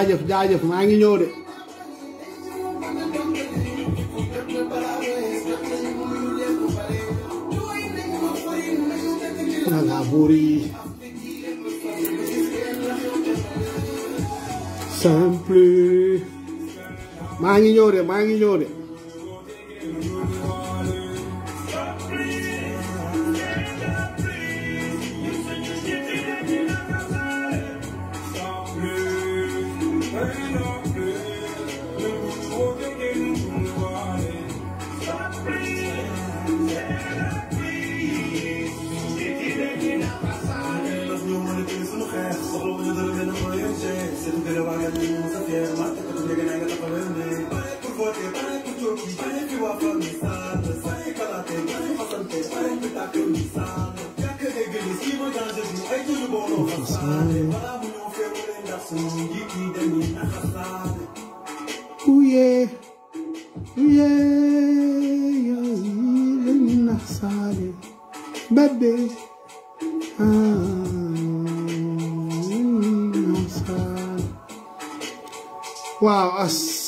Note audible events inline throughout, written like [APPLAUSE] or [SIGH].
jaajëf jaajëf maa ngi ñëw de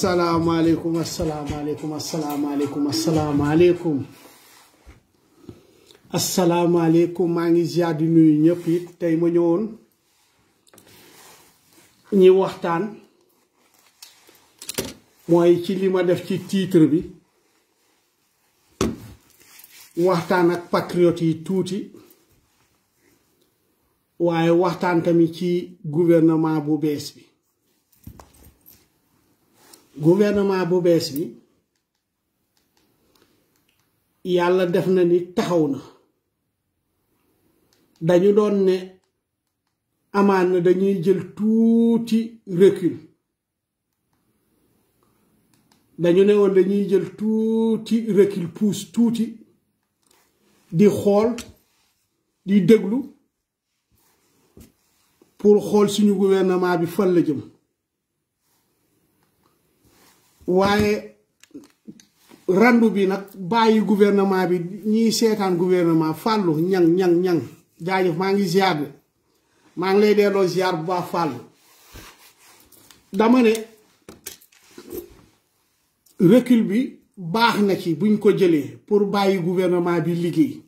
asalaamaaleykum asalaamaaleykum asalaamaaleykum asalaamaaleykum asalaamaaleykum maa ngi ziar di nuyu ñëpp it tey ma ñëwoon ñi waxtaan mooy ci li ma def ci titre bi waxtaan ak patriote yi tuuti waaye waxtaan tamit ci gouvernement bu bees bi gouvernement bu bees bi yàlla def na ni taxaw na dañu doon ne amaan na dañuy jël tuuti recul dañu ne woon dañuy jël tuuti recul pousse tuuti di xool di déglu pour xool suñu gouvernement bi fan la jëm waaye randu bi nag bàyyi gouvernement bi ñiy seetaan gouvernement fàllu ñan ñan ñang jaajëf maa ngi ziar bi maa ngi lay delloo ziar bu baax fàllu dama ne recul bi baax na ci buñ ko jëlee pour bàyyi gouvernement bi liggéey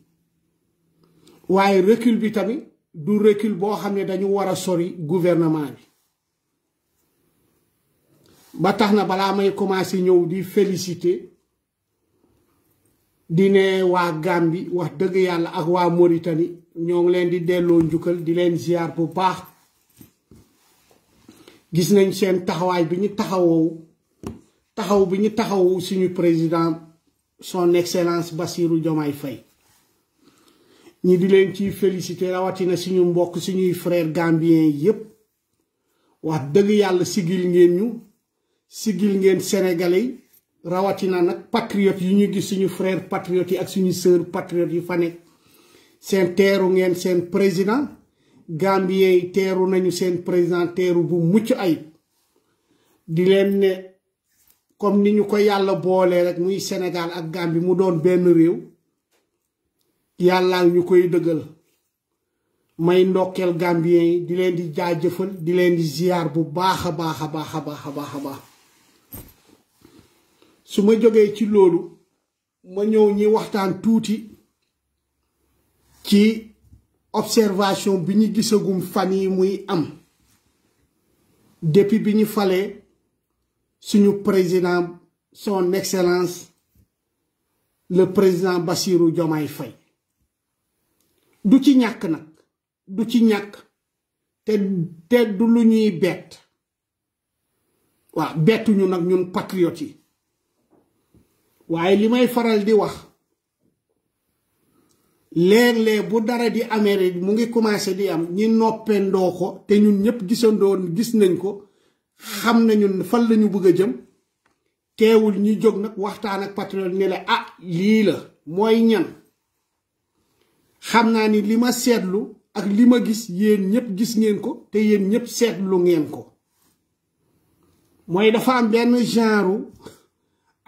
waaye recul bi tamit du recul boo xam ne dañu war a sori gouvernement bi ba tax na balaa may commencé ñëw di félicité di ne waa Gambie wax dëgg yàlla ak waa Mauritanie ñoo ngi leen di delloo njukkal di leen ziar bu baax gis nañ seen taxawaay bi ñu taxawoo taxaw bi ñu taxawu suñu président son excellence basiiru Diomaye fay ñi di leen ciy félicité rawatina suñu mbokk suñuy frère gambien yépp wax dëgg yàlla sigil ngeen ñu sigil ngeen Sénégalais yi rawatina nag patriotes yi ñu gis suñu frère patriotes yi ak suñu sœur patriotes yi fa nekk seen teeru ngeen seen président Gambien yi teeru nañu seen président teeru bu mucc ayib di leen ne comme ni ñu ko yàlla boolee rek muy Sénégal ak Gambie mu doon benn réew yàllaa ñu koy dëggal may ndokkeel Gambien yi di leen di jaajëfal di leen di ziar bu baax a baax a baax a baax a baax a baax su ma jógee ci loolu ma ñëw ñi waxtaan tuuti ci observation bi ñu gisagum fan yi muy am depuis bi ñu falee suñu président son excellence le président bassiru Diomaye Faye du ci ñàkk nag du ci ñàkk te te du lu ñuy bett waaw bettuñu nag ñun patriotes yi waaye li may faral di wax léeg-léeg bu dara di amee mu ngi commencé di am ñi noppendoo ko te ñun ñëpp gisandoo gis nañ ko xam nañu fan la ñu bëgg a jëm teewul ñu jóg nag waxtaan ak patriote ne ah lii la mooy ñan xam naa ni li ma seetlu ak li ma gis yéen ñépp gis ngeen ko te yéen ñëpp seetlu ngeen ko mooy dafa am benn genre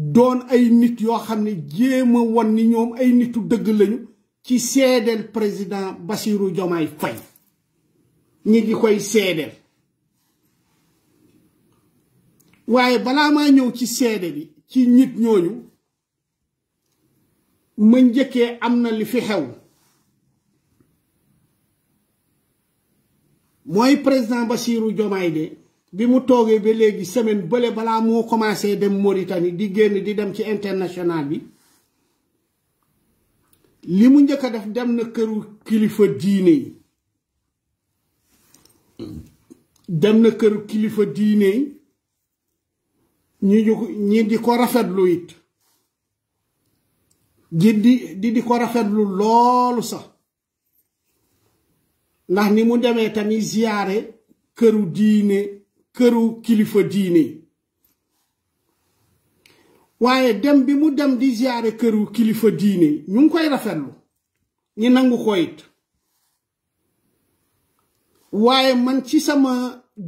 doon ay nit yoo xam ne jéem won ni ñoom ay nitu dëgg lañu ci seedeel président Bassirou Diomaye Faye ñi ngi koy seedeel waaye balaa maa ñëw ci seede bi ci nit ñooñu ma njëkkee am na li fi xew mooy président Bassirou Diomaye de bi mu toogee ba léegi semaine bële balaa moo commencé dem Mauritanie di génn di dem ci international bi li mu njëkk a def dem na këru kilifa diine yi dem na këru kilifa diine yi ñi ñi di ko rafetlu it di di di ko rafetlu loolu sax ndax ni mu demee tamit ziyaare këru diine këru kilifa diine waaye dem bi mu dem di ziyaare këru kilifa diine ñu ngi koy rafetlu ñi nangu ko waaye man ci sama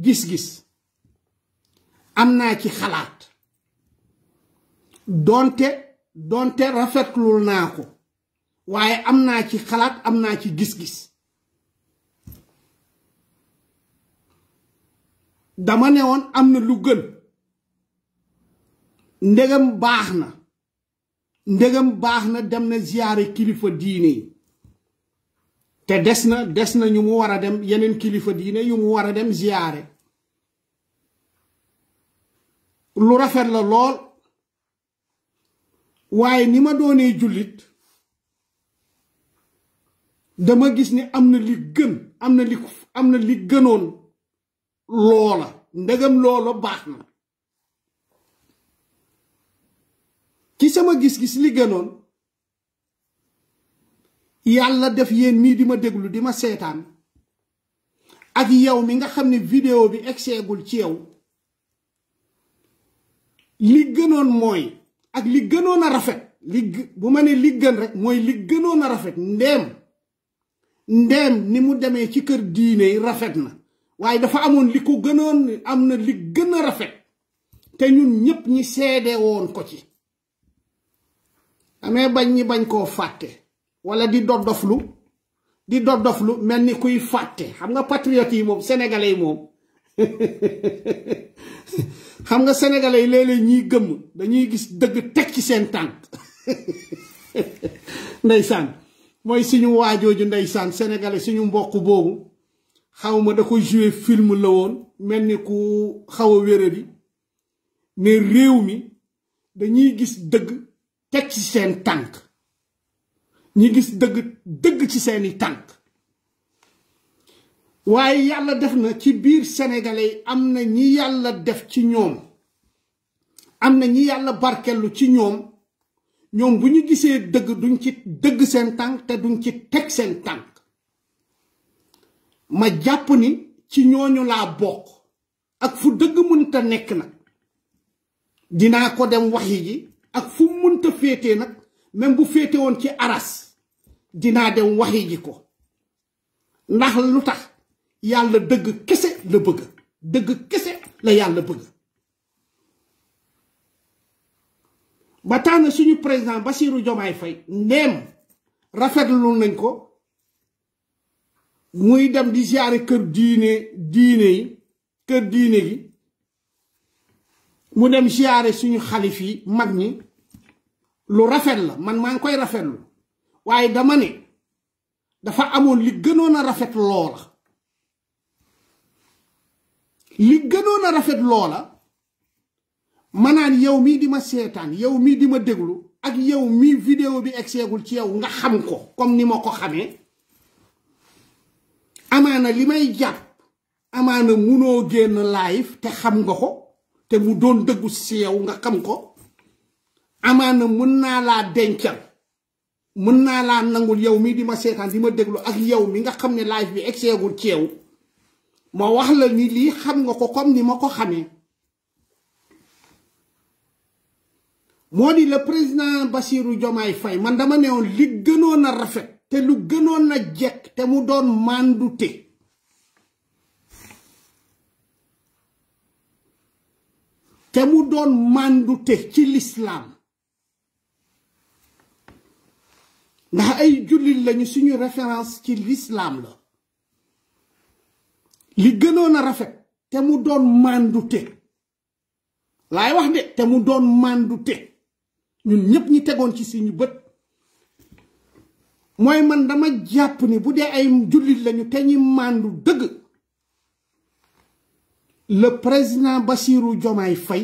gis-gis am naa ci xalaat doonte doonte rafetlul naa ko waaye am naa ci xalaat am naa ci gis-gis dama newoon am na lu gën ndegam baax na ndegam baax na dem na ziyaare kilifa diine yi te des na des na ñu mu war a dem yeneen kilifa diine yu mu war a dem ziyaare lu rafet la lool waaye ni ma doonee jullit dama gis ni am na li gën am na li am na li gënoon loola ndegam loola baax na ci sama gis-gis li gënoon yàlla def yéen mii di ma déglu di ma seetaan ak yow mi nga xam ne vidéo bi egseegul ci yow li gënoon mooy ak li gënoon a rafet li bu ma ne li gën rek mooy li gënoon a rafet ndeem ndeem ni mu demee ci kër diine rafet na waaye dafa amoon li ko gënoon am na li gën a rafet te ñun ñépp ñi seede woon ko ci amee bañ ñi bañ koo fàtte wala di doddoflu di doddoflu mel ni kuy fàtte xam nga patriote yi moom senegale yi moom [LAUGHS] xam nga sénégalais yi léeg-léeg ñiy gëmm dañuy gis dëgg teg ci seen tànk [LAUGHS] ndeysaan mooy suñu waajooju ndeysaan sénégalais suñu mbokk boobu xaw ma da ko joué film la woon mel ni ku xaw a wéradi ne réew mi dañuy gis dëgg teg ci seen tànk ñi gis dëgg dëgg ci seeni tànk waaye yàlla def na ci biir sénégalais am na ñi yàlla def ci ñoom am na ñi yàlla barkellu ci ñoom ñoom bu ñu gisee dëgg duñ ci dëgg seen tànk te duñ ci teg seen tànk ma jàpp ni ci ñooñu laa bokk ak fu dëgg mënta nekk nag dinaa ko dem waxi ji ak fu mënta féete nag même bu féete woon ci aras dinaa dem waxi ji ko ndax lu tax yàlla dëgg kese la bëgg dëgg kese la yàlla bëgg ba tax suñu président ba siiru Bassirou Diomaye Faye ndeem rafetlu nañ ko muy dem di siyaare kër diine diine yi kër diine gi mu dem siyaare suñu xalif yi mag ñi lu rafet la man maa ngi koy rafetlu waaye dama ne dafa amoon li gënoon a rafet loola li gënoon a rafet loola manaan yow mii di ma seetaan yow mii di ma déglu ak yow mii vidéo bi egseegul ci yow nga xam ko comme ni ma ko xamee amaana li may jàpp amaana munoo génn live te xam nga ko te mu doon dëggu si yow nga xam ko amaana mën naa laa dencal mën naa laa nangul yow mii di ma seetaan di ma déglu ak yow mi nga xam ne live bi egseegul ci yow ma wax la ni lii xam nga ko comme ni ma ko xamee moo di la président basiiru Diomaye fay man dama newoon li gënoon a rafet te lu gënoon na jekk te mu doon màndute te mu doon màndute ci lislaam ndax ay jullit lañu suñu référence ci lislaam la li gënoon a rafet te mu doon màndute laay wax de te mu doon màndute ñun ñépp ñi tegoon ci suñu bët mooy man dama jàpp ni bu dee ay jullit lañu te ñi màndu dëgg le président Bassirou jomaay fay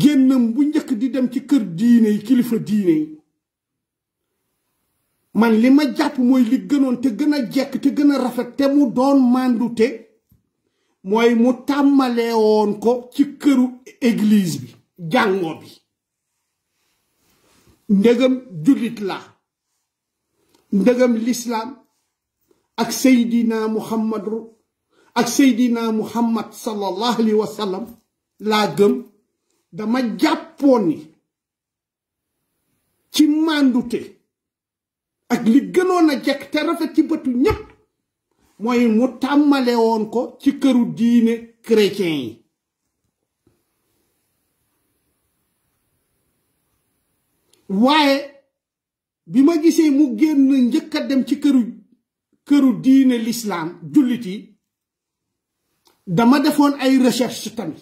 génnam bu njëkk di dem ci kër diine yi kilifa diine yi man li ma jàpp mooy li gënoon te gën a jekk te gën a rafet te mu doon màndute mooy mu tàmmalee woon ko ci këru église bi jàngoo bi ndëgam jullit laa ndëgam lislaam ak seydina muhammadu ak seydina muhammad sallallahu alayhi wa laa gëm dama jàppoon ni ci màndute ak li gënoon a jekk te rafet ci bëtu ñépp mooy mu tàmmalewoon ko ci këru diine chrétien yi waaye bi ma gisee mu génn njëkk a dem ci këru këru diine lislaam jullit yi dama defoon ay recherche tamit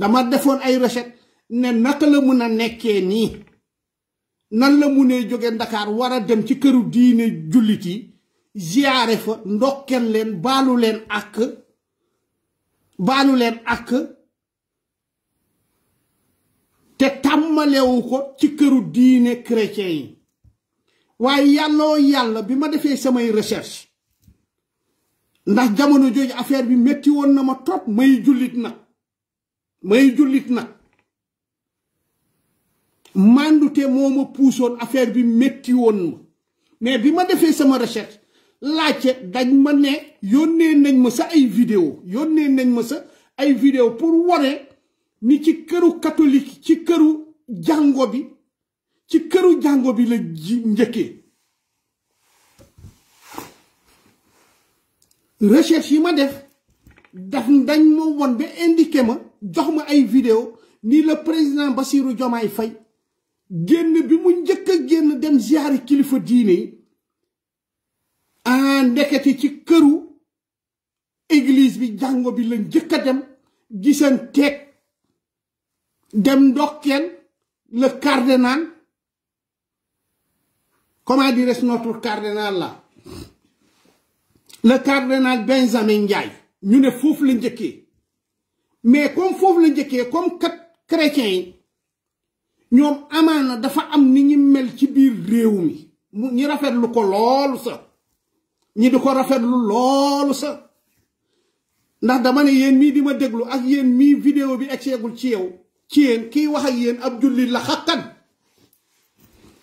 dama defoon ay recherche ne naka la mun a nekkee nii nan la munee jóge Ndakaar war a dem ci këru diine jullit yi ziyaare fa ndokkeel leen baalu leen ak baalu leen ak te tàmmalewu ko ci këru diine chrétien yi waaye yàlloo yàlla bi ma defee samay recherche ndax jamono jooju affaire bi metti woon na ma trop may jullit nag may jullit nag màndute moo ma puusoon affaire bi metti woon ma mais bi ma defee sama recherche laajte dañ ma ne yónnee nañ ma sa ay vidéo yónnee nañ ma sa ay vidéo pour wone ni ci këru catholique ci këru jàngo bi ci këru jàngo bi la ji recherche yi ma def daf dañ ma won ba indiqué ma jox ma ay vidéo ni le président Bassirou Diomaye Faye génn bi mu njëkk a génn dem ziyaari kilifa diine yi a ndekete ci këru église bi jàngo bi la njëkk a dem giseen teeg dem ndokkeel le cardinal comment dirais-je notre cardinal là le cardinal Benjamin Ndiaye ñu ne foofu la njëkkee mais comme foofu la njëkkee comme kat chrétiens yi ñoom amaana dafa am ni ñu mel ci biir réew mi ñi rafetlu ko loolu sa ñi di ko rafetlu loolu sa ndax dama ne yéen mii di ma déglu ak yéen mii vidéo bi egseegul ci yow ci yéen kiy wax ak yéen ab jullit la xaqan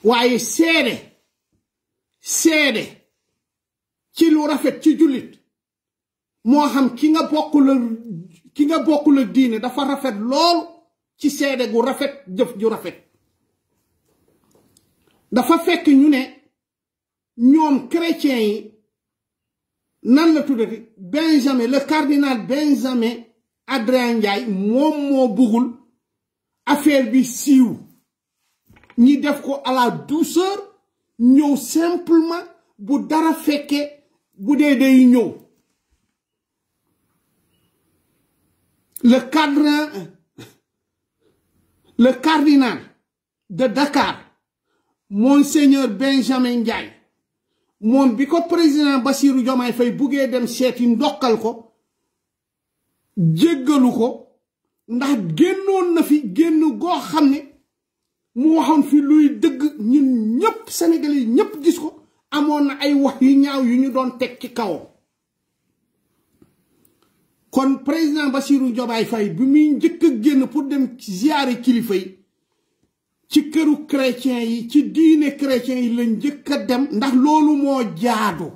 waaye seede seede ci lu rafet ci jullit moo xam ki nga bokkul ak diine dafa rafet lool ci seede gu rafet jëf ju rafet dafa fekk ñu ne ñoom cretien yi nan la tuddati Benjamin le cardinal Benjamin Adrien Ndiaye moom moo bëggul affaire bi siou ni def ko à la douceur ñeu simplement bu dara que bu dee nous le cadre le cardinal de Dakar monseigneur Benjamin Ndiaye mon bi ko président Bassirou Diomaye Faye buggee dem séti ndokal ko jéggalu ko ndax génnoon na fi génn goo xam ne mu waxoon fi luy dëgg ñun ñëpp sénégalais yi ñëpp gis ko amoon na ay wax yu ñaaw yu ñu doon teg ci kawam kon président basiru Diomaye Faye bi muy njëkk génn pour dem ziyaare kilifa yi ci këru chrétien yi ci diine chrétien yi la njëkk a dem ndax loolu moo jaadu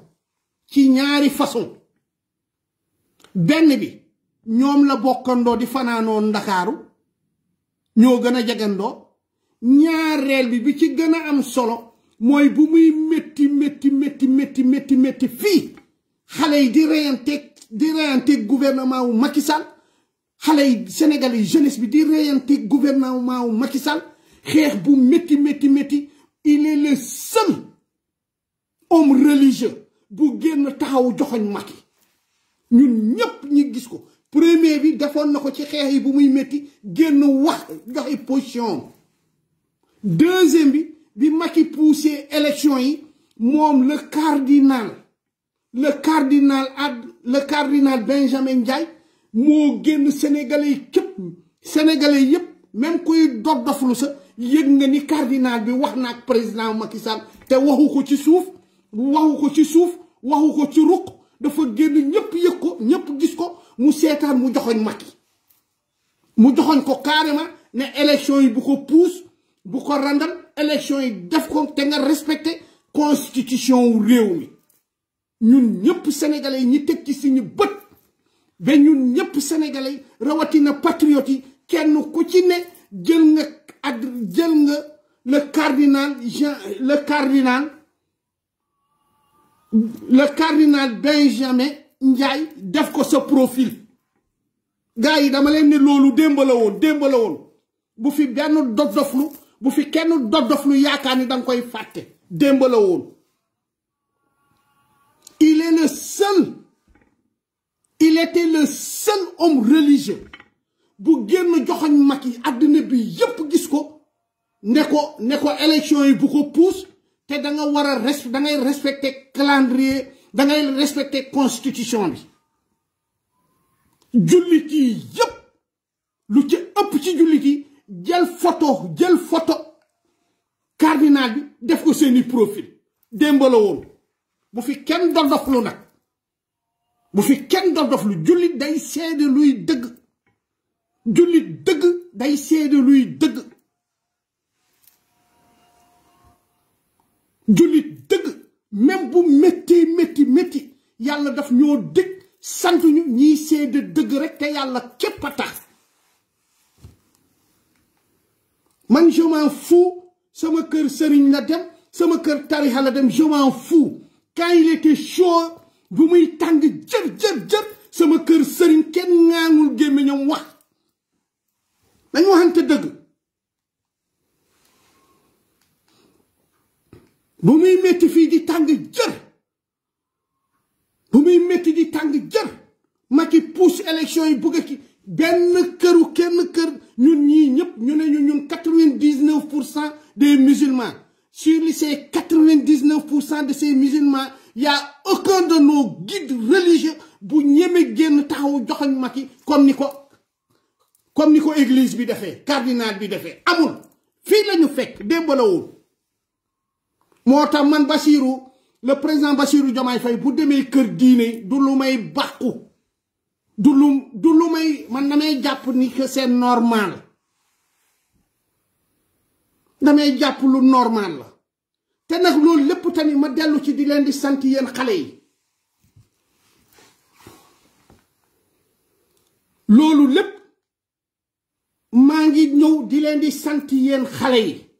ci ñaari façon benn bi ñoom la bokkandoo di fanaanoo ndakaaru ñoo gën a jegandoo ñaareel bi bi ci gën a am solo mooy bu muy métti métti métti métti fii xale yi di reyanteeg di reyanteeg gouvernement wu Macky Sall xale yi Sénégal bi di reyanteeg gouvernement wu Macky Sall xeex bu métti métti métti il est homme religieux bu génn taxaw joxoñ Macky ñun ñépp ñi gis ko premier bi defoon nako ci xeex yi bu muy metti genn wax joxe position deuxième bi bi maki pousser élection yi mom le cardinal le cardinal ad le cardinal Benjamin jai mo genn sénégalais yi sénégalais yépp même kuy dof doflu sa yëg nga ni cardinal bi wax na président Macky Sall te waxu ko ci souf waxu ko ci souf waxu ko ci ruk dafa genn ñëpp yëg ko gis ko nous sommes mu ne élection yi bu ko bu élection yi constitution wu sommes sénégalais ñi nous suñu Nous, ñun sénégalais nous sommes patriotes kenn le cardinal le cardinal le cardinal Benjamin Ndiaye def ko ce profil gaay dama len ni lolou démb la woon démb bu fi ben dodoflu bu fi kenn dodoflu yakani dang koy fàtte démb la il est le seul il était le seul homme religieux bu génn joxoñ mag yi àddina bi yep gis ko ne ko ne ko élection yi bu ko puus te da nga wara respect da ngay respecter calendrier da respecter constitution bi jullit ki yëpp lu ci ëpp ci jullit photo photo cardinal bi def profil la bu fi kenn vous dof lu bu fi kenn dof lu day luy day luy même bu métti yàlla daf ñoo dëgg sant ñu ñiy seede dëgg rek te yàlla képp a tax man je m'en sama kër sëriñ la dem sama kër tarixa la dem je m'en fous quand il était bu muy tàng jër jër jër sama kër sëriñ kenn ŋaangul gémmiñam wax dañ waxante dëgg bu muy metti fii di tàng jër Vous me mettez des guerre. Ma qui pousse l'élection, il faut que ben cœur nous 99% des musulmans. Sur ces 99% de ces musulmans, il n'y a aucun de nos guides religieux qui n'y a pas de guides qui comme comme l'église, le cardinal, le cardinal. Amour, fille, nous faisons des bonnes choses. Moi, je suis le président Bassirou Diomaye Faye bu demee kër diine du lu may bàqu du lu du lu may man damay jàpp ni que c'est normal damay jàpp lu normal la te nag loolu lépp tamit ma dellu ci di leen di santi yéen xale yi loolu lépp maa ngi ñëw di leen di santi yéen xale yi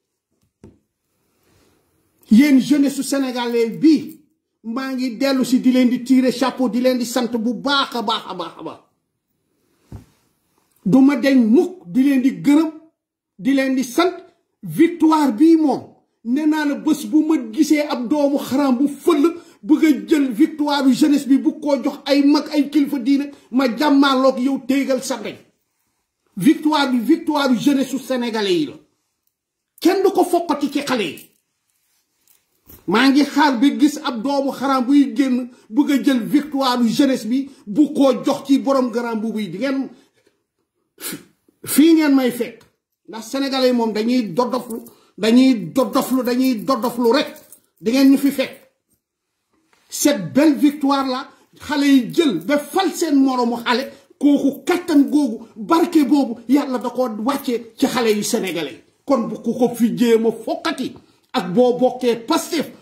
yéen jeunesse su sénégalais bi ma ngi delu ci di leen di tirer chapeau di leen di sante bu baakha baakha baakha a baax a deñ mukk di leen di gërëm di leen di sante victoire bi mom nee na la bu ma gisé ab doomu xaram bu feul bëgg jël victoire yu jeunesse bi bu ko jox ay mak ay kilfa diine ma jamalok yow téegal sa victoire bi victoire yu jeunesse sénégalais yi la kenn du ko fokkati ci xalé yi mangi xaar bi gis ab doomu xaraam buy génn bëgg jël victoire du jeunesse bi bu ko jox ci borom grand bu buy di ngeen fii ngeen may fekk ndax sénégalais mom dañuy dodoflu dañuy dodoflu dañuy dodoflu rek di ngeen ñu fi fekk cette belle victoire là xale yi jël ba fal seen moromu xale koku katan gogu barke bobu yàlla da ko wacce ci xale yu sénégalais kon bu ko fi jéem fokati ak bo bokke passif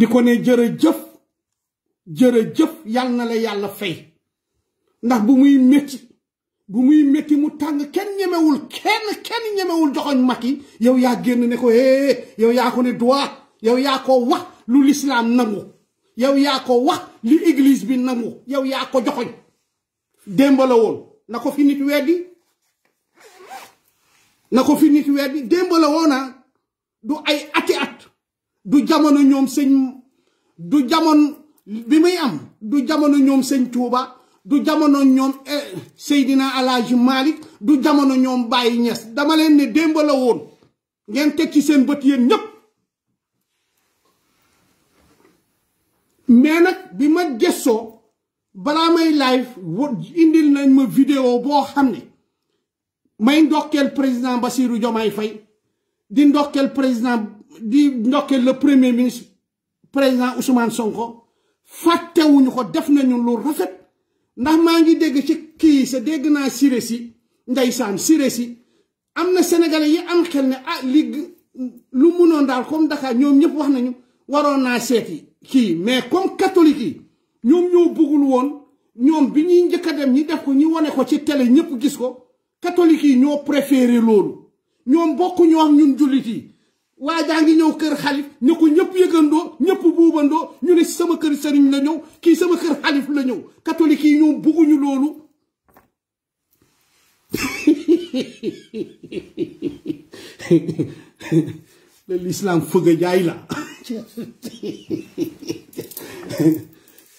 di ko ne jërëjëf jërëjëf yàlla na la yàlla fay ndax bu muy métti bu muy métti mu tàng kenn ñemewul kenn kenn ñemewul joxoñ Macky yow yaa génn ne ko hee yow yaa ko ne droit yow yaa ko wax lu lislaam nangu yow yaa ko wax li église bi nangu yow yaa ko joxoñ démb la na ko fi nit weddi na ko fi nit weddi démb la woon ah. du ay ati at du jamono ñoom sëñ du jamono bi may am du jamono ñoom sëñ Tuuba du jamono ñoom eh, Seydina Alaaji Malick du jamono ñoom bàyyi Niass dama leen ne woon ngeen teg seen bët yéen ñépp mais nag bi ma gëstoo balaa may live indil nañ ma vidéo boo xam ne may ndokkeel président Bassirou Diomaye Faye di ndokkeel président di ndokkeel la premier ministre président Ousmane Sonko fàttewuñu ko def nañu lu rafet ndax maa ngi dégg ci kii sa dégg naa siré si ndeysaan siré si am na sénégalais yi am xel ne ah li lu munoon daal comme Dakar ñoom ñëpp wax nañu waroon naa seeti kii mais comme catholique yi ñoom ñoo bëggul woon ñoom bi ñuy njëkk a dem ñi def ko ñi wane ko ci tele ñëpp gis ko catholique yi ñoo préféré loolu ñoom bokk ñoo am ñun jullit yi waa jaa ngi ñëw kër xalif ne ko ñëpp yëgandoo ñëpp buubandoo ñu ne sama kër sëriñ la ñëw kii sama kër xalif la ñëw katolik yi ñoom bugguñu loolu la [LAUGHS] fëgg jaay la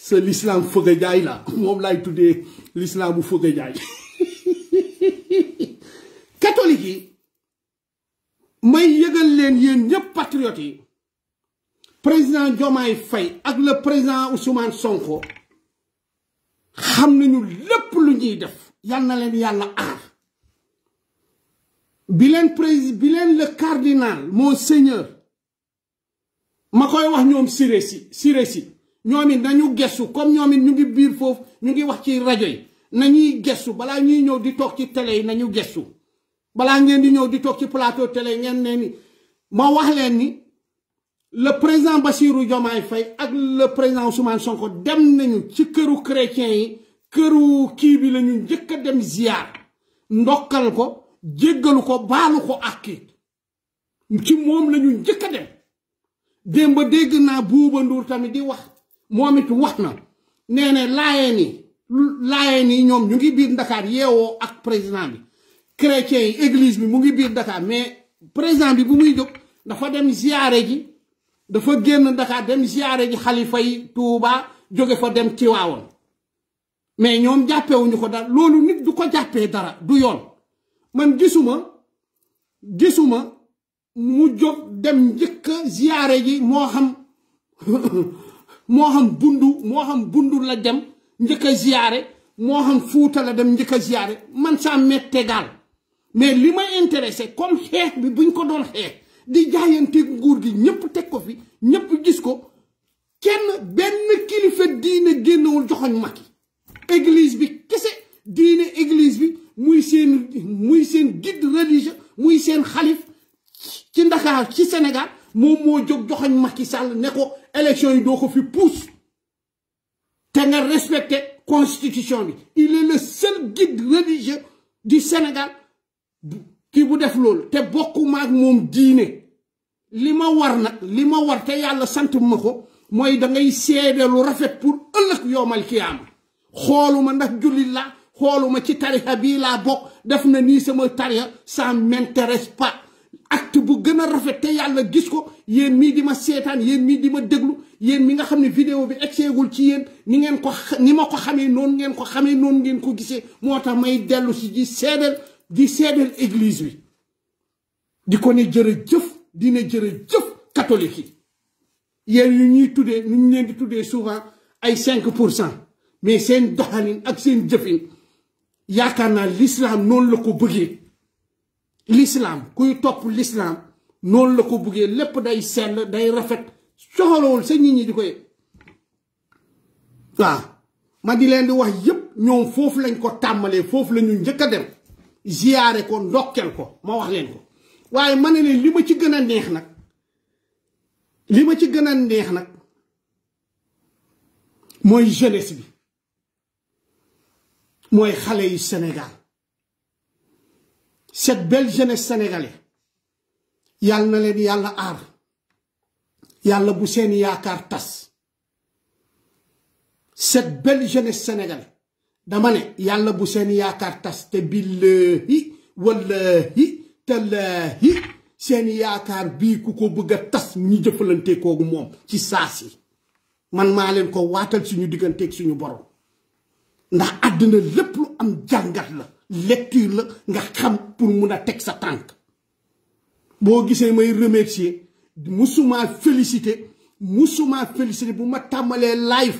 sa [LAUGHS] l'islam fëgg a jaay la moom laay tuddee l'islamu fëgg jaay [LAUGHS] catholique yi may yëgal leen yéen ñëpp patriotes yi président Diomaye Fay ak le président Ousmane Sonko xam nañu lépp lu ñuy def yal na leen yàlla aar bi bi le cardinal monseigneur ma koy wax ñom Siré si Siré si ñoom it nañu gestu comme ñomi ñu ngi biir foofu ñu ngi wax ci radio yi nañuy gestu ñuy ñew di tok ci télé yi nañu balaa ngeen di ñëw di toog ci plateau télé ngeen ne ni ma wax leen ni le président basiiru Diomaye Faye ak le président Ousmane Sonko dem nañu ci këru chrétien yi këru kii bi lañu njëkk a dem ziar ndokkal ko jéggalu ko baalu ko ak ci moom la njëkk a dem démb dégg naa Buuba tamit di wax moom it wax na nee ne laayeen yi ñoom ñu ngi biir Ndakaar yeewoo ak président bi chrétiens yi église bi mu ngi biir Dakar mais présent bi bu muy jóg dafa dem ziare ji dafa génn Dakar dem ziare ji xalifa yi Touba jóge fa dem Tiwaawoon mais ñoom jàppewuñu ko dara loolu nit du ko jàppee dara du yoon man gisuma gisuma mu jóg dem njëkk ziare ji moo xam [LAUGHS] moo xam bundu moo xam bundu la dem njëkk a ziare moo xam fuuta la dem njëkk a ziare man saa mettegal mais li may intéressé comme xeex bi buñ ko doon xeex di jaayanteeg nguur gi ñëpp tek ko fi ñëpp gis ko kenn benn kilifa diine génnewul joxoñ Macky église bi kese diine église bi muy seen muy seen guide religieux muy seen xalif ci dakar ci Sénégal moom mo jóg joxoñ Macky Sall ne ko élection yi doo ko fi pousse té nga respecter constitution bi il est le seul guide religieux du Sénégal kii bu def loolu te bokkuma maak moom diine li ma war nag li ma war te yàlla sant ma ko mooy da ngay seede rafet pour ëllëg yoomal kiyaama xooluma ndax jullit la xooluma ci tarixa bii laa bokk def na nii sama tarixa ça m'intéresse pas acte bu gën a rafet te yàlla gis ko yéen mii di ma seetaan yéen mii di ma déglu yéen mi nga xam ne vidéo bi egseegul ci yéen ni ngeen ko ni ma ko xamee noonu ngeen ko xamee noonu ngeen ko gisee moo tax may dellu si ji di seedeel eglise bi di ko ne jërëjëf di ne jërëjëf catholique yi yéen yu ñuy tuddee nu ñu leen di tuddee souvent ay cinq pour cent mais seen doxalin ak seen jëfin yaakaar naa l'islam noonu la ko bëggee l'islam kuy topp l'islam noonu la ko buggee lépp day sell day rafet soxalawul sa nit ñi di ko yëg waaw ma di leen di wax yépp ñoom foofu lañ ko tàmbalee foofu la njëkk a dem ziaré ko ndokkel ko mo wax len ko waye ma ne li ci gëna a neex nag li ci gëna neex nag jeunesse bi moy xalé yi Sénégal cette belle jeunesse sénégalaise yàlla na leen yalla ar yalla bu seen yaakar tass cette belle jeunesse sénégalaise dama ne yàlla bu seen yaakaar tas te billahi wallahi tallahi seen yaakaar bii ku ko bëgg a tas ñu jëfalante koogu moom ci saa si man maa leen ko waatal suñu digganteek suñu borom ndax àddina lépp lu am jàngat la lecture la nga xam pour mun a teg sa tànk boo gisee may remercier musuma félicité musuma félicité bu ma tàmmalee live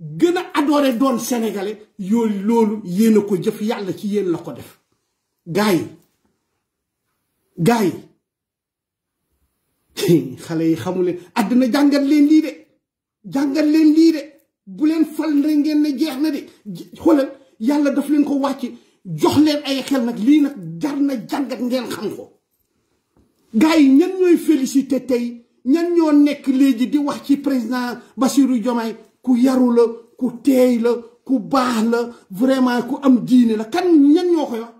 gën a adoore doon sénégalais yooyu loolu yéen a ko jëf yàlla ci yéen la ko def gaa yi gaa yi xale yi xamu àddina jàngat leen lii de jàngat leen lii de bu leen fal ne ngeen ne jeex na de xoolal yàlla daf leen ko wàcc jox leen ay xel nag lii nag jar na jàngat ngeen xam ko gaa yi ñan ñooy félicité tey ñan ñoo nekk léegi di wax ci président Bassirou Diomaye ku yaru la ku teey la ku baax la vraiment ku am diine la kan ñan ñoo koy wax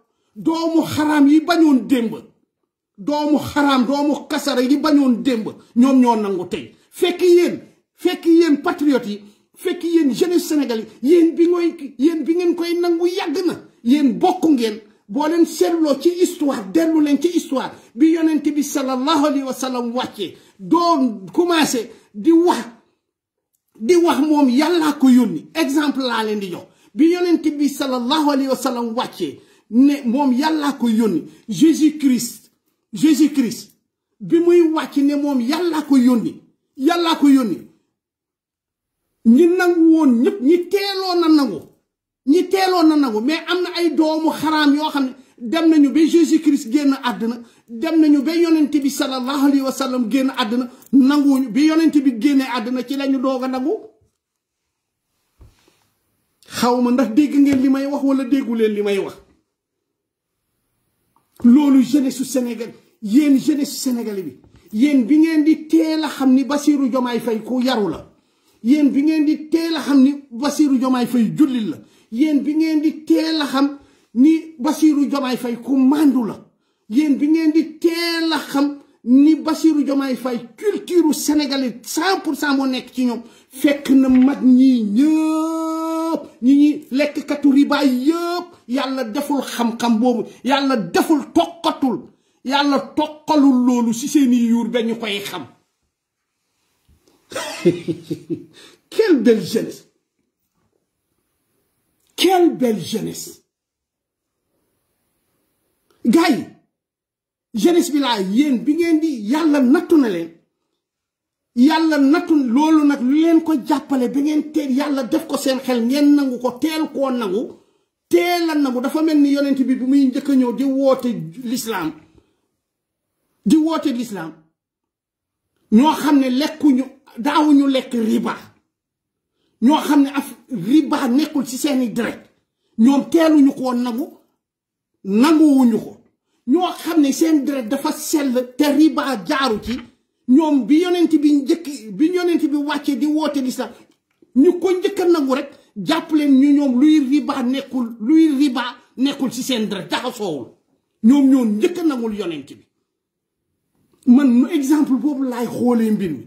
doomu xaraam yi bañoon démb doomu xaraam doomu kasara yi bañoon démb ñoom ñoo nangu tey fekk yéen fekk yéen patriotes yi fekk yéen jeunesse sénégalais yéen bi ngoy yéen bi ngeen koy nangu yàgg na yéen bokk ngeen boo leen seetloo ci histoire dellu leen ci histoire bi yonent bi sallallahu alayhi wa sallam wàccee doon commencé di wax di wax moom yàllaa ko yónni exemple laa leen di jox bi yonent bi sallallahu alayhi wa sallam wàccee ne moom yàllaa ko yónni Jésus Christ Jésus Christ bi muy wàcc ne moom yàllaa ko yónni yàllaa ko yónni ñi nangu woon ñëpp ñi teeloon na nangu ñi teeloon na nangu mais am na ay doomu xaraam yoo xam ne dem nañu ba Jésus Christ génn àdduna dem nañu ba yonent bi sallallahu alayhi wa sallam génn àddina nanguwuñu bi yonent bi génnee àdduna ci lañu doog a nangu xaw ma ndax dégg ngeen li may wax wala déggu leen li may wax loolu jeunesse su Sénégal yéen jeunesse su bi yéen bi ngeen di teel a xam ni Bassirou jomaay Faye ku yaru la yéen bi ngeen di teel a xam ni Bassirou Diomaye fay jullit la yéen bi ngeen di teel a xam ni Bassirou Diomaye Faye ku màndu la yéen bi ngeen di teel a xam ni Bassirou Diomaye Faye culture sénégalais cent pour cent moo nekk ci ñoom fekk na mag ñi ñëpp ñi ñi lekk katu riba yëpp yàlla deful xam-xam boobu yàlla deful toqatul yàlla toqalul loolu si seeni yuur ba ñu koy xam [LAUGHS] quelle belle jeunesse quelle belle jeunesse gars yi jeunesse bi laa yéen bi ngeen di yàlla nattu na leen yàlla nattu loolu nag lu leen ko jàppale bi ngeen teel yàlla def ko seen xel ngeen nangu ko teel koo nangu teel a nangu dafa mel ni yonent bi bu muy njëkk a ñëw di woote lislaam di woote lislaam ñoo xam ne lekkuñu daawuñu lekk riba ñoo xam ne af riba nekkul ci seeni deret ñoom teeluñu koo nangu nanguwuñu ko ñoo xam ne seen deret dafa sell te riba jaaru ci ñoom bi yonent bi njëkk bi yonent bi wàccee di woote sa ñu ko njëkk a nangu rek jàpp leen ñu ñoom luy riba nekkul luy riba nekkul ci seen deret jaxasoowul ñoom ñoo njëkk a nangul yonent bi man nu exemple boobu laay xoolee mbir mi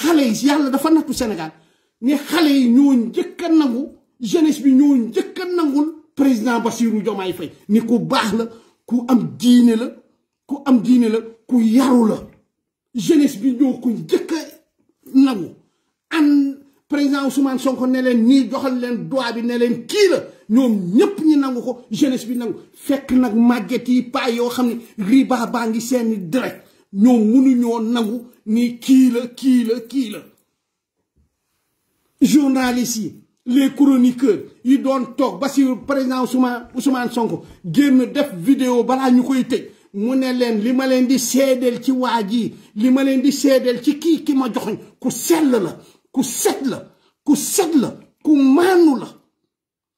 xale yi yàlla dafa nattu Sénégal ne xale yi ñoo njëkk a nangu bi ñoo njëkk a nangul président Bassirou Diomaye fay ni ku baax la ku am diine la ku am diine la ku yaru la jeunesse bi ñoo ko njëkk a nangu an président Ousmane Sonko ne leen ñii joxal leen droit bi ne leen kii la ñoom ñépp ñi nangu ko jeunesse bi nangu fekk nag màgget yi paa yoo xam ne riba baa ngi seeni direct ñoom mënuñoo nangu ni kii la kii la kii la journalistes yi les chroniqueurs yi doon toog Bassirou président Ousmane Ousmane Sonko génn def vidéo balaa ñu koy tëj mu ne leen li ma leen di seedeel ci waa jii li ma leen di seedeel ci kii kii ma joxoñ ku sell la ku set la ku set la ku maanu la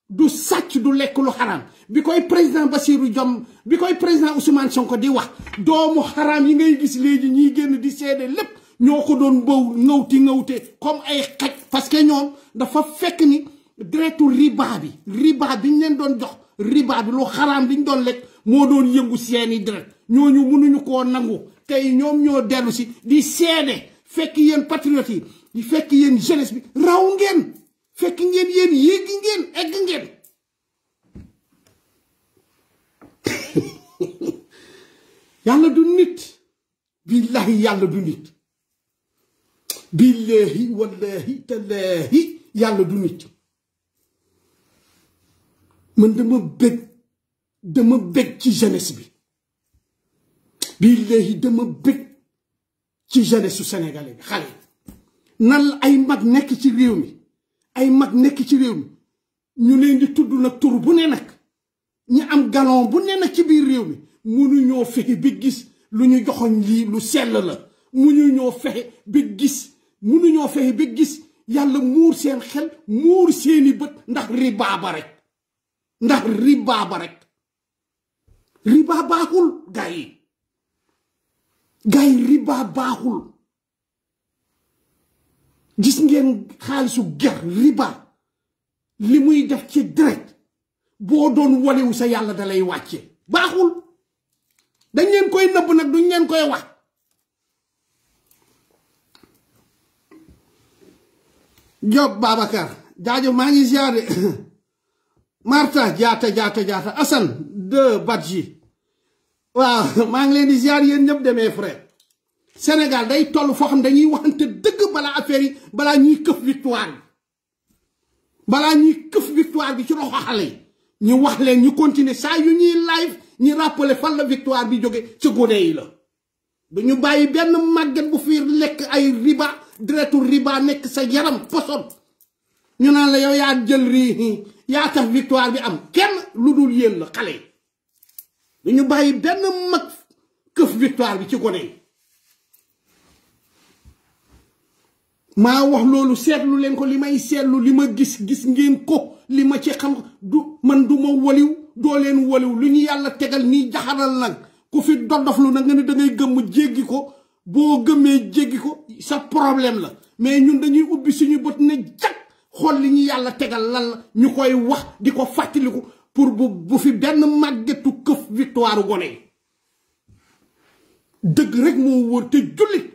du sàcc du lekk lu xaraam bi koy président basiiru Diom bi koy président Ousmane Sonko di wax doomu xaraam yi ngay gis léegi ñiy génn di seede lépp ñoo ko doon bow ngawti ngawte comme ay xaj parce ñoom dafa fekk ni deretu riba bi riba bi ñu leen doon jox riba bi lu xaraam bi doon lekk moo doon yëngu seeni deret ñooñu mënuñu koo nangu tey ñoom ñoo dellu si di seene fekk yéen patriotes yi fekk yéen jeunesse bi raw ngeen fekk ngeen yéen yéegi ngeen egg ngeen [LAUGHS] yàlla du nit billaahi yàlla du nit billaahi yàlla du nit من دما بك دما بك كي جانس بي بالله دما بك كي جانس السنغالي خالي نال اي ماك نيك سي ريومي اي ماك نيك سي ريوم ني لين دي تودو نا نك ني ام غالون بو ني نك سي بير ريومي مونو ньо فخي لي لو سيل لا مونو ньо فخي بي گيس مونو ньо فخي بي سين خيل مور سيني بت نده ndax riba ba rek riba baaxul gay gay riba baaxul gis ngeen xaalisu ger riba limuy def ci direct bo doon wu sa yalla dalay lay wàcce baaxul dañ leen koy neub nak duñ leen koy wax Job babakar ngi Marta jaata jaata jaata Assane de Badji waaw [LAUGHS] maa ngi leen di ziar yéen ñëpp demee frère Sénégal day toll foo xam dañuy waxante dëgg balaa affaire yi balaa ñuy këf victoire bi balaa ñuy këf victoire bi ci loxo xale yi ñu wax leen ñu continuer saa yu ñuy live ñu rappeler fan la victoire bi jóge ci gone yi la du ñu bàyyi benn màgget bu fi lekk ay riba deretu riba nekk sa yaram poson ñu naan la yow yaa jël rii yaa tax victoire bi am kenn lu dul yéen xale yi dañu bàyyi benn mag këf victoire bi ci gone yi maa wax loolu seetlu leen ko li may seetlu li ma gis gis ngeen ko li ma ci xam du man du ma waliw doo leen waliw lu ñu yàlla tegal nii jaxanal nag ku fi dodoflu na nga ne da gëmm jéggi ko boo gëmmee jéggi ko sa problème la mais ñun dañuy ubbi suñu bët ne jag xool li ñu yàlla tegal lan ñu koy wax di ko fàttaliku pour bu bu fi benn màggetu këf victoire gone yi dëgg rekk moo wóor te jullit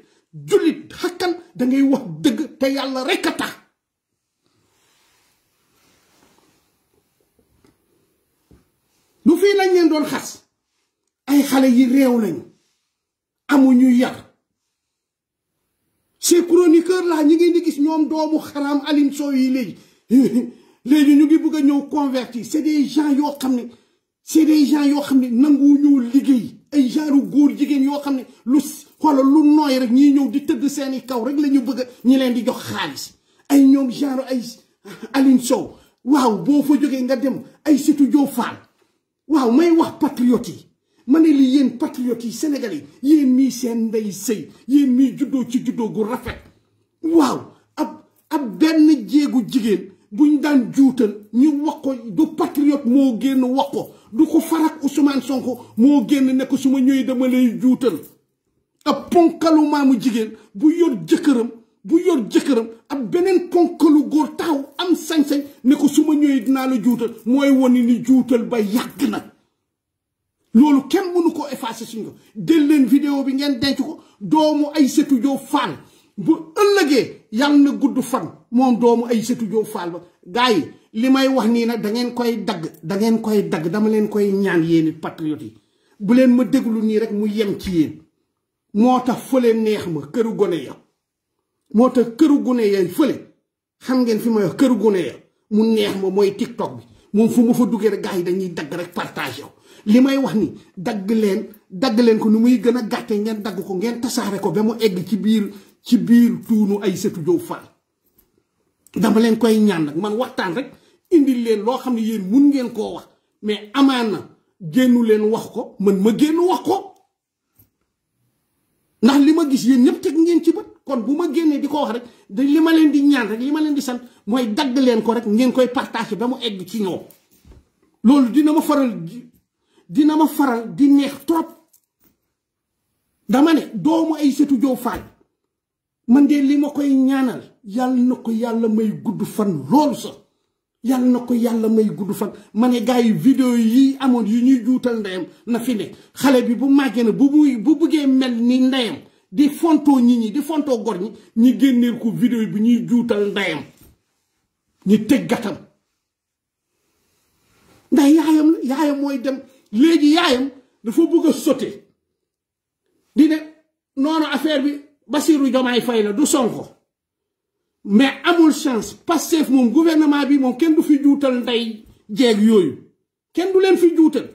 jullit xakkan dangay wax dëgg te yàlla rekk a tax lu fii lañ leen doon xas ay xale yi réew lañu amuñu yar ces chroniqueurs là ñi ngeen di gis ñoom doomu xaraam Aline Sow yi léegi [LAUGHS] léegi ñu ngi bëgg a ñëw converti c'est des gens yoo xam ne c'est des gens yoo xam ne nangu ñoo liggéey ay genre góor jigéen yoo xam ne lu xoolal lu nooy rek ñiy ñëw di tëdd seeni kaw rek la ñu bëgg ñi leen di jox xaalis ay ñoom genre ay Aline Sow waaw boo fa jógee nga dem ay Aïssatou Diop Fall waaw may wax patriote yi ma ne li yéen patriotes yi sénégalais yi yéen mii seen ndey sëy yéen mii juddoo ci juddoo gu rafet waaw ab ab benn jéegu jigéen buñ daan juutal ñu wax ko du patriote moo génn wax ko du ko farak Ousmane Sonko moo génn ne ko su ma ñëwee dama lay juutal ab ponkalu maamu jigéen bu yor jëkkëram bu yor jëkkëram ab beneen ponkalu góor taxaw am sañ-sañ ne ko su ma ñëwee dinaa la juutal mooy won ni juutal ba yàgg na loolu kenn mënu ko effacer suñ ko del leen vidéo bi ngeen denc ko doomu ay Aïssatou Diop Fall bu ëllëgee yàlla na gudd fan moom doomu Aïssatou Diop Fall ba gars yi li may wax nii nag da ngeen koy dagg dangeen koy dagg dama leen koy ñaan yéen patriote yi bu leen ma déglu nii rek mu yem ci yéen moo tax fële neex ma këru gone ya moo tax këru gone ya fële xam ngeen fi may wax këru gone ya mu neex ma mooy TikTok bi moom fu ma fa duggee rek gars yi dañuy dagg rek partage li may wax ni dagg leen dagg leen ko nu muy gën a gàtte ngeen dagg ko ngeen tasaare ko ba mu egg ci biir ci biir tuunu ay setu Jóob Faal dama leen koy ñaan nag man waxtaan rek indi leen loo xam ne yéen mun ngeen koo wax mais amaan na génnu leen wax ko man ma génn wax ko ndax li ma gis yéen ñëpp teg ngeen ci bët kon bu ma génnee di ko wax rek da li ma leen di ñaan rek li ma leen di sant mooy dagg leen ko rek ngeen koy partagé ba mu egg ci ñoo loolu dina ma dina ma faral di neex trop dama ne doomu ay setu joo faal man de li ma koy ñaanal yàlla na ko yàlla may gudd fan loolu sax yàlla na ko yàlla may gudd fan ma ne gars yi yi amoon yu ñuy juutal ndeyam na fi ne xale bi bu màggee na bu bu buggee mel ni ndeyam di fontoo nit ñi di fontoo gor ñi ñi génneel ko vidéo yi ñuy juutal ndeyam ñi tëggatam ndax yaayam yaayam mooy dem léegi yaayam dafa bëgg a sote di ne noonu affaire bi basirou jomay Faye la du Sonko mais amul chance Pastef mom gouvernement bi mom kenn du fi juutal ndey jeeg yoyu kenn du len fi juutal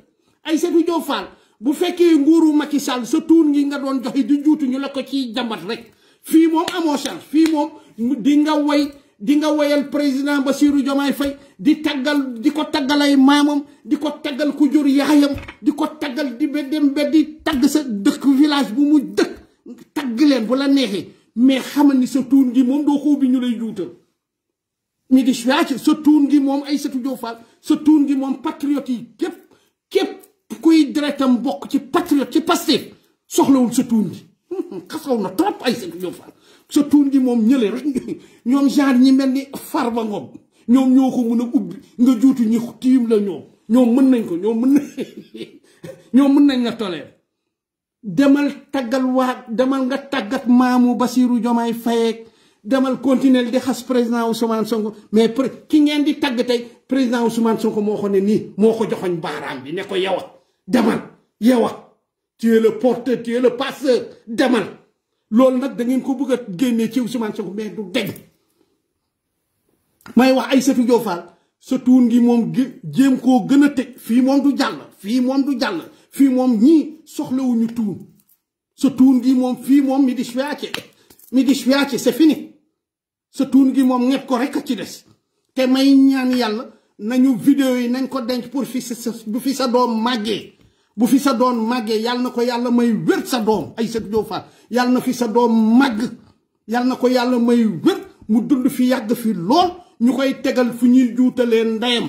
ay Diop Fall bu fekkee nguuru Macky Sall sa tour ngi nga don joxe du juutu ñu la ko ci jàmbat rek fi mom amo chance fi mom di nga way di nga woyal président ba Bassirou Diomaye Faye di taggal di ko taggal ay maamam di ko taggal ku jur yaayam di ko taggal di ba dem tagg sa dëkk village bu mu dëkk tagg leen bu la neexee mais xamal ni sa tuun gi moom doo xoo bi ñu lay juutal ñu di ci sa tuun gi moom ay Diop Fall sa tuun gi moom patriote yi képp képp kuy deretam bokk ci patriote ci Pastef soxlawul sa tuun gi [LAUGHS] xasaw na trop Aïssatou Diop Fall sa tuun gi moom ñële ñoom genre ñi mel ni Farba Ngom ñoom ñoo ko mën a ubbi nga juutu ñi tiim la ñoom ñoom mën nañ ko ñoom mën [LAUGHS] ñoom mën nañ nga toleer demal taggal waa demal nga tàggat maamu Basirou Diomaye fayee demal continuer di xas président Ousmane Sonko mais ki ngeen di tagg tey président Ousmane Sonko moo ko ne nii moo ko joxoñ baaraam bi ne ko yow a demal yow a tu es le porteur passeur demal loolu nag da ngeen ko bëgg a génnee ci Ousmane Sonko mais du deñ may wax Aïssatou Diop Fall sa tuun ngi moom jéem koo gën a tëj fii moom du jàll fii moom du jàll fii moom ñii soxlawuñu tuun sa tuun gi moom fii moom mi di suyace mi di suyace c'est fini sa tuun gi moom ñëpp ko rekk a ci des te may ñaan yàlla nañu vidéo yi nañ ko denc pour fi sa bu fi sa doom màggee bu fi sa doom màggee yàlla na ko yàlla may wér sa doom ay sëtu Diop Fall yàlla na fi sa doom màgg yàlla na ko yàlla may wér mu dund fi yàgg fi lool ñu koy tegal fu ñuy juutalee ndeyam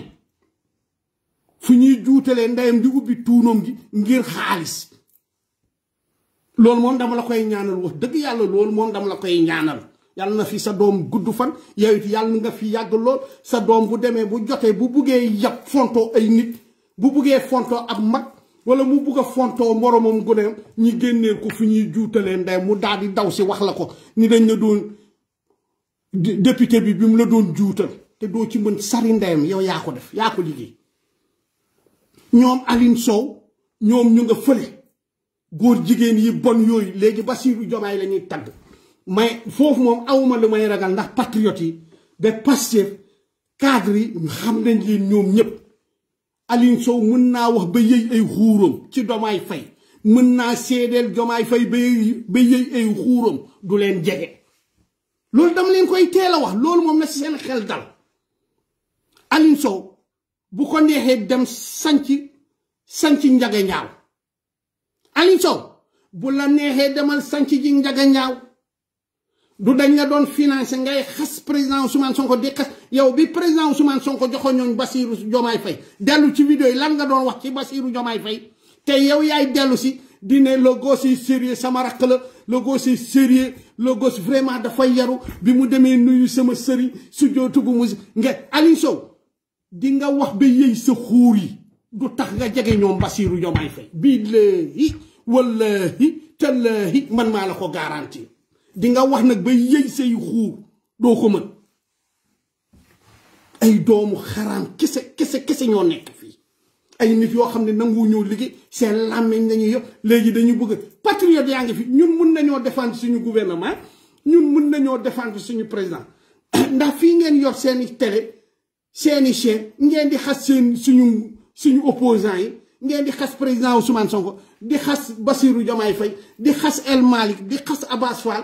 fu ñuy juutalee ndeyam di ubbi tuunoom gi ngir xaalis loolu moom dama la koy ñaanal wax dëgg yàlla loolu moom dama la koy ñaanal yàlla na fi sa doom gudd fan yow it yàlla nga fi yàgg lool sa doom bu demee bu jotee bu buggee yab fontoo ay nit bu buggee fontoo ab mag wala mu bugg a fontoo moromam gune ñi génnee ko fi ñuy juutalee ndey mu daal di daw si wax la ko ni dañ la doon député bi bi mu la doon juutal te doo ci mën sari ndeyam yow yaa ko def yaa ko liggéey ñoom Aline Sow ñoom ñu nga fële góor jigéen yi bon yooyu léegi Bassirou Diomaye la ñuy tagg may foofu moom awma lu may ragal ndax patriote yi de Pastef cadre yi xam nañ leen ñoom ñëpp Aline Sow mën naa wax ba yëy ay xuuram ci Diomaye fay mën naa seedeel Diomaye Faye ba ba ay xuuram du leen jege loolu dama leen koy teel a wax loolu moom na si seen xel dal Aline Sow bu ko neexee dem sanc sanc njaga ñaaw Sow bu la neexee demal sanc ji njaga du dañ la doon financé ngay xas président Ousmane Sonko di xas yow bi président Ousmane Sonko joxoon ñooñ Bassirou Diomaye Faye dellu ci vidéo yi lan nga doon wax ci Bassirou Diomaye Faye te yow yaay dellu si di ne le gosse sama rakk la le gosse est vraiment dafay yaru bi mu demee nuyu sama sëriñ su jootu gu mu nga di nga wax ba yëy sa xuur yi du tax nga jege ñoom Bassirou Diomaye Faye billahi wallahi man maa la ko garanti di nga wax nag ba yëy say xuur doo ko mën ay doomu xaraam kese kese kese ñoo nekk fii ay nit yoo xam ne nangu ñëw liggéey seen làmmiñ nañu yëpp léegi dañu bëgg patriote yaa ngi fi ñun mun nañoo défendre suñu gouvernement ñun mun nañoo défendre suñu président [COUGHS] ndax fii ngeen yor seeni télé seeni chaîne ngeen di xas seen suñu suñu opposants yi ngeen di xas président Ousmane Sonko di xas Bassirou Diomaye Faye di xas El Malick di xas Abass Fall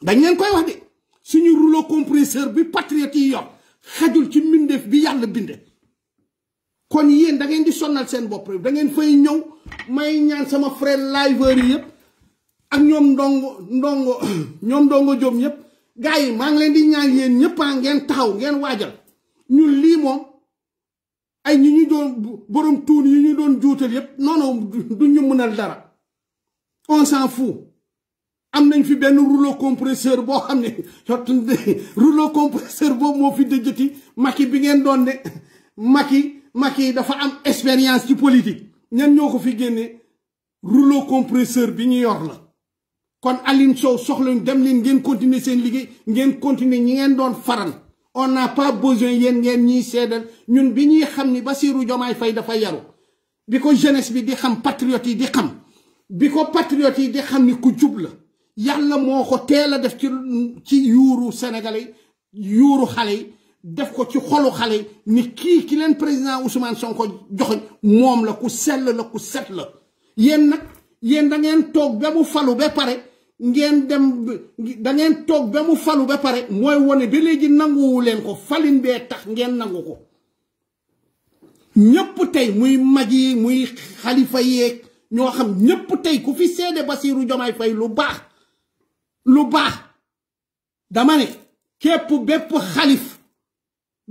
dañ leen koy wax de suñu rouleau compresseur bi patriote yi yor xajul ci mbindeef bi yàlla binde kon yéen da ngeen di sonnal seen bopp da ngeen fay ñëw may ñaan sama frère liveur yi yëpp ak ñoom ndongo ndongo [CLEARS THROAT] ñoom ndongo joom yëpp gars yi maa ngi leen di ñaan yéen ñëpp ah, ngeen taxaw ngeen waajal ñu lii moom ay ñu ñu doon borom tuun yi ñu doon juutal yëpp non non du ñu mënal dara on s'en am nañ fi ben rouleau compresseur bo xamné ne rouleau compresseur bo mo fi dëjëti Macky bi ngeen doon ne Macky Macky dafa am expérience ci politique ñan ñoko fi génne rouleau compresseur bi ñu yor la kon Aline Sow soxlañ dem leen ngeen continuer seen liggéey ngeen continuer ñi ngeen doon faral on n'a pas besoin yeen ngeen ñi sédal ñun bi ñuy xam ni Bassirou Diomaye dafa yaru biko jeunesse bi di xam patriote yi di xam biko patriote yi di xam ni ku djubla yalla moko téla def ci ci yuru sénégalais yuuru xalé def ko ci xolu ni ki ki len président Ousmane Sonko jox mom la ku sell la ku set la yen nak y'en da ngeen tok ba mu falu ba pare ngeen dem da ngeen tok ba mu falu ba pare mooy wone ba léegi nangou len ko falin bee tax ngeen nangou ko ñepp tay muy muy khalifa ñoo xam ñepp tay ku fi sédé Fay lu lu baax dama ne képp bépp xalif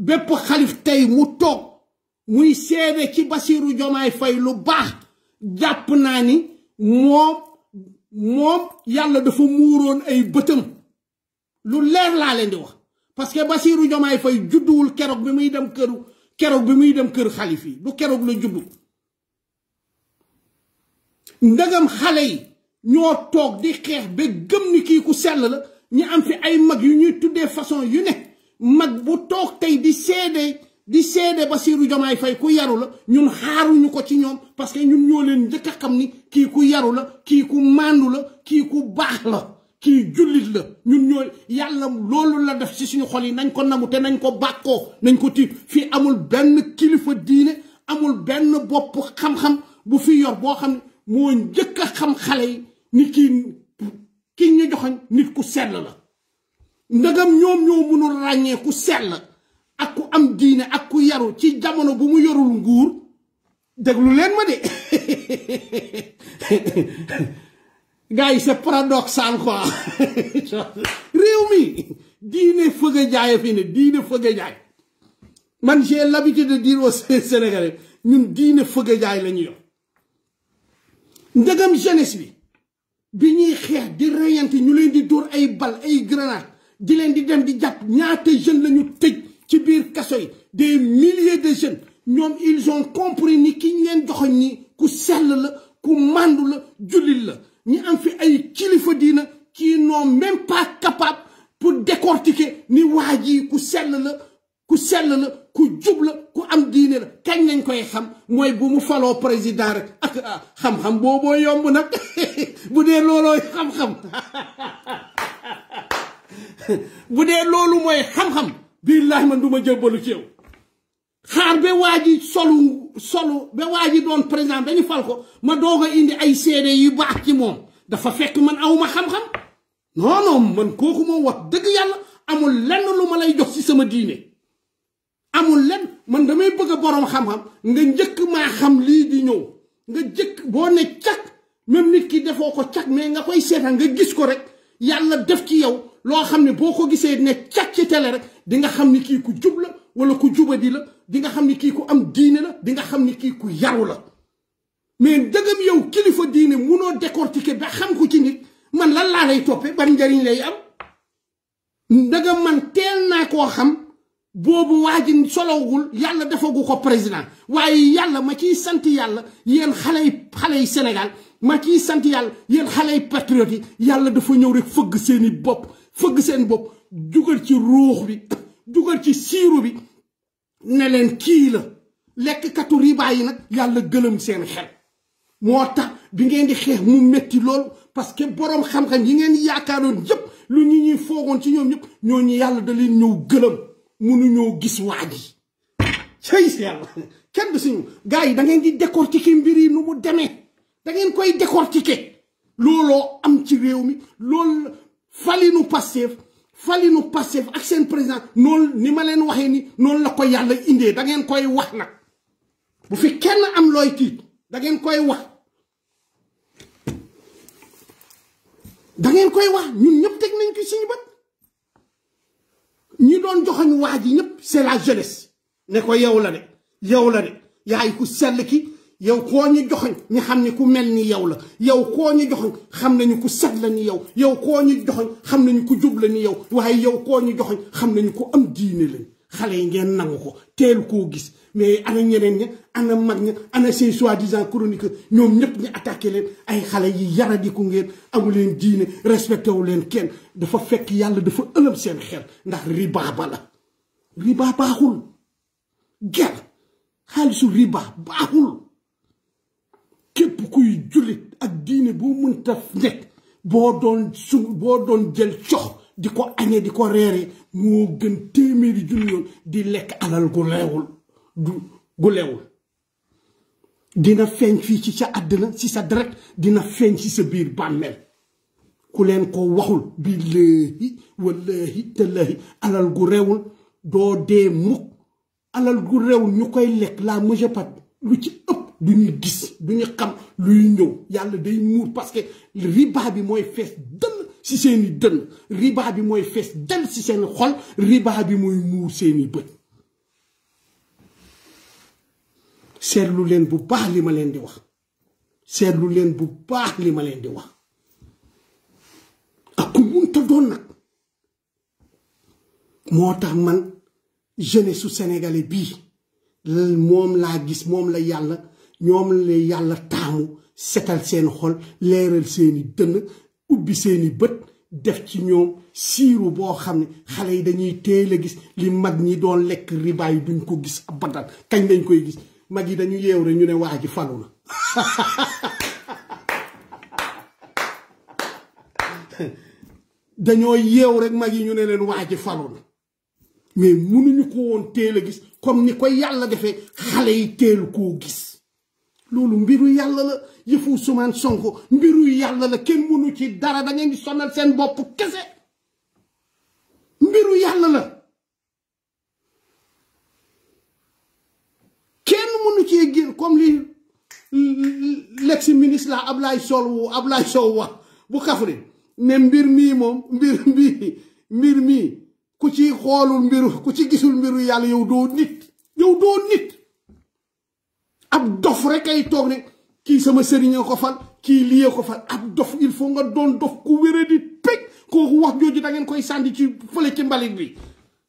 bépp xalif tey mu toog muy seede ci Basiiru Jomaay Fay lu baax jàpp naa ni moom yàlla dafa muuroon ay bëtam lu leer la leen di wax parce que Basiiru Jomaay Fay judduwul keroog bi muy dem këru kérok bi muy dem kër xalif du keroog ndegam xale yi ñoo tok di xeex ba gëm ni ku sell la ñu am fi ay mag yu ñuy tuddee façon yu ne mag bu toog tey di seede di seede Bassirou Diomaye Faye ku yaru la ñun ci parce que ñun ñoo leen njëkk a xam ni kii ku yaru la kii ku màndu la kii ku baax la kii jullit la ñun ñoo yàlla loolu la def ci suñu xol yi nañ ko namu te nañ ko bàkkoo nañ ko tiit fii amul ben kilifa diine amul ben bopp xam-xam bu fi yor boo xam ne ni kii kii ñu joxoñ nit ku sell la ndagam ñoom ñoo mënul ràññee ku sell ak ku am diine ak ku yaru ci jamono bu mu yorul nguur déglu leen ma de [LAUGHS] gars yi c'est paradoxal quoi [LAUGHS] réew mi diine fëgg a jaay fi ne diine fëgg jaay man j'ai l'habitude de dire aux [LAUGHS] Sénégalais ñun diine fëgg jaay lañu ñu yor ndagam jeunesse bi bi ñuy xeex di reyante ñu leen di door ay bal ay grenade di leen di dem di jàpp ñaata jeune lañu ñu ci biir kasso yi des milliers de jeunes ñom ils ont compris ni ki ñu leen joxoñ ni ku sell la ku mandu la jullit la ñi am fi ay kilifa diina qui n'ont même pas capable pour décortiquer ni waji ku sell la ku sell la ku jub la am diine la kañ nañ koy xam mooy bu mu faloo président rek ak ah, xam-xam booboo yomb nag [LAUGHS] bu dee loolooy xam [LAUGHS] dee loolu mooy xam-xam billahi man du ma jëbbalu ci yow xaar ba waa ji solu solu ba waa ji doon président dañu fal ko ma doog a indi ay seede yu baax ci moom dafa fekk man awma xam-xam non man kooku moom wax dëgg yàlla amul lenn lu ma lay jox ci sama diine amul lenn man damay bëgg a borom xam-xam nga njëkk maa xam lii di ñëw nga njëkk boo ne càkk même nit kii defoo ko càkk mais nga koy seetaan nga gis ko rek yàlla def ci yow loo xam ne boo ko gisee ne càkk ci tele rek di nga xam ni kii ku jub la wala ku jubadi la di nga xam ni kii ku am diine la di nga xam ni kii ku yaru la mais dëggam yow kilifa diine munoo décortiquer ba xam ko ci nit man lan laa lay toppee ban njariñ lay am ndagam man teel naa koo xam. bobu waji ji solowul yàlla defagu ko président waye yàlla ma ciy sant yàlla yéen xale xale Sénégal ma ciy sant yàlla yéen xale patriote yàlla dafa ñëw rek feug seeni bop feug seen bop duggal ci ruux bi duggal ci siru bi ne len ki la lek katu riba yi nak yàlla gëlëm seen xel motax bi ngeen di xex mu metti lool parce que borom xam-xam yi ngeen yaakaaloon yëpp lu ñu ñi fogon ci ñoom ñoo ñi yàlla da leen ñëw gëlëm mënuñoo gis waa ji cëy si yàlla kenn du suñu gars yi da ngeen di décortiquer mbir yi nu mu demee da ngeen koy décortiquer looloo am ci réew mi loolu falinu Pastef falinu Pastef ak seen président noonu ni ma leen waxee ni noonu la ko yàlla indee da ngeen koy wax na bu fi kenn am looy tiit dangeen koy wax da ngeen koy wax ñun ñëpp teg nañ ko suñu bët ñi doon joxani waji ñep c'est la jeunesse ne ko yow la de yow la de yaay ku sel ki yow ko ñu joxani ñi xamni ku melni yow la yow ko ñu joxani xam ku sel la ni yow yow ko ñu joxani xam ku jublani yow waye yow ko ñu joxani xam ku am diine lañ xale yi ngeen nangu ko teelu koo gis mais ana ñeneen ña ana mag ña ana ces soi-disant chroniqueurs ñoom ñëpp ñu attaqué leen ay xale yi yaradiku ngeen amu leen diine respecté wu leen kenn dafa fekk yàlla dafa ëlëm seen xel ndax riba ba la riba baaxul ger xaalisu riba baaxul képp kuy jullit ak diine boo mënta nekk boo doon su boo doon jël cox di ko añee di ko reere moo gën téeméeri junni yoon di lekk alal gu leewul du gu leewul dina feeñ fii ci sa àddina ci sa deret dina feeñ ci sa biir bàmmeel ku leen ko waxul billaahi wallaahi tallaahi alal gu reewul doo dee mukk alal gu reewul ñu koy lekk la majorité lu ci ëpp du ñu gis du ñu xam luy ñëw yàlla day muur parce que riba mooy fees dëll si c'est une donne, riba bi moy si del si une xol riba bi moy mou C'est une c'est pour parler bu baax li ma len di wax lu len bu baax li ma len di wax ak man jeunesse sénégalais bi mom la gis mom la yalla ñom la ubbi seeni bët def ci ñoom siiru boo xam ne xale yi dañuy teel a gis li mag ñi doon lekk ribaay yi duñ ko gis abadan kañ lañ koy gis mag yi dañu yeew rek ñu ne wax ji falu na [LAUGHS] dañoo yeew rek mag yi ñu ne leen waa ji falu mais mënuñu ko woon teel a gis comme ni ko yàlla defee xale yi teel koo gis loolu mbiru yàlla la yëfu Ousmane Sonko mbiru yàlla la kenn mënu ci dara da ngi di sonal seen bopp kese mbiru yàlla la kenn mënu ci génn comme li l'ex ministre la Ablaye Sow Ablaye wax bu Kaffrine ne mbir mii moom mbir mii mbir mii ku ci xoolul mbiru ku ci gisul mbiru yàlla yow doo nit yow doo nit ab dof rek ay toog ne kii sama sëriñoo ko fal kii liyee ko fal ab dof il faut nga doon dof ku wéradi pej kooku wax jooju dangeen koy sàndi ci fële ci mbalit bi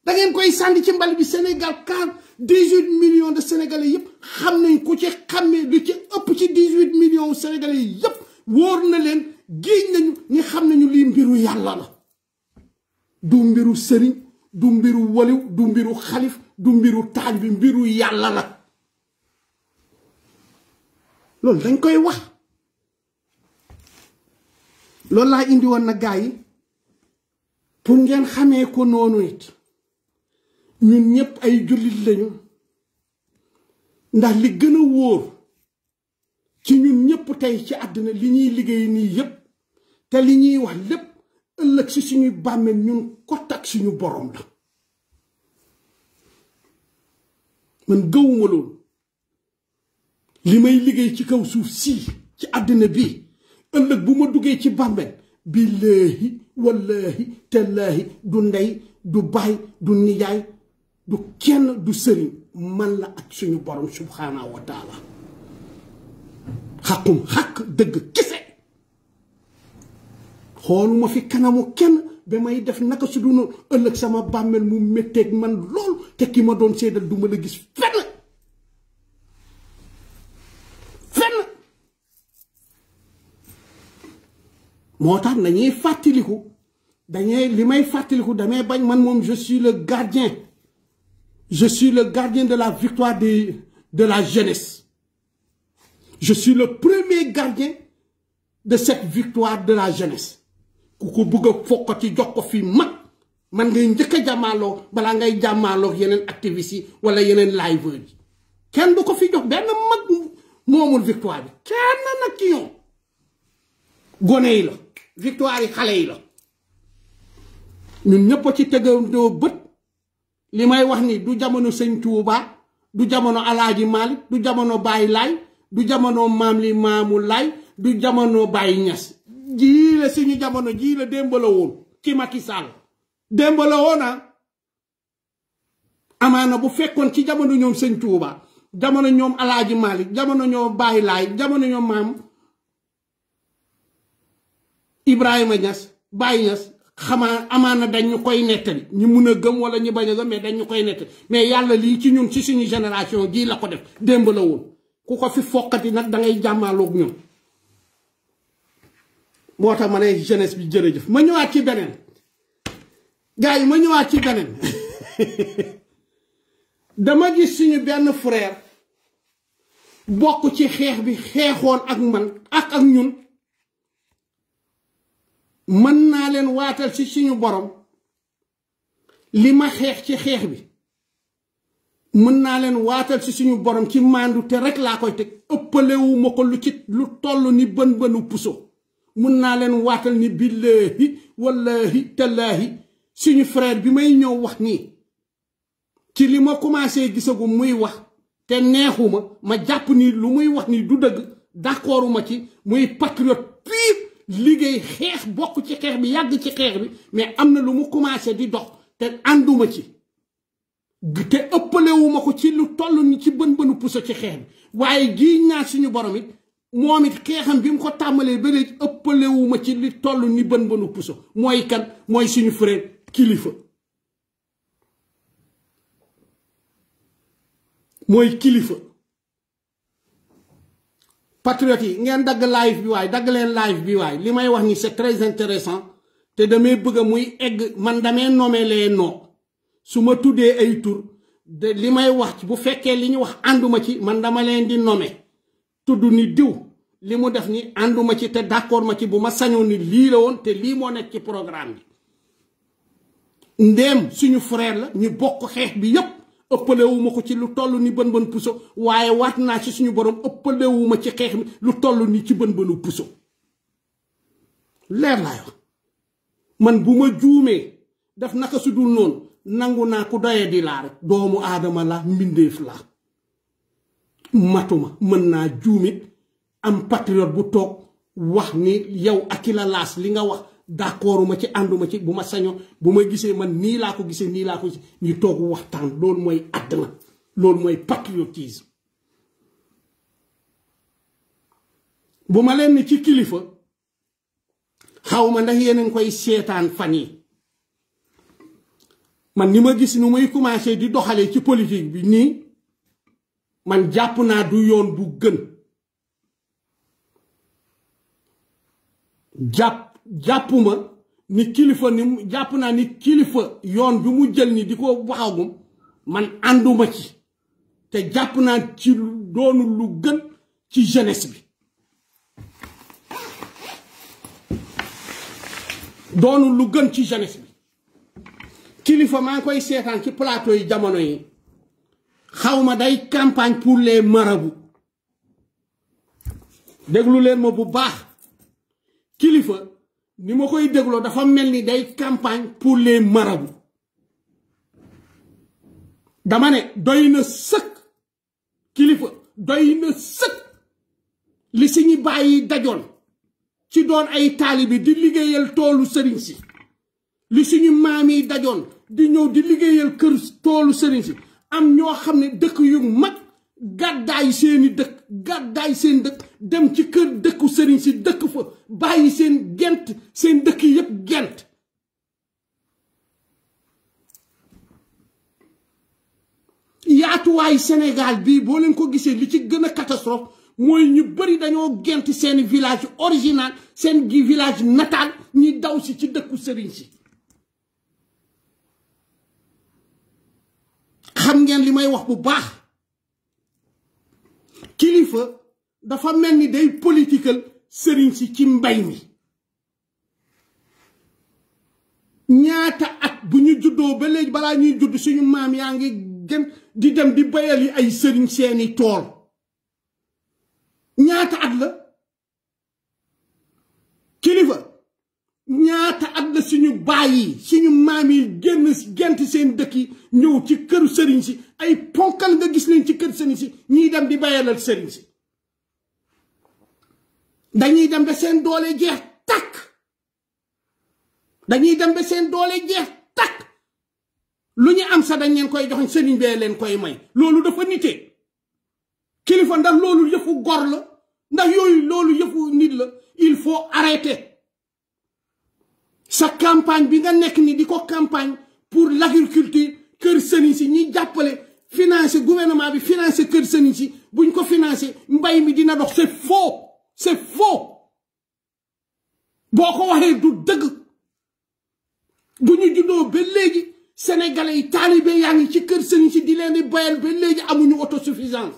da ngeen koy sàndi ci mbalit bi Sénégal car dix-huit million de sénégalais yëpp xam nañ ku ci xàmmee lu ci ëpp ci dix-huit millions sénégalais yëpp wóor na leen géej nañu ñi xam nañu lii mbiru yàlla la du mbiru sëriñ du mbiru waliw du mbiru xalif du mbiru taaj bi mbiru yàlla la loolu dañ koy wax loolu laa indi woon na gars yi pour ngeen xamee ko noonu it ñun ñëpp ay jullit lañu ndax li gën a wóor ci ñun ñëpp tey ci àddina li ñuy liggéey nii yépp te li ñuy wax lépp ëllëg si suñuy bàmmeel ñun kott ak suñu boroom la man gëwuma loolu li may liggéey ci kaw suuf sii ci àddina bi ëllëg bu ma duggee ci bàmbel billaahi wallaahi tallaahi du ndey du baay du nijaay du kenn du sëriñ man la ak suñu borom subhaanahu wa taala xaqum xaq dëgg kese xooluma fi kanamu kenn ba may def naka su du noonu ëllëg sama bàmmeel mu métteeg man lool te ki ma doon seedal du ma la gis fenn moo tax nañuy fàttaliku dañuy limay fatiliku fàttaliku bañ man mom je suis le gardien je suis le gardien de la victoire de de la jeunesse je suis le premier gardien de cette victoire de la jeunesse kuku ko bëgg a fokkati jox ko fi mag man ngay ñëk a jàmmaaloo balaa ngay jàmmaaloo yeneen activistes yi wala yenen liveur kenn du ko fi jox ben mag momul victoire bi kenn nak ci ñoom yi la victoire xale yi la ñun ñëpp a ci tëggandoo bët li may wax ni du jamono sëñ Touba du jamono alaaji Malick du jamono Baye Laay du jamono maam li maamu Laay du jamono Baye Niass jii la suñu jamono jii la démbala woon ci Macky Sall démbala woon ah amaana bu fekkoon ci jamono ñoom sëñ Touba jamono ñoom alaaji Malick jamono ñoom Baye Laay jamono ñoom maam Ibrahima Niass bàyyi Niass xamaa amaana dañ ñu koy nettali ñu mun a gëm wala ñu bañ a gëm mais dañ ñu koy nettali mais yàlla lii ci ñun ci suñu génération gii la ko def démb la woon ku ko fi fokkati nag da ngay jàmmaaloog ñun. moo tax ma ne jeunesse bi jërëjëf ma ñëwaat ci beneen gars yi ma ñëwaat ci beneen [LAUGHS] dama gis suñu benn frère bokk ci xeex bi xeexoon ak man ak ak ñun. mën naa leen waatal ci suñu borom li ma xeex ci xeex bi mën naa leen waatal ci suñu borom ci maandu te rek laa koy teg ëppalewuma ko lu ci lu toll ni bën bënu puso mën naa leen waatal ni billaahi wallaahi tallaahi suñu frère bi may ñëw wax nii ci li ma commencé gisagu muy wax te neexuma ma jàpp ni lu muy wax ni du dëgg d'accorduma ci muy patriote pur liggéey xeex bokk ci xeex bi yàgg ci xeex bi mais am na lu mu commencé di dox te ànduma ci te ëppalewuma ko ci lu toll ni ci bën bënu puso ci xeex bi waaye giiñ naa suñu borom it moom it xeexam bi mu ko tàmbalee ba léegi ëppalewuma ci li toll ni bën bënu puso mooy kan mooy suñu frère kilifa mooy kilifa patriote yi ngeen dagg live bi waay dagg leen live bi waay li may wax ni c'est très intéressant te damay bëgg muy egg man damay nommer les noo su ma tuddee ay tur de li may wax bu fekkee li ñu wax ànduma ci man dama leen di nome tudd ni diw li mu def ni ànduma ci te d'accord ma ci bu ma sañoon ni lii la woon te lii moo nekk ci programme bi ndéem suñu frère la ñu bokk xeex bi yëpp ëppalewuma ko ci lu toll ni bën bën puso waye waat ci suñu borom ëppalewuma ci xex mi lu toll ni ci bën bënu puso leer la wax man buma ma daf naka sudul non nanguna ku doye di la rek doomu adama la mbindeef la matuma man na juumit am patriote bu tok wax ni yow akila las li nga wax d'accord ma ci ànduma ci bu ma saño bu ma gisee man nii laa ko gisee nii laa ko gisee ñu toog waxtaan loolu mooy àddina loolu mooy patriotisme bu ma leen ci kilifa xaw ma ndax yeneen koy seetaan fan yi man ni ma gis nu may commencé di doxalee ci politique bi nii man jàpp naa du yoon bu gën jàpp jàppuma ni kilifa ni jàpp naa ni kilifa yoon bi mu jël ni di ko waxagum man ànduma ci te jàpp naa ci doonu lu gën ci jeunesse bi doonu lu gën ci jeunesse kilifa maa koy seetaan ci plateau yi jamono yi xawma day campagne pour les marabouts déglu leen ma bu baax ni ma koy dégloo dafa mel ni day campagne pour les marabouts dama ne doy na sëkk kilifa doy na sëkk li si ñu bàyyi dajoon ci doon ay taalibi di liggéeyal toolu sëriñ si li suñu maam yi dajoon di ñëw di liggéeyal kër toolu sëriñ si am ñoo xam ne dëkk yu mag gàddaay seeni dëkk gàddaay seen dëkk dem ci kër dëkku sëriñ si dëkk fa bàyyi seen gent seen dëkk yépp gent yaatuwaay Sénégal bii boo leen ko gisee li ci gën a catastrophe mooy ñu bëri dañoo gent seen village original seen gi village nataal ñi daw si ci dëkku sëriñ si xam ngeen li may wax bu baax kilifa dafa mel ni day politikal sëriñ si ci mbay mi ñaata at bu ñu juddoo ba léegi balaa ñuy judd suñu maam yaa ngi gën di dem di bayal yi ay sëriñ seeni tool ñaata baay yi suñu maam yi génn gent seen dëkk yi ñëw ci kër sëriñ si ay ponkal nga gis leen ci kër sëriñ si ñiy dem di bayalal sëriñ si dañuy dem ba seen doole jeex takk dañuy dem ba seen doole jeex takk lu ñu am sa dañ leen koy joxoñ sëriñ bee leen koy may loolu dafa nitee kilifa ndax loolu yëfu gor la ndax yooyu loolu yëfu nit la il faut arrêter sa campagne bi nga nek ni diko campagne pour l'agriculture kër sëriñ si ñi financer gouvernement bi financer kër sëriñ buñ ko financer mbay mi dina dox c'est faux c'est faux boko waxé du deug buñu ñu ba légui sénégalais yi taalibe yaa ci kër sëriñ si di leen bayal ba amuñu autosuffisance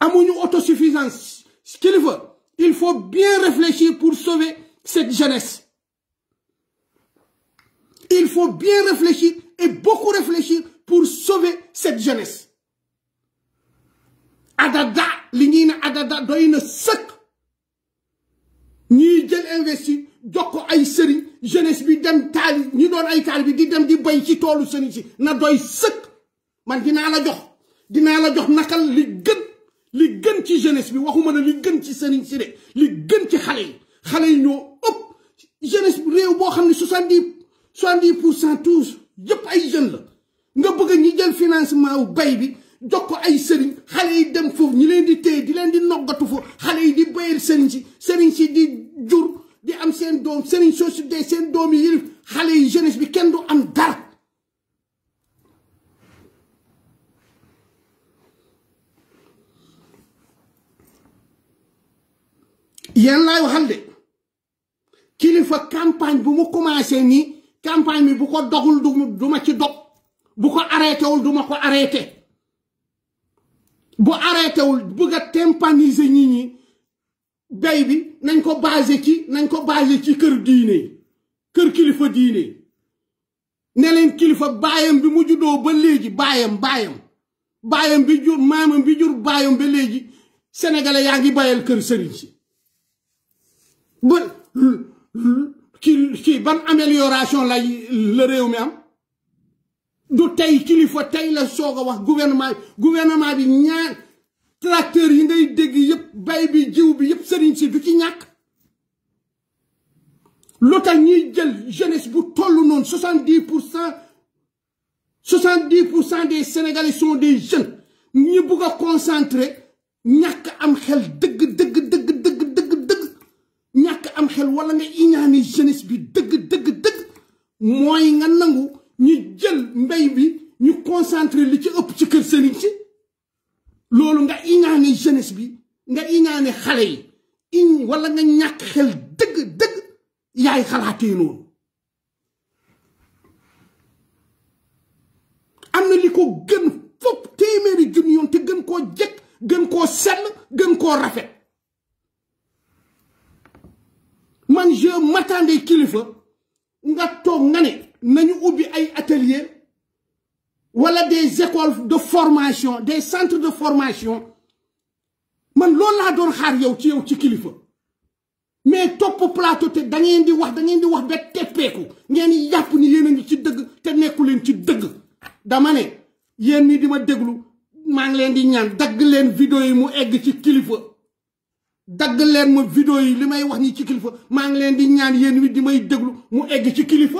amuñu autosuffisance kilifa il faut bien réfléchir pour sauver cette jeunesse. Il faut bien réfléchir et beaucoup réfléchir pour sauver cette jeunesse. Adada, l'ignine Adada, doit une sec. Ni jël investi, doko ko jeunesse bi dem tali, ñi don ay bi di dem di bay ci tolu sëriñ si na doy sëkk man dina la jox dina la jox nakal li li gën ci jeunesse bi waxuma ne li gën ci sëriñ si de li gën ci xale yi xale yi ñoo ëpp jeunesse bi réew boo xam ne soixante dix soixante dix pour cent tous yëpp ay jeunes la nga bëgg ñi jël financement wu bay bi jox ko ay sëriñ xale yi dem foofu ñi leen di téye di leen di noggatu foofu xale yi di béyal sëriñ si sëriñ si di jur di am seen doom sëriñ soo su seen doom yi yëlif xale yi jeunesse bi kenn du am dara yéen laay waxal de kilifa campagne bu mu commencé nii campagne bi bu ko dogul du ma ci dog bu ko arrêté wul du ko arrêté bu arrêté wul bëgg a tympaniser ñi bay bi nañ ko basé ci nañ ko basé ci kër diine kër kilifa diine ne kilifa baayam bi mu juddoo ba léegi baayam baayam bi jur maamam bi jur baayam ba léegi sénégalais yaa ngi bàyyal kër sëriñ si bon qui qui bonne amélioration là la réew mi am du tey kilifa tay la soga wax gouvernement gouvernement bi ñaan tracteur yi ngay dégg yëpp bay bi jiw bi yëpp sëriñ ci du ci ñak lu ñi jël jeunesse bu tollu non 70% 70% pour des sénégalais sont des jeunes ñi bugg a concentré ñak am xel xel wala nga iñaane jeunesse bi dëgg dëgg dëgg mooy nga nangu ñu jël mbay bi ñu concentré li ci ëpp ci kër sëriñ si loolu nga iñaane jeunesse bi nga iñaane xale yi iñ wala nga ñàkk xel dëgg dëgg yaay xalaatee noonu am na li ko gën fopp téeméeri junni yoon te gën koo jekk gën koo sell gën koo rafet man je m'attendais kilifa nga toog nga ne nañu ubbi ay atelier walla des écoles de formation des centres de formation man lool laa doon xaar yow ci yow ci kilifa mais topp plateau te da ngeen di wax da di wax ba teppeeku ngeen yàpp ni yéen a ngi ci dëgg te nekku leen ci dëgg dama ne yéen ni di ma déglu maa ngi leen di ñaan dagg leen vidéo yi mu egg ci kilifa dagg ma vidéo yi limay wax ni ci kilifa vidéos. leen di ñaan yeen wi di may déglu mu egg ci kilifa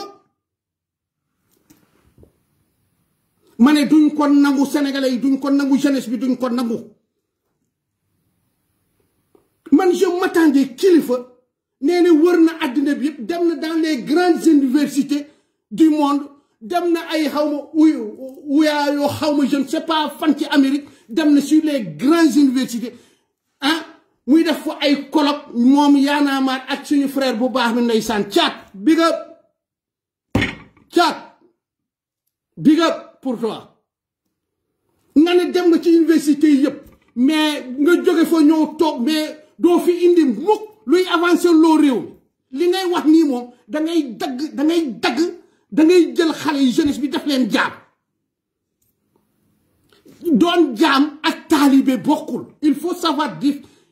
mané duñ ko nangu sénégalais duñ ko nangu jeunesse bi duñ ko nangu man je m'attendais kilifa nee na wër bi dem dans les grandes universités du monde dem na ay xawma wuya yo je ne sais pas fan ci Amérique dem sur les grandes universités muy def fa ay colloque moom yaanaamaar ak suñu frère bu baax bi ndeysaan caat big up caat big pour toi nga ne dem nga ci université yëpp mais nga jóge fa ñëw toog mais doo fi indi mukk luy avancer loo réew li ngay wax nii moom dangay dagg dangay dagg dangay jël xale yi jeunesse bi def leen jaam doon jaam ak taalibe bokkul il faut savoir dire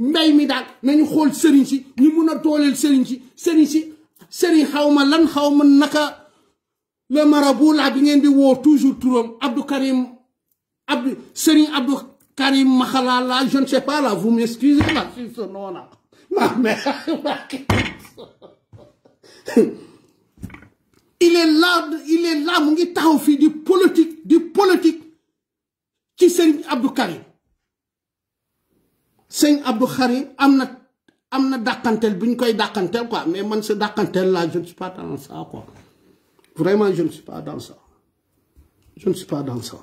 mi dal nañu xol serigne ci ñu lan xawma naka le marabout l'a bi di toujours Abdou Karim je ne sais pas là vous m'excusez [LAUGHS] ma mère il est là il est là mu ngi di politique di politique ci Abdou Seigne Abdou Karim, amna amna dakantel buñ koy dakantel quoi mais man ce dakantel la je ne suis pas dans ça quoi vraiment je ne suis pas dans ça je ne suis pas dans ça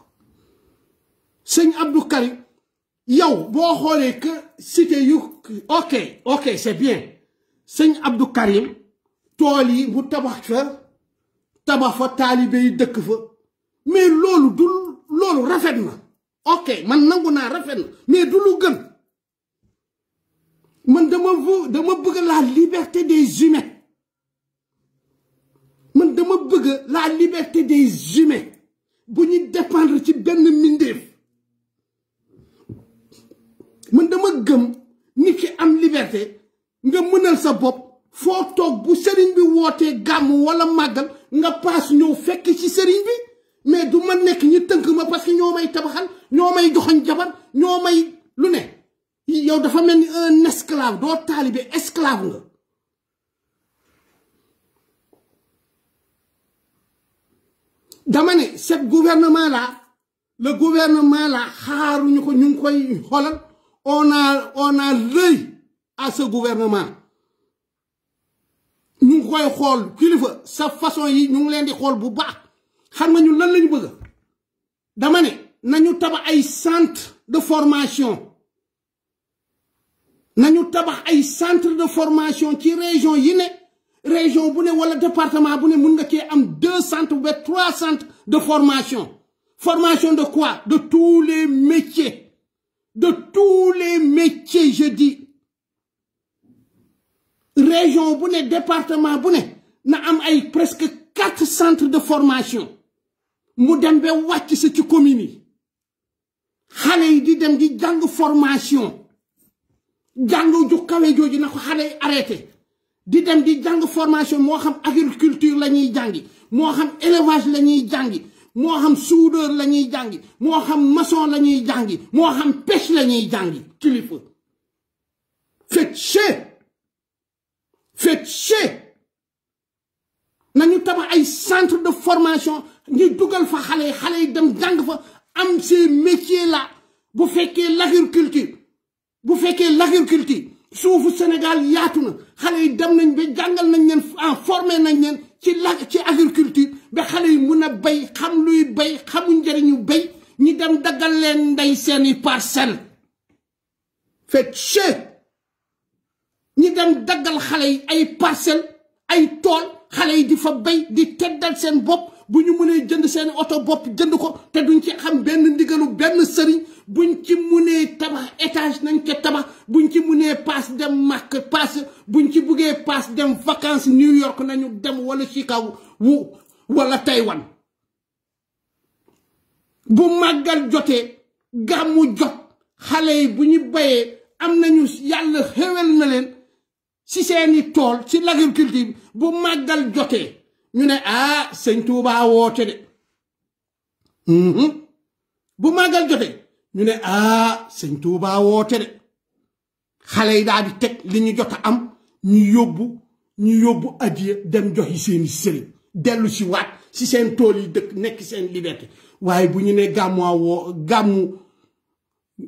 Seigne Abdou Karim, yow bo xolé que cité yu ok ok c'est bien Seigne Abdou Karim toli yi mu tabax fa tabax fa taalibe yi dëkk fa mais lolu du lolu rafetna ok man nanguna naa rafet mais du lu gën man dama dama la liberté des humains man dama la liberté des humains Pour nous dépendre ci liberté, Je man dama gëm ni ki am liberté nga mënal sa pas. tok bu bi wala magal, nga fekk ci sëriñ bi mais du ma nekk vous ma parce que la may tabaxal ñoo may jabar yow dafa melni un esclave do talibé esclave nga dama né cet gouvernement là le gouvernement là xaaruñu ko ñung koy xoolal on a on a l'œil à ce gouvernement ñung koy xol kilifa sa façon yi ñung ngi leen di xol bu baax xam nga ñun lan lañu bëgg dama né nañu tabax ay centre de formation nous avons des centre de formation qui région yi région bu wala département bu mun nga am deux centres ou trois centres de formation formation de quoi de tous les métiers de tous les métiers je dis région bu département bu avons na presque quatre centres de formation mu dem be wacc sa ci commune xalé yi di dem di formation jangou ju kawe jooju nako xale arrêté di dem di jàng formation mo xam agriculture lañuy jàngi mo xam élevage lañuy jàngi mo xam soudeur lañuy jàngi mo xam maçon lañuy jàngi mo xam pêche lañuy jàngi tulipe faites chier faites chier nañu tabax ay centre de formation ñu duggal fa xale xale dem jàng fa am ces métiers là bu fekkee l'agriculture bu fekkee l'agriculture suufu Sénégal yaatu na xale yi dem nañ ba jàngal nañ leen en formé nañ leen ci la ci agriculture ba xale yi mun a bay xam luy bay xamu njëriñu bay ñi dem daggal leen ndey seeni parcelle fait che ñi dem daggal xale yi ay parcelle ay tool xale yi di fa bay di teddal seen bopp bu ñu munee jënd seeni oto bopp jënd ko te duñ ci xam benn ndigalu benn sëriñ buñ ci munee tabax étage nañ ca tabax buñ ci munee paas dem màkk paas buñ ci buggee paas dem vacances New York nañu dem wala Chicago wu wala Taïwan bu màggal jotee gàmmu jot xale yi bu ñu bayee am nañu yàlla xéwal na leen ci seeni tool ci l'agriculture bi bu màggal jotee ñu ne ah sëñ Touba woote de mhm. bu màggal jotee ñu ne ah sëñ Touba woote de xale yi daal di teg li ñu jot am ñu yóbbu ñu yóbbu adiya dem joxi seeni sëriñ dellu si waat si seen tool yi dëkk nekk seen liberté waaye bu ñu ne gàmmu woo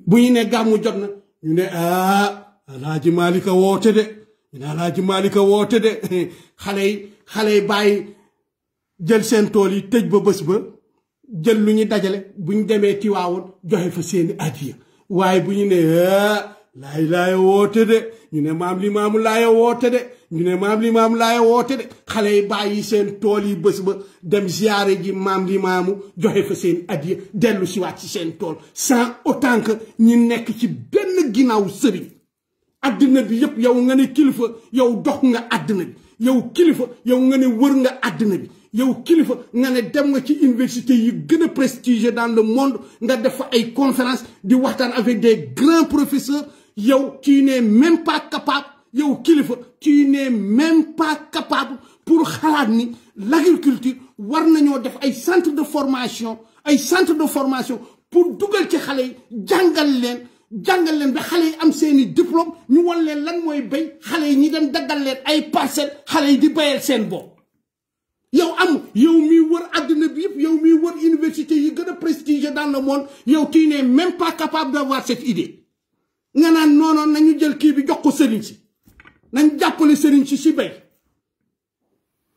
bu ñu ne gàmmu jot na ñu ne ah alaaji Maalika woote de ñu ne alaaji Maalika woote de [LAUGHS] xale yi xale yi bàyyi jël seen tool yi tëj ba bés ba jël lu ñu dajale bu ñu demee Tiwaawoon joxe fa seeni adiya waaye bu ñu ne ah, laay laay woote de ñu ne maam li maamu laay woote de ñu ne maam li maamu laay woote de xale yi bàyyi seen tool yi bés ba dem ziyaare ji maam li maamu joxe fa seen adiya dellu si ci seen tool sans autant que ñu nekk ci benn ginnaaw sëriñ addina bi yëpp yow nga ne kilifa yow dox nga addina bi yow kilifa yow nga ne wër nga àddina bi yow kilifa nga ne dem nga ci université yi gën prestigé dans le monde nga def fa ay conférence di waxtaan avec des grands professeurs yow tu ne même pas capable yow kilifa tu ne même pas capable pour xalaat ni l'agriculture war nañoo def ay centre de formation ay centre de formation pour dugal ci xale yi jàngal leen jàngal leen ba xale yi am seeni diplôme ñu won leen lan mooy bay xale yi ñi dem daggal leen ay parcelle xale yi di bayal seen bopp yow am yow miy wër àddina bi yëpp yow miy wër université yi gën a prestigieux dans le monde yow tu n'es même pas capable d'avoir cette idée nga naan noonoon nañu jël kii bi jox ko sëriñ si nañ jàppale sëriñ si si bay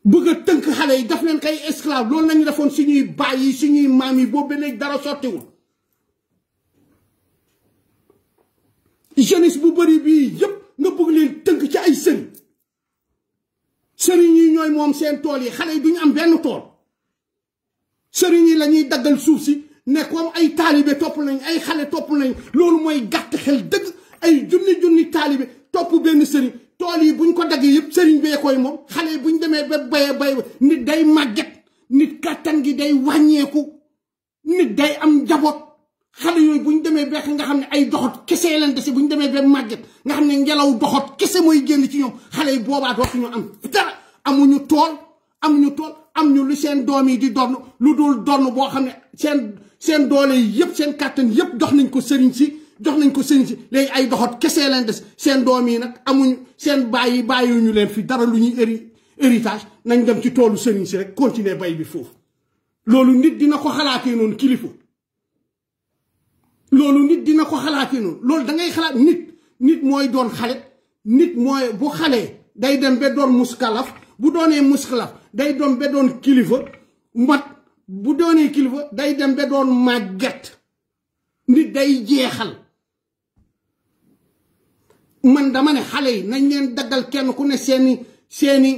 bëgg tënk xale yi daf leen kay esclave loolu nañu defoon suñuy baay yi suñuy maam yi boobu ba léegi dara sottiwul jeunesse bu bari bii yëpp nga bëgg leen tënk ci ay sëriñ sëriñ yi ñooy moom seen tool yi xale yi duñu am benn tool sëriñ yi lañuy ñuy daggal suuf si ne comme ay taalibe topp nañ ay xale topp nañ loolu mooy gàtt xel dëgg ay junni junni taalibe topp benn sëriñ tool yi buñ ko daggee yëpp sëriñ bee koy moom xale yi buñ demee ba baye bay nit day màgget nit kàttan gi day wàññeeku nit day am njaboot xale yooyu bu ñu demee beex nga xam ne ay doxot kese leen dese bu ñu demee ba màgget nga xam ne ngelaw doxot kese mooy génn ci ñoom xale yi boobaa dootuñu am dara amuñu tool amuñu tool am ñu lu seen doom yi di donn lu dul donn boo xam seen seen doole yi yëpp seen kàttan yëpp dox nañ ko sëriñ si jox nañ ko sëriñ si ay doxot kese leen des seen doom yi nag amuñu seen bàyyi bàyyiwuñu leen fi dara lu ñuy héri héritage nañ dem ci toolu sëriñ si rek continuer bay bi foofu loolu nit dina ko xalaatee noonu kilifa loolu nit dina ko xalaati non loolu da ngay xalaat nit nit moy doon xale nit moy bu xalé day dem be doon muskalaf bu doone muskalaf day doon be doon kilifa mat bu doone kilifa day dem be doon màgget nit day jeexal man dama ne xale nañ leen daggal kenn ku ne seeni seeni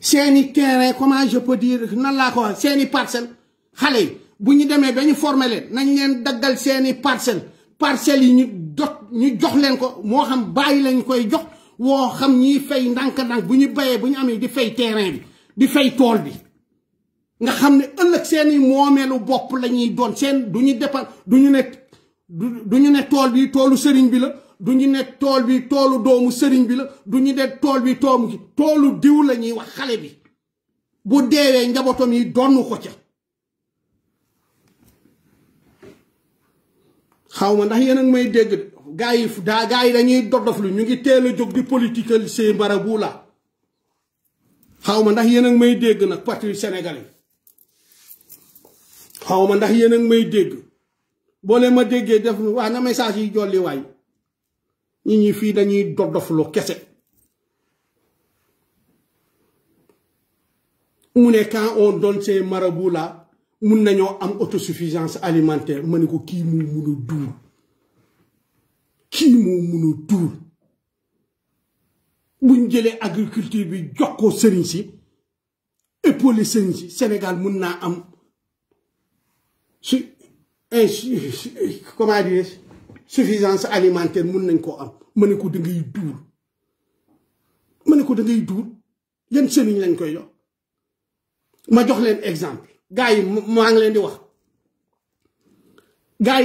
seeni terrain comment je peux dire nan la ko wax seeni parcelle xale bu ñu demee ba ñu former leen nañ leen daggal seeni parcelles parcelles yi ñu dot ñu jox leen ko moo xam bàyyi lañ koy jox woo xam ñiy fay ndànk-ndànk bu ñu bayee bu ñu amee di fay terrain bi di fay tool bi nga xam ne ëllëg seeni moomeelu bopp lañuy doon seen du ñu dépend du ñu ne du ne tool bi toolu sëriñ bi la du ñu ne tool bi toolu doomu sëriñ bi la du ñu ne tool bi toomu toolu diw la ñuy wax xale bi bu deewee njabootam yi donn ko ca xawma ndax yeen ak may deg gaay da gaay dañuy dodof lu ñu ngi teel jog di political ci mbarabu la xawma ndax yeen ak may deg nak parti sénégalais xawma ndax yeen ak may deg bo le ma déggé def wa na message yi jolli way ñi ñi fi dañuy dodof lu kese mu ne quand on donne ces marabouts mun nañoo am autosuffisance alimentaire ma ko kii moo mun a duur kii moo mun duur buñ jëlee agriculture bi jox ko sëriñ si épaulé sëriñ si Sénégal mun naa am su eh, comment dire suffisance alimentaire mun nañ koo am ma ne ko da ngay duur ma ne ko da ngay duur yan sëriñ lañ koy jox ma jox leen exemple Gai mo ngi wax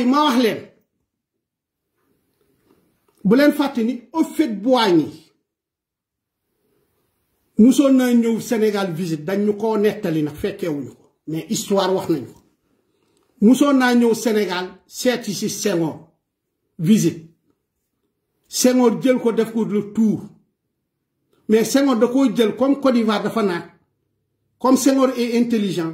ma wax bu ni Sénégal visite dañ ñu netali ko mais histoire wax nañu ko sommes venus Sénégal C'est ici Sénégal. visite ko le tour mais da comme Côte d'Ivoire comme est intelligent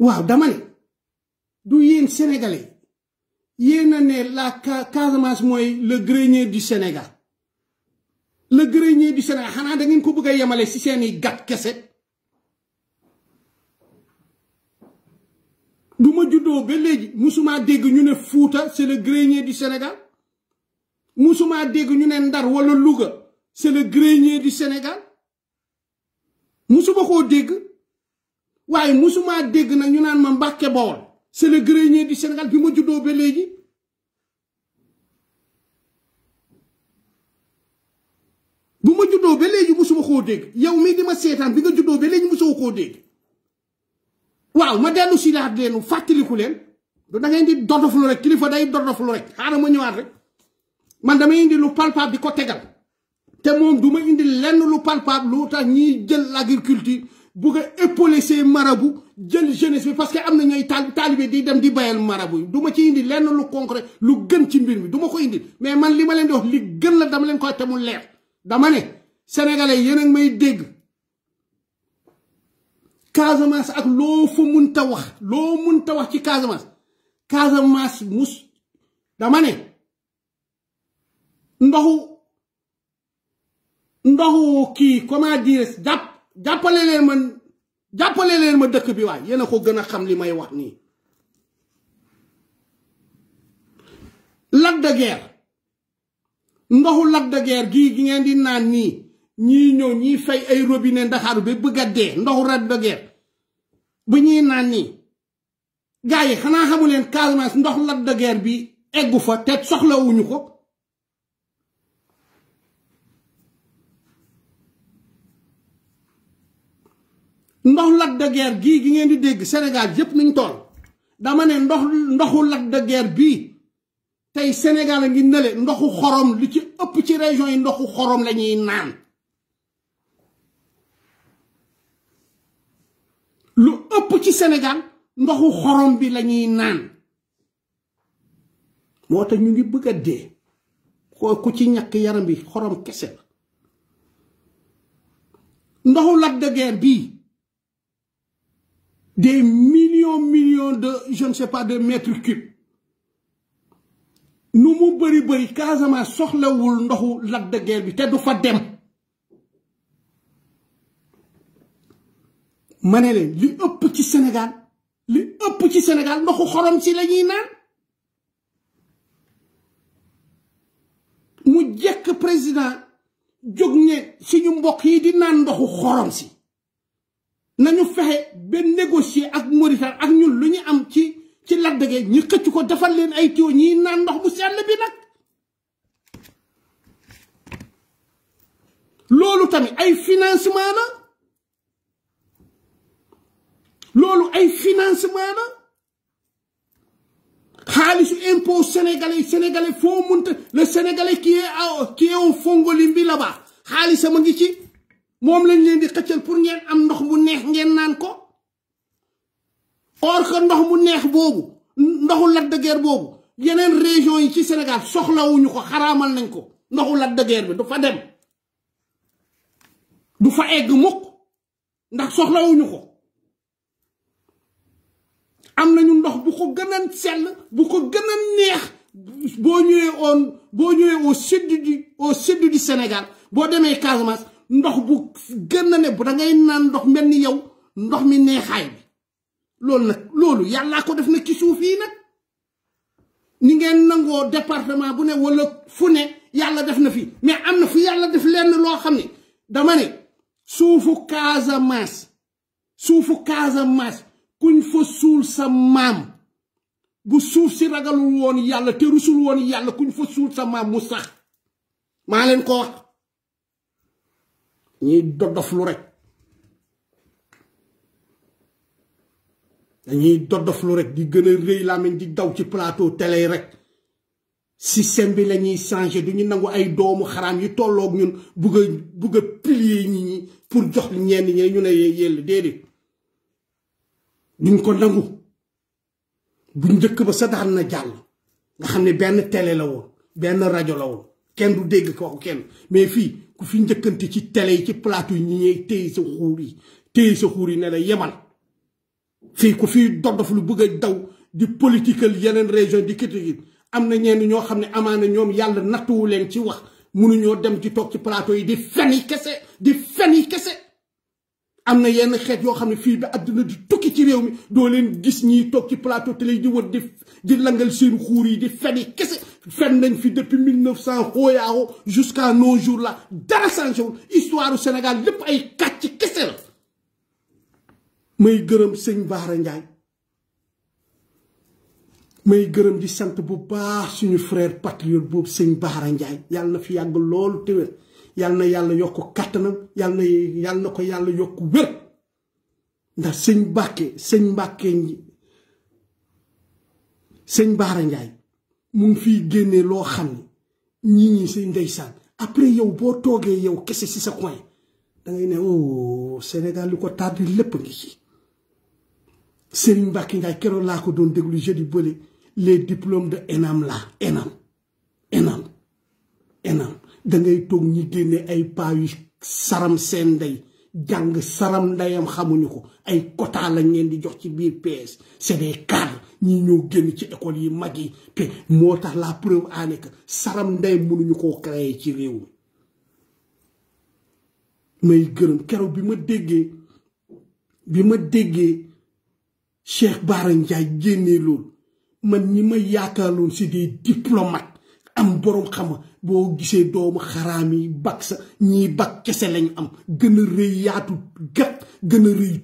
Wow, dama d'où du yéen sénégalais Yen a la Casamance moy le grenier du Sénégal le grenier du Sénégal Hana da ngeen ko bëgg yamalé ci seeni gat D'où du juddo juddoo ba léegi musuma dégg ñu ne c'est le grenier du Sénégal musuma dégg ñu ne Ndar wala Louga c'est le grenier du Sénégal musuma ko dégg waaye musuma dégg nag ñu naan ma Mbàkke Bawol c'est le grenier du Sénégal bi ma juddoo be léegi bu ma juddoo ba léegi musuma koo dégg yow mii di ma seetaan bi nga juddoo ba léegi musoo koo dégg waaw ma dellu si laat leen fàttaliku leen da dangay indi dodoflu rek kilifa day dodoflu rek xaaral ma ñëwaat rek man damay indi lu palpable di ko tegal te moom du ma indi lenn lu palpable lu tax ñiy jël agriculture bëgg épauler ces marabouts jël jeunesse bi parce que amna ñoy talibé di dem di bayal marabout duma ci indi lén lu concret lu gën ci mbir mi duma ko indi mais man li ma lén di wax li gën la dama lén ko te mu dama ne sénégalais yéen a may dégg Casamance ak lo fa mën ta wax lo mën ta wax ci Casamance Casamance mus dama né ndoxu ndoxu ki comment dire ça jàppale leen ma jàppale leen ma dëkk bi waay yéen a ko gën a xam li may wax nii Lac de ndoxu Lac de gii gi ngeen di naan nii ñii ñëw ñii fay ay robine Ndakaaru ba bëgg a dee ndoxu Lac bu ñuy naan nii gars yi xanaa xamu leen Casamance ndox Lac de bi eggu fa te soxlawuñu ko ndox Lac de Guiers gii gi ngeen di dégg Sénégal yépp nañ tool dama ne ndox ndoxu Lac de Guiers bii tey Sénégal a ngi nële ndoxu xorom lu ci ëpp ci région yi ndoxu xorom lañuy naan lu ëpp ci Sénégal ndoxu xorom bi lañuy naan moo tax ñu ngi bëgg a dee ko ku ci ñakk yaram bi xorom kese ndoxu Lac de Guiers bii des millions, millions de, je ne sais pas, de mètres cubes. Nous, nous, tous, bëri nous soxlawul ndoxu de guerre. bi te du fa dem Manele, li Sénégal li petit Sénégal nous xorom si la naan mu président yi di nañu fexe ben négocier ak mauritan ak ñun luñu am ci ci Lac de Guiers ñu xëcc ko defal leen ay tuyaux ñi naan ndox bu sel bi nak lolu tammi ay financement la lolu ay financement la xaalisu impôt sénégalais sénégalais foo munta le sénégalais qui est qui est au Fongolimbi là-bas xaalisam a ngi ci. moom lañ leen di xëccal pour ngeen am ndox mu neex ngeen naan ko or que ndox mu neex boobu ndoxu Lac de boobu yeneen région yi ci Sénégal soxlawuñu ko xaraamal nañ ko ndoxu Lac de bi du dem du fa egg mukk ndax soxlawuñu ko am nañu ndox bu ko gën a sell bu ko gën neex boo ñëwee oon boo ñëwee au sud du au sud du Sénégal boo demee Casamance ndox bu gën a ne bu da naan ndox mel ni yow ndox mi neexaay bi loolu nag loolu yàllaa ko def na ci suuf yi nag ni ngeen nangoo département bu ne wala fu ne yàlla def na fi mais am na fu yàlla def lenn loo xam ne dama ne suufu Casamance suufu Casamance kuñ fa suul sa maam bu suuf si ragalul woon yàlla te rusul woon yàlla kuñ fa suul sa maam mu sax maa leen ko wax ñuy dodoflu rek dañuy dodoflu rek di gën a rëy làmmiñ di daw ci tele yi rek sistème bi lañuy ñuy changé du ñu nangu ay doomu xaraam yu tollook ñun bugg a bugg a pilier ñi ñi pour jox ñenn ñi ñu ne yell déedéet duñ ko nangu bu njëkk ba sa daan na jàll nga xam ne benn tele la woon benn rajo la woon kenn du dégg ko kenn mais fii ku fi njëkkante ci tele yi ci plateau yi ñi ñey téye sa xuur yi téye sa xuur yi ne la yemal fii ku fi dodof lu bëgg a daw di political yeneen région di critique am na ñenn ñoo xam ne amaana ñoom yàlla nattuwu leen ci wax mënuñoo dem ci toog ci plateau yi di fen yi kese di fen yi kese amna yenn xet yo xamni fi bi aduna àdduna di tukki ci rewmi do len gis ni tok ci plateau télé di wër di di langal seen xuur yi di feni kese fen nañ fi depuis 1900 neuf jusqu'à nos jours là dara changé histoire du Sénégal lepp ay katch kessel may gërëm seigne Baara ndjay may gërëm di sante bu baax suñu frère patriote bob seigne Baara ndjay yalla na fi yag lool téwél Yalla yalla yàlla yokk yalla yalla na yàlla na ko yàlla yokk wér ndax seigne Mbàkke ni Mbàkke sëñ Baara mu ngi fiy génnee loo xam ne ñi après yow bo togué yow kese si sa coin da ngay né oh Sénégal lu ko lepp lépp ngi ci Sëriñ Mbàkke Njaay ko doon déglu jeudi bële les diplômes de ENAM la ENAM ENAM ENAM da ngay tok ñi génne ay paa yu saram seen day jang saram ndayam xamuñu ko ay quota la leen di jox ci biir PS c'est des cadres ñi ñoo génn ci école yi magi té motax la preuve ané que saram nday mënuñu ko créer ci réew may gërëm kéro bi ma déggee bi ma déggee Cheikh Bara Ndiaye génnee man ñima yaakaaloon ci des diplomates am borom xam bo gise doomu kharami yi bag sa ñii bag kese lañ am gën a rëy yaatu gat gën a rëy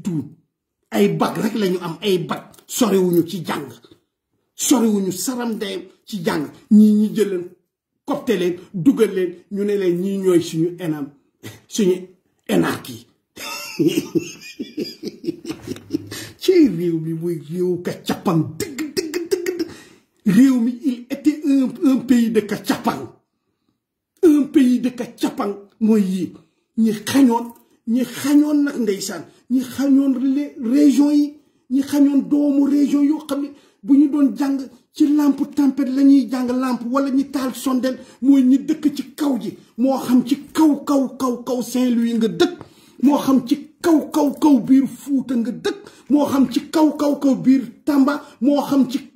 ay bag rek lañu am ay bag soriwuñu ci jàng soriwuñu saram dayam ci jàng ñii ñi jël leen copte leen dugal leen ñu ne leen ni ñooy suñu enam suñu enaak yi [LAUGHS] ci réew mi muy réew ka cappam dëgg réew mi il était un un pays de kacapan un pays de kacapan mooy yii ñi xañoon ñi xañoon nag ndeysaan ñi xañoon région yi ñi xañoon doomu région yoo xam ne bu ñu doon jàng ci lampe tempête la ñuy jàng lampe wala ñi taal sondel mooy ñi dëkk ci kaw ji moo xam ci kaw kaw kaw kaw Saint-Louis nga dëkk moo xam ci kaw kaw kaw biir Fuuta nga dëkk moo xam ci kaw kaw kaw biir tàmba moo xam ci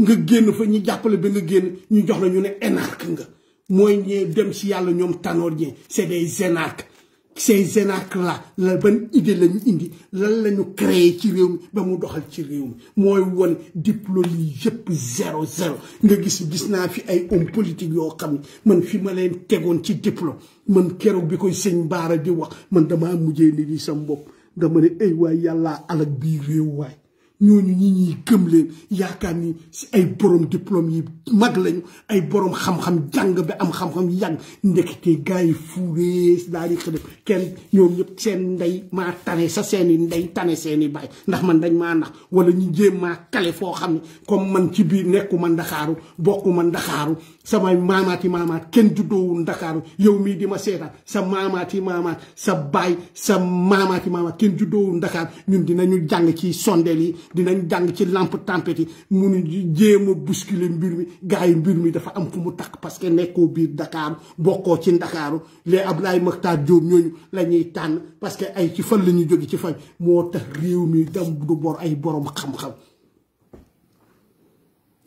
nga génn fa ñu jàppale benn génn ñu jox la ñu ne énarque nga mooy ñee dem ci yàlla ñoom tanoor ñee c'est des énarques ces énarques là la ban idée lañu indi lan lañu créé ci réew mi ba mu doxal ci réew mi mooy won diplôme yi yëpp zéro zéro nga gis gis naa fi ay homme politique yoo xam man fi ma leen tegoon ci diplôme man keroog bi koy sëñ baara di wax man damaa mujjee ni di sam bopp dama ne ay waay yàllaa alak bii réew waay ñooñu ñi ñuy gëm leen yaakaar ni si ay borom diplôme yi mag lañu ay borom xam-xam jàng bi am xam-xam yàgg ndekete gars yi fuuree daal di xëy kenn ñoom ñëpp seen ndey maa tane sa seeni ndey tane seeni baay ndax man dañ maa nax wala ñu jéem maa kale foo xam ne comme man ci biir nekkuma Ndakaaru bokkuma Ndakaaru samay maamaat yi maamaat kenn juddoowul Ndakaaru yow mii di ma seetaan sa maamaat yi maamaat sa baay sa maamaat yi maamaat kenn juddoowul Ndakaaru ñun dinañu jàng ci sondeel yi dinañ jàng ci lampe tempête yi munu jéem a bousculer mbir mi gars yi mbir mi dafa am fu mu takk parce que nekkoo biir Dakar bokkoo ci Ndakaaru les Abdoulaye Makhtar Diop ñooñu la ñuy tànn parce que ay ci fan la ñuy jóge ci fan moo tax réew mi dem du bor ay boroom xam-xam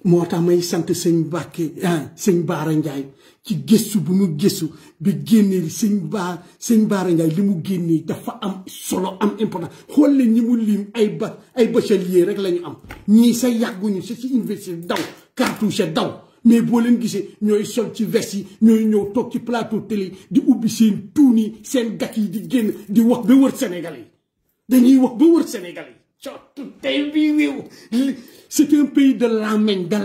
moo tax may sant sëñ Mbàkke ah, sëñ Baara Ndiaye ci gëstu bu mu gëstu bi génnee sëñ Ba sëñ Baara Ndiaye li mu génnee dafa am solo am important xool leen ñi mu lim ay ba ay bachelier rek lañu ñu am ñii sa yàgguñu sa ci université daw cartouche daw mais boo leen gisee ñooy sol ci vest yi ñooy ñëw toog ci plateau télé di ubbi seen tuun yi seen gàtt yi di génn di wax ba wër Sénégal yi dañuy wax ba wër Sénégal yi cottu tey bii wéew c'est un pays de làmmiñ de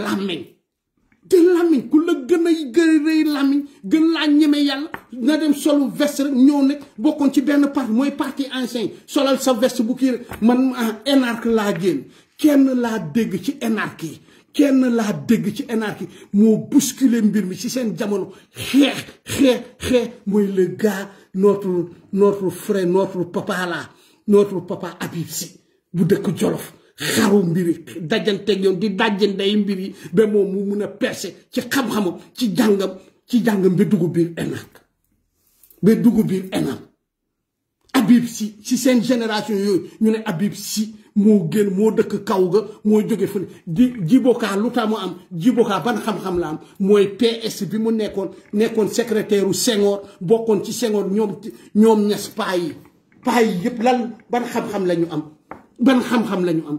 làmmiñ ku la gën a gën rëy làmmiñ gën laa ñeme yàlla nga dem solu veste rek ñëw nag bokkoon ci benn parti mooy parti ancien solal sa veste bu kii rek man énarque laa génn kenn laa dégg ci énarque yi kenn laa dégg ci énarque yi moo bousculer mbir mi ci seen jamono xeex xeex xeex mooy le gars notre notre notre papa notre papa Habib bu dëkk Jolof xaru mbir yi dajanteeg yoon di dajje nday mbir yi ba moom mu mun a perse ci xam-xamam ci jàngam ci jàngam ba dugub biir ENAC ba dugg biir ENAM Habib Sy si seen génération yooyu ñu ne Habib Sy moo gën moo dëkk kaw ga moo jóge fële di jibokaa lu tax mu am jibokaa ban xam-xam la am mooy PS bi mu nekkoon nekkoon secrétaire u Senghor bokkoon ci Senghor ñoom ñoom ñes paa yi paa yëpp lan ban xam-xam la am ban xam-xam la am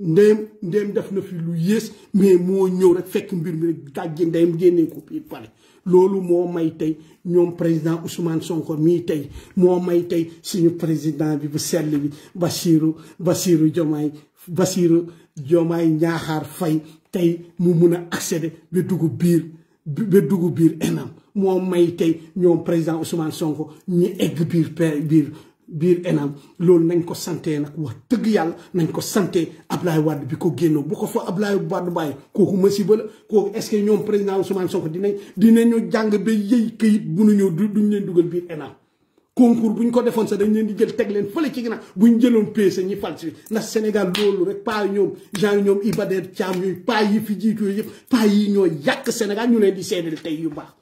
ndeyam ndeyam def na fi lu yées mais moo ñëw rek fekk mbir mi rek ndem génnee ko biir pare loolu moo may tey ñoom président Ousmane Sonko mii tey moo may tey suñu président bi bu sell bi Bassirou Bassirou Diomaye Bassirou Diomaye Ñaaxaar fay tey mu mun a accéder ba dugub biir ba dugub biir enam moo may tey ñoom président Ousmane Sonko ñu egg biir biir biir enam loolu nañ ko santee nag wax dëgg yàlla nañ ko santee Ablaye Wade bi ko génnoo bu ko fa Ablaye Wade bàyyi kooku masiba la kooku est-ce que ñoom président Ousmane Sonko dinañ dinañu jàng ba yëy këyit bu nu ñëw duñ leen dugal biir enam concours bu ñu ko defoon sax dañ leen di jël teg leen fële ci ginnaaw bu ñu jëloon sax ñi falsifié ndax Sénégal loolu rek paa ñoom genre ñoom Iba Der Thiam yooyu paa yi fi jiitu yooyu yëpp paa yi ñoo yàq Sénégal ñu leen di seedal tey yu baax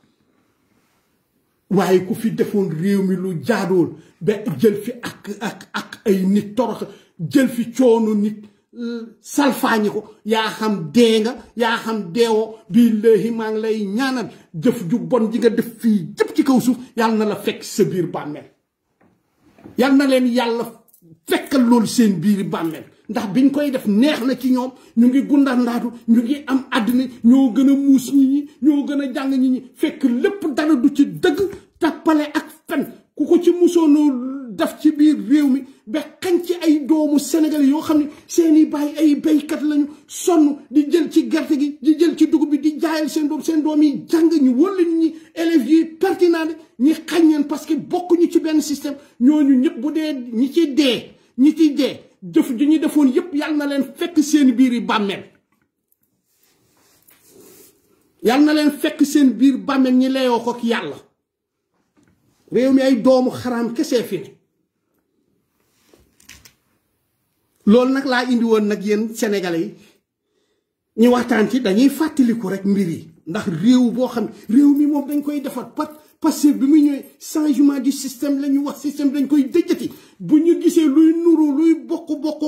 waaye ku fi defoon réew mi lu jaadool ba jël fi ak ak ak ay nit torox jël fi coono nit euh, salfaañi ko yaa xam dee nga yaa xam deewoo billaahi maa ngi lay ñaanal jëf ju bon ji nga def fii jëpp ci kaw suuf yàlla na la fekk sa biir bàmmeel yàlla na leen yàlla fekkal loolu seen biir bàmmeel ndax biñ koy def neex na ci ñoom ñu ngi gundar ndaatu ñu ngi am àddina ñoo gën a muus nit ñi ñoo gën a jàng nit ñi fekk lépp dara du ci dëgg tappale ak fen ku ko ci musoonoo daf ci biir réew mi ba xañ ci ay doomu Sénégal yoo xam ne seeni baay ay béykat lañu sonn di jël ci gerte gi di jël ci dugub bi di jaayal seen doom seen doom yi jàng ñu ñi élèves yi pertinent ñi xañ leen parce que ñu ci benn système ñooñu ñëpp bu dee ñi ci dee ñi ci dee jëf ju ñu defoon yépp yal na leen fekk seen biir yi bàmmeel yal na leen fekk seen biir bàmmeel ñi leeyoo ko ak yàlla réew mi ay doomu xaraam kese fi loolu nag laa indi woon nag yéen sénégalais yi ñu waxtaan ci dañuy fàttaliku rek mbir yi ndax réew boo xam réew mi moom dañ koy defar parce que bi muy ñëwee changement du système la ñu wax système dañ koy dëjjati bu ñu gisee luy nuru luy bokk bokk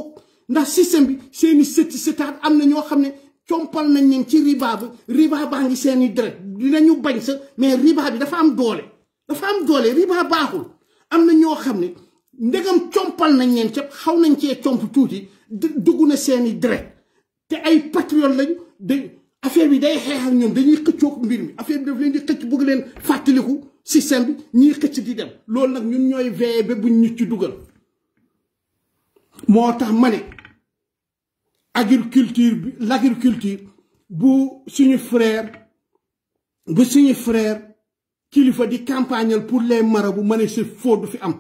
ndax système bi seeni sëti sëtaat am na ñoo xam ne compal nañ leen ci riba bi riba baa ngi seeni deret dinañu bañ sa mais riba bi dafa am doole dafa am doole riba baaxul am na ñoo xam ne ndegam compal nañ leen ca xaw nañ cee comp tuuti dugg na seeni deret te ay patriote lañ de affaire bi day xeex ñoom dañuy xëccoog mbir mi affaire bi daf leen di xëcc bëgg leen fàttaliku système bi ñiy xëcc di dem loolu nag ñun ñooy veillé ba buñ ñu ci dugal moo tax ma ne agriculture bi l' agriculture bu suñu frère bu suñu frère kilifa di campagnal pour les marabouts ma ne c'est faux du fi am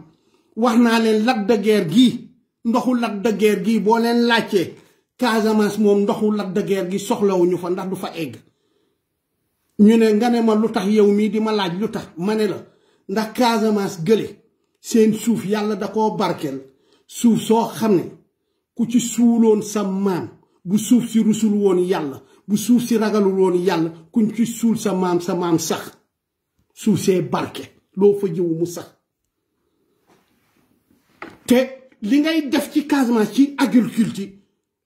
wax naa leen ladde guerre gii ndoxu ladde guerre gii boo leen laajtee Casamance moom ndoxu la de gi soxlawuñu fa ndax du fa egg ñu ne nga ne ma lu tax yow mii di ma laaj lu tax ma ne la ndax Casamance gële seen suuf yàlla da koo barkeel suuf soo xam ne ku ci suuloon sa maam bu suuf si rusul woon yàlla bu suuf si ragalul woon yàlla kuñ ci suul sa maam sa maam sax suuf see barke loo fa jiwu mu sax te li ngay def ci Casamance ci agriculture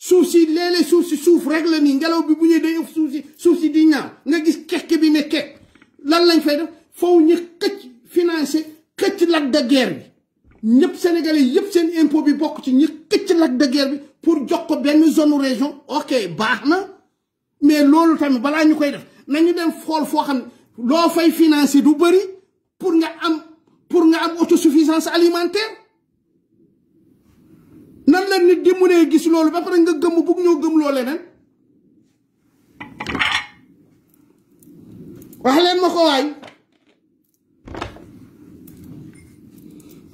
souci si léeg-léeg suuf si suuf rek ngelaw bi buñu ñuy day souci suuf di ñaaw nga gis kekk bi ne kekk lan lañ fay def faw ñu xëcc financer xëcc lac de guerre bi ñëpp sénégalais yëpp seen impôt bi bok ci ñu xëcc lac de guerre bi pour jox ko benn zone région ok baax mais loolu tamit bala ñu koy def nañu dem xool foo xam ne loo fay financer du bëri pour nga am pour nga am autosuffisance alimentaire nan la nit di mënee gis loolu ba pare nga gëm bugg ñoo gëm loo leneen wax leen ma ko waay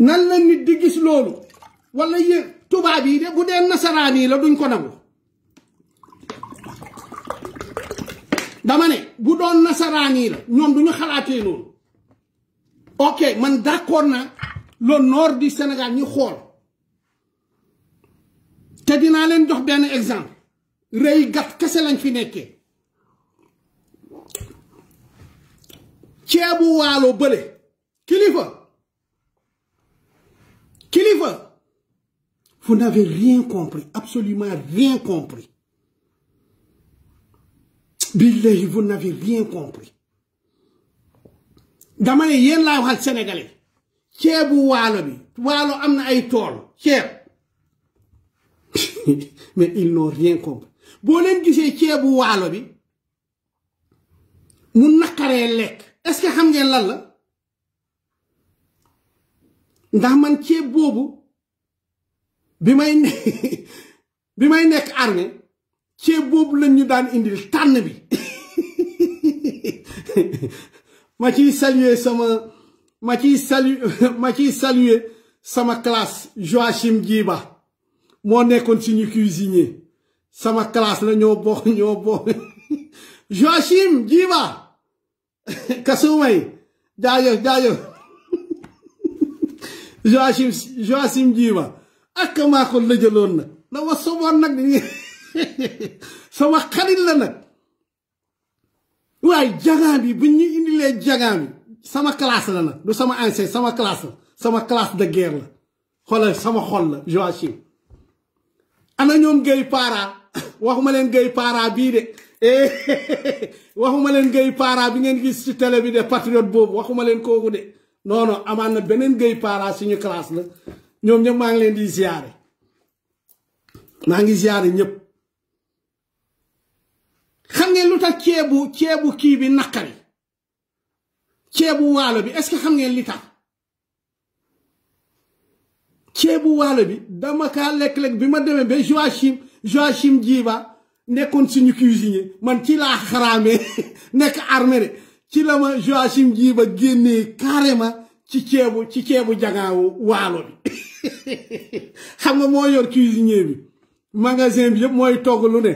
nan la nit di gis loolu walla yéen tubaab yi de bu dee nasaraan yi la duñ ko nangu dama ne bu doon nasaraan yi la ñoom duñu xalaatee loolu ok man dàqoon na le noor du senegal ñu xool te dinaa leen jox benn exemple rëy gat kese lañ fi nekkee ceebu waalo bële kilifa kilifa vous n'avez rien compris absolument rien compris billahi vous n'avez rien compris dama ne yéen laa waxal sénégalais ceebu waalo bi waalo amna ay tol. ceeb [LAUGHS] mais ils n'ont rien compris boo leen gisee ceebu waalo bi mu naqaree lekk est-ce que xam ngeen lan la ndax man ceeb boobu bi may [LAUGHS] bi may nekk armée ceeb boobu lañ ñu daan indil tànn bi [LAUGHS] ma ciy saluer sama ma ciy saluer ma ciy saluer sama classe Joachim Djiba moo continue cuisiner. cuisinier ma classe là, ñoo bokk ñoo bokk Joachim Diva. Kasumay d'ailleurs d'ailleurs. Joachim Joachim Diva. Jiba ak maa ko lëjaloon nag dama soboon nag Ça ma la nag waaye Ouais, bi bu ñu est jagaan Ça ma classe là. Nous sommes [LAUGHS] [LAUGHS] [LAUGHS] ah, sama ancien ma classe Ça ma classe de guerre là. Voilà, ça ma la Joachim ana ñoom Guèye Para waxuma leen Guèye Para bii de eh, [LAUGHS] waxuma leen Guèye Para bi ngeen gis ci télé bi de patriote boobu waxuma leen kooku de non non amaan na beneen Guèye Para suñu classe la ñoom ñëpp maa ngi leen di ziare maa ngi ziare ñépp xam ngeen lu tax ceebu ceebu kii bi naqari ceebu waalo bi est-ce que xam ngeen li tax. ceebu waalo bi dama kaa lekk-lekk bi ma demee ba Joachim Joachim Djiba nekkoon suñu cuisinier man ci laa xaraamee [LAUGHS] nekk armée de ci la ma Joachim Djiba génnee carrément ci ceebu ci ceebu jagaawu waalo bi [LAUGHS] xam nga moo yor cuisinier bi magasin bi yëpp mooy togg ne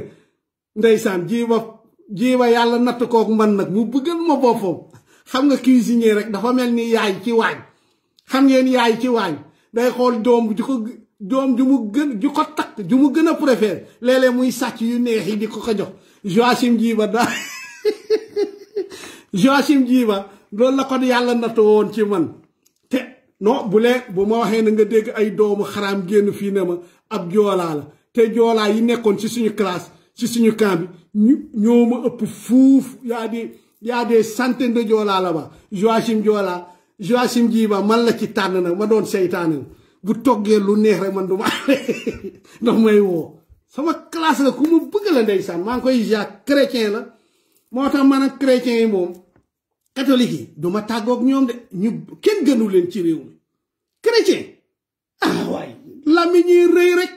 ndeysaan Djiba Djiba yàlla natt kook man nag mu bëggal ma boppam xam nga cuisinier rek dafa mel ni yaay ci waañ xam ngeen yaay ci waañ day xool doom ju ko doom ju mu gën ju ko takk ju mu gën a préféré léeg muy sàcc yu neex yi di ko ko jox Joachim Djiba daa [LAUGHS] Joachim Djiba loolu la kon yàlla natt woon ci man te no bu lee bu ma waxee na nga dégg ay doomu xaraam génn fii ne ma ab joolaa la te joolaa yi nekkoon ci suñu classe ci suñu camp bi ñu ñoo ma ëpp fuuf yaa di yaa des centaines de joolaa la ba Joachim Joolaa Joachim Djiba man la ci tànn nag ma doon seytaane bu toggee lu neex rek man du ma [LAUGHS] ndax may woo sama classe la ku ma bëgg la ndeysaan maa ngi koy jacques chrétien la moo tax man ak chrétien yi moom catholique yi duma tàggook tàggoog ñoom de ñu kenn gënu leen ci réew mi chrétien ah waay làmmiñ ñuy rëy rek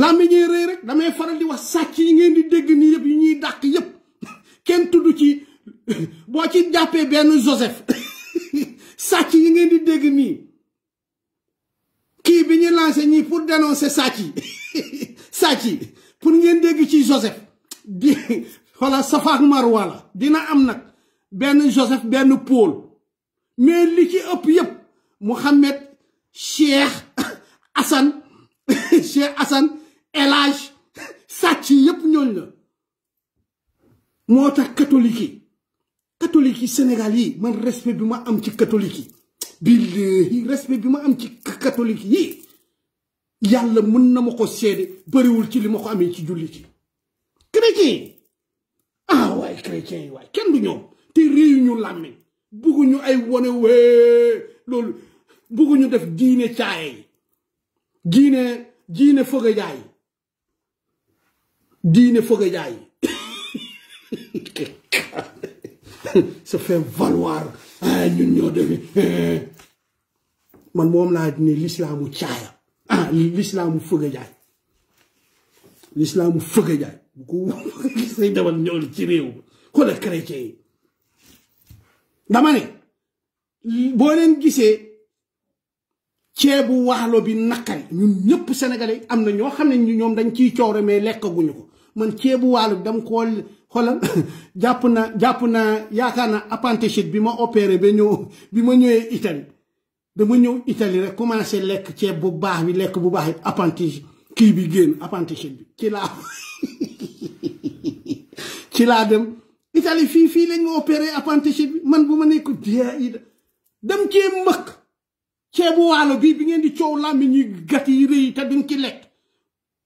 làmmiñ ñuy rëy rek damay faral di wax sàcc yi ngeen di dégg nii yëpp yu ñuy dàq yëpp [LAUGHS] kenn tudd ci boo ci bien ben Joseph saki qui ngeen di dégg nii pour dénoncer saki saki pour ngeen dégg ci Joseph di walla Safa ak Marwa dina am ben Joseph ben Paul mais li ci ëpp yëpp mohammed Cheikh Assane Cheikh Assane Elage Hadj sàcc yëpp la moo tax catholique catholique yi Sénégal yi man respect bi ma am ci catholique yi billahi respect bi ma am ci catholique yi yàlla mën na ma ko seede bariwul ci li ma ko amee ci jullit yi chrétien yi ah waaye chrétien yi waaye kenn du ñoom te réewuñu làmmiñ bugguñu ay wone wee loolu bugguñu def diine caaye yi diine diine fëgg jaay yi diine fëgg jaay yi [LAUGHS] se [LAUGHS] fait valoir ñun ñoo defee man moom laa ne lislaamu caaya ah lislaamu fëgg a jaay lislaamu bu ko say demal réew xoolal chrétien dama ne boo leen gisee ceebu waalo bi nakari ñun ñëpp sénégalais am na ñoo xam ne ñoom dañ ciy coore mais lekkaguñu ko man ceebu waalo bi dama ko xoolal [LAUGHS] jàpp na jàpp naa yaakaar na appendicite bi ma opéré ba ñëw bi ma ñëwee Italie dama ñëw Italie rek commencé lekk ceeb bu baax bi lekk bu baax it appendicite kii bi génn appendicite bi ci laa [LAUGHS] ci laa dem Italie fii fii lañ ma opéré appendicite bi man bu ma nekk dia ida dem cee mbëkk ceebu waalo bii bi ngeen di coow làmmiñ yi gat yi rëy te duñ ci lekk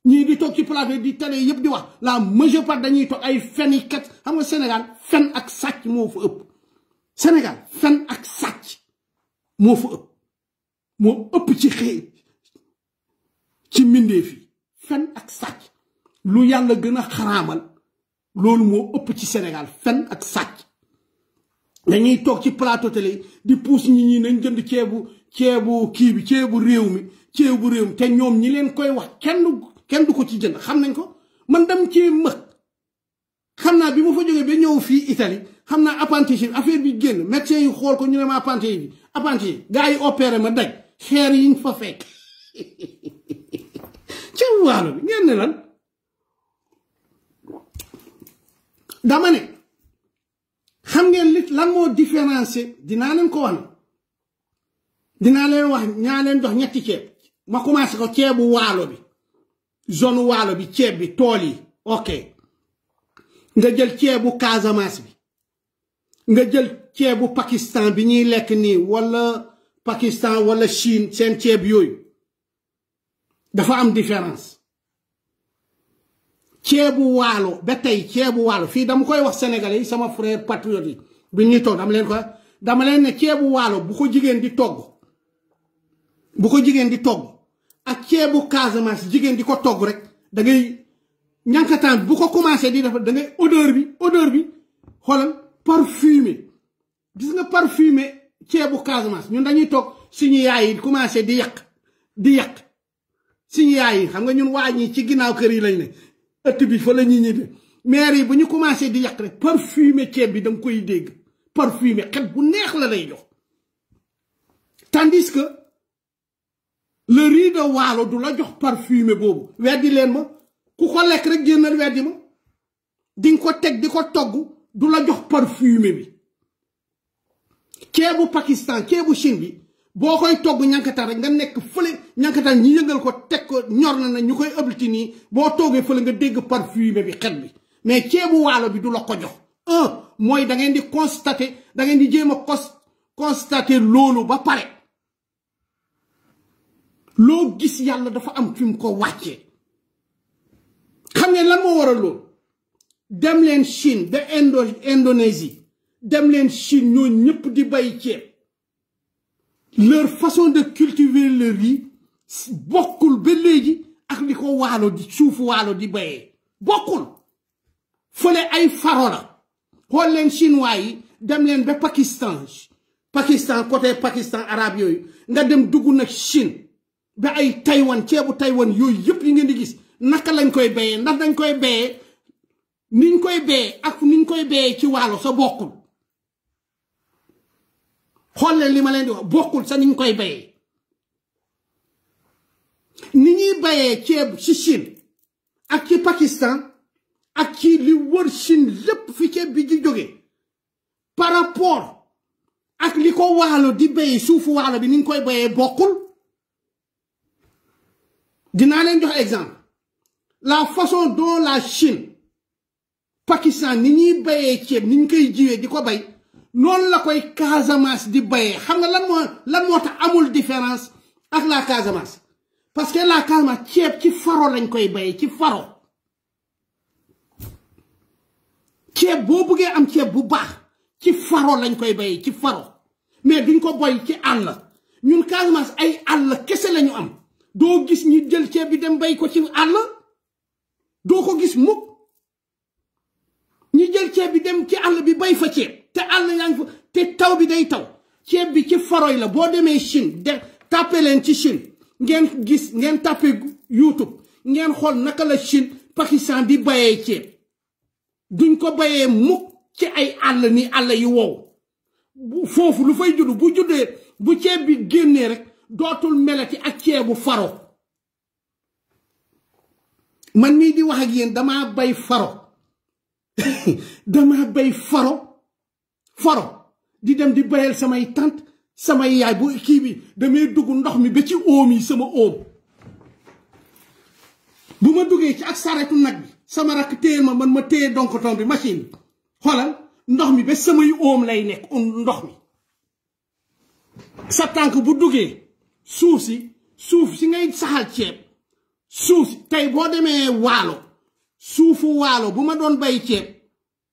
ñi di tok ci plateau di télé yépp di wax la majeure part dañuy tok ay fenn yi kat xam nga Sénégal fenn ak sacc mo fu ëpp Sénégal fenn ak sacc mo fu ëpp mo ëpp ci xéy ci mindé fi fenn ak sacc lu yalla gëna xaramal xaraamal loolu moo ëpp ci Sénégal fenn ak sacc dañuy tok ci plateau télé di pousse ñi ñi nañ jënd ciébu ciébu ki bi ciébu réew mi ciébu réew mi te ñoom ñi leen koy wax kenn kenn du ko ci jën xam nañ ko man dem ci mëg xam naa bi ma fa jógee ba ñëw fii Italie xam naa appendicite affaire bi génn médecin yi xool ko ñu ne ma appendicite bi appendicite gars yi opéré ma daj xeer yiñ fa fekk [LAUGHS] ci waalo bi ngeen ne lan dama ne xam ngeen li lan moo différencier dinaa leen ko wax dinaa leen wax ñaa leen jox ñetti ceeb ma commencé ko ceebu waalo bi zone waalo bi ceeb bi tool yi ok nga jël ceebu Casamance bi nga jël ceebu Pakistan bi ñuy lekk nii walla Pakistan walla Chine seen ceeb yooyu dafa am différence ceebu waalo ba tey ceebu waalo fii dama koy wax sénégalais yi sama frère patriote yi bi ñuy togg dama leen ko dama leen ne ceebu waalo bu ko jigéen di togg bu ko jigéen di togg ak ceebu Casamance jigéen di ko togg rek da ngay ñankataan bu ko commencé di def da ngay odeur bi odeur bi xoolal parfumé gis nga parfumé ceebu Casamance ñun dañuy toog suñu yaay yi commencé di yàq di yàq suñu yaay yi xam nga ñun waa ñi ci ginnaaw kër yi lañ ne ëtt bi fa la ñuy ñibbi maire yi bu ñu commencé di yàq rek parfumé ceeb bi da koy dégg parfumé xet bu neex la lay jox le riz de waalo la jox parfumé Bobu. weddi len ma ku ko lekk rek gennal weddi ma di nga ko di togg dou la jox parfumé bi kébu Pakistan kébu Chine bi bokoy togg ñankata rek nga nek feulé ñankata ñi yëngal ko tek ko ñor na ñukoy ëbliti nga dégg parfumé bi xet bi mais kébu walo bi dou la ko jox un moy da ngeen di constater da ngeen di constater ba lo gis yalla dafa am fim ko wàccee xam ngeen lan mo waral lo dem len Chine ba Indo Indonésie dem len Chine ñoo ñëpp di bay ceeb leur façon de cultiver le riz bokul ba léegi ak li ko di suufu walo di baye bokul fële ay farola la len chinois yi dem len ba Pakistan Pakistan côté Pakistan arabe yooyu nga dem Chine ba ay taywan ceebu Taïwan yooyu yëpp yi ngeen di gis naka lañ koy béyee ndax dañ koy béyee niñ koy béyee ak niñ koy béyee ci waalo sa bokkul xool leen li ma leen di wax bokkul sa niñ koy béyee ni ñuy béyee ceeb ci Chine ak ci Pakistan ak ci li wër Chine lépp fi ceeb bi di jóge par rapport ak li ko waalo di béyee suufu waalo bi niñ koy béyee bokkul vous donner exemple la façon dont la Chine Pakistan ni Baye bayee ceeb ni ñu la koy Casamance di baye. xam la lan moo différence avec la Casamance parce que la Casamance ceeb ki faro lañ koy Les faro ceeb bo bëggee am ceeb bu faro lañ koy Baye, faro mais ko ay ala doo gis ñi jël ceeb bi dem bay ko ci àll doo ko gis mukk ñi jël ceeb bi dem ci àll bi bay fa ceeb te àll yaa ngi fa te taw bi day taw ceeb bi ci faroy la boo demee Chine de tàppe leen ci Chine ngeen gis ngeen tàppe YouTube ngeen xool naka la Chine Pakistan di bayee ceeb duñ ko bayee mukk ci ay àll ni àll yi wow foofu lu fay judd bu juddee bu ceeb bi génnee rek dootul melati ak ceebu faro man mii di wax ak yéen damaa bay faro [LAUGHS] damaa bay faro faro di dem di bayal samay tant samay yaay bu kii bi damay dugg ndox mi ba ci óom sama óom bu ma duggee ci ak saretu nag bi sama rakk téyel ma man ma téye donkotom bi machine bi xoolal ndox mi ba samay óom lay nekk ndox mi sa tànk bu duggee suuf si suuf si ngay saxal ceeb suuf si tey boo demee waalo suufu waalo bu ma doon bay ceeb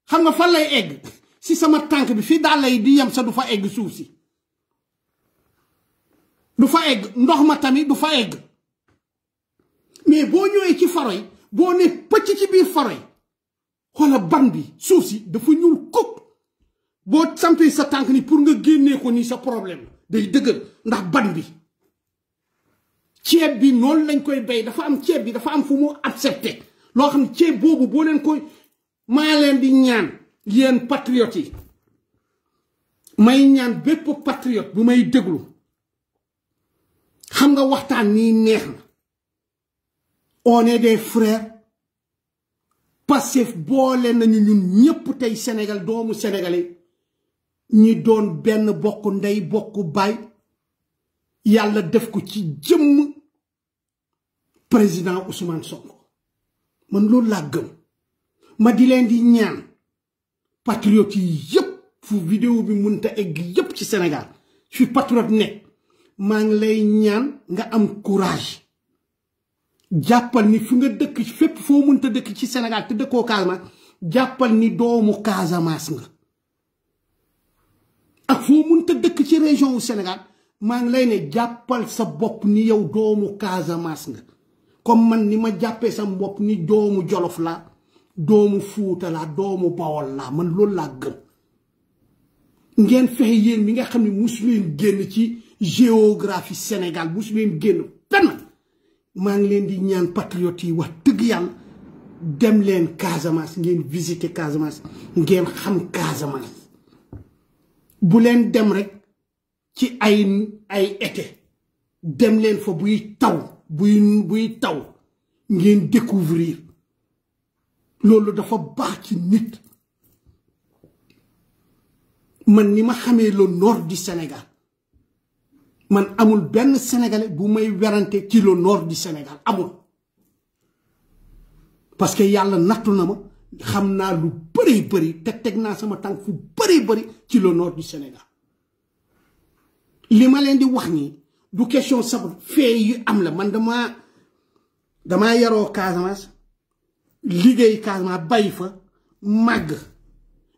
xam nga fan lay egg [LAUGHS] si sama tànk bi fii daal lay di yem sa du fa egg suuf si du fa egg ndox ma tamit du fa egg mais boo ñëwee ci faro yi boo ne pëcc ci biir faro yi xoola ban bi suuf si dafa ñuul kukk boo sampee sa tànk ni pour nga génnee ko nii sa problème day dëgër ndax ban bi ceeb bi noonu lañ koy bay dafa am ceeb bi dafa am fu mu accepté loo xam ceeb boobu boo leen koy maa leen di ñaan yéen patriotes yi may ñaan bépp patriote bu may déglu xam nga waxtaan nii neex na on est des frères Pastef boole nañu ñun ñépp tey senegal doomu sénégalais ñi doon benn bokk ndey bokk baay yàlla def ko ci jëmm président Ousmane Sonko man loolu laa gëm ma di leen di ñaan patriote yi yëpp fu vidéo bi mënta egg yëpp ci Sénégal su patriote ne maa ngi lay ñaan nga am courage jàppal ni fi nga dëkk fépp foo mënta dëkk ci Sénégal te dëkkoo Casamance jàppal ni doomu Casamance nga ak foo mënta dëkk ci région wu Sénégal maa ngi lay ne jàppal sa bopp ni yow doomu Casamance nga comme man ni ma jàppee sam bopp ni doomu jolof la doomu fuuta la doomu bawol la man loolu laa gëm ngeen fexe yéen mi nga xam ne musu génn ci géographie Sénégal musu leen génn fenn maa ngi leen di ñaan patriote yi wax tëgg yàll dem leen Casamance ngeen visité Casamance ngeen xam Casamance bu leen dem rek ci ay ay été dem leen fa buy taw buy buy taw ngeen découvrir loolu dafa bax ci nit man ni ma xamé le nord du Sénégal man amul ben sénégalais bu may wéranté ci le nord du Sénégal amul parce que yalla natuna na ma xamna lu bëri bëri te teg sama tànk fu bëri bëri ci le nord du Sénégal li ma len di wax ni du question sabab fee yi am la man damaa damaa yaroo Casamance liggéey Casamance bay fa màgg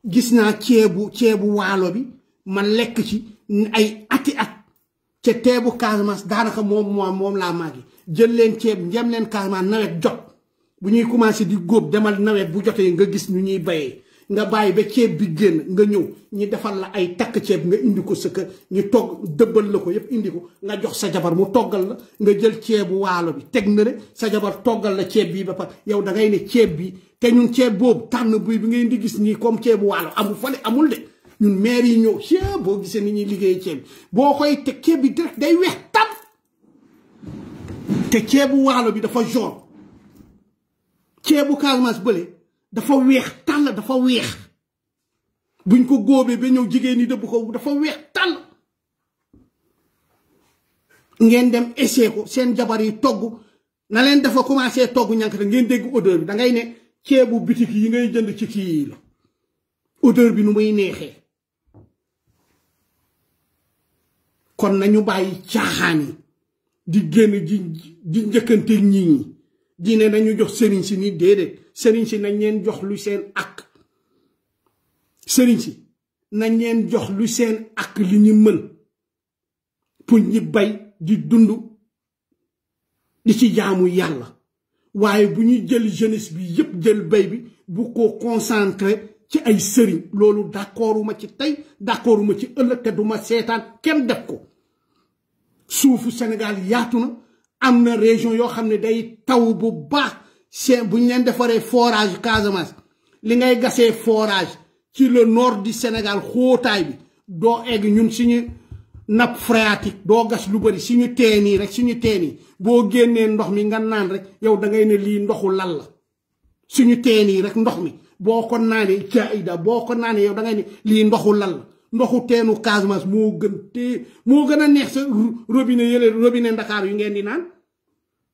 gis naa ceebu ceebu waalo bi ma lekk ci ay ati at ca teebu Casamance daanaka moom moom moom laa màggi jël leen ceeb njëm leen Casamance nawet jot bu ñuy commencé di góob demal nawet bu jotee nga gis ñu ñuy bayee nga bàyyi ba ceeb bi génn nga ñëw ñu defal la ay takk ceeb nga indi ko sa kër ñu togg dëbbal la ko yëpp indi ko nga jox sa jabar mu toggal la nga jël ceebu waalo bi teg na ne sa jabar toggal la ceeb bii ba pare yow da ngay ne ceeb bi te ñun ceeb boobu tànn buy bi ngay di gis nii comme ceebu waalo amul fale amul de ñun maire yi ñëw ceeb boo gisee ni ñuy liggéey ceeb bi boo koy teg ceeb bi direct day weex tam te ceebu waalo bi dafa jaune ceebu Casamance bële dafa weex tal dafa weex buñ ko góobee ba ñëw jigéen ni debbu ko dafa weex tal ngeen dem essayé ko seen jabar yi togg na leen dafa commencé togg ñank rek ngeen dégg odeur bi da ngay ne ciébu boutique yi ngay jënd ci ki la odeur bi nu muy nexé kon nañu bayyi caaxaan di génn di di ñëkënte ñi ñi di ne nañu jox sëriñ ci ni dédé sëriñ si na leen jox lu seen ak sëriñ si nañ leen jox lu seen ak li ñu mën pour ñi bay di dund di ci jaamu yàlla waaye bu ñu jël jenis bi yépp jël bay bi bu ko concentré ci ay sëriñ loolu d'accorduma ci tey d'accorduma ci ëllëg te duma seetaan kenn def ko suufu Sénégal yaatu na am na région yoo xam ne day taw bu baax seen bu ñu leen defaree forage Casamance li ngay gasee forage ci le nord du Sénégal xóotaay bi doo egg ñun suñu napp phréatique doo gas lu bëri suñu teen yi rek suñu teen yi boo génnee ndox mi nga naan rek yow da ngay ne lii ndoxu lal la suñu teen yi rek ndox mi boo ko naanee jaayda boo ko naanee yow da ngay ne lii ndoxu lal la ndoxu teenu Casamance moo gën te moo gën a neex sa robinet yële robinet Ndakaar yu ngeen di naan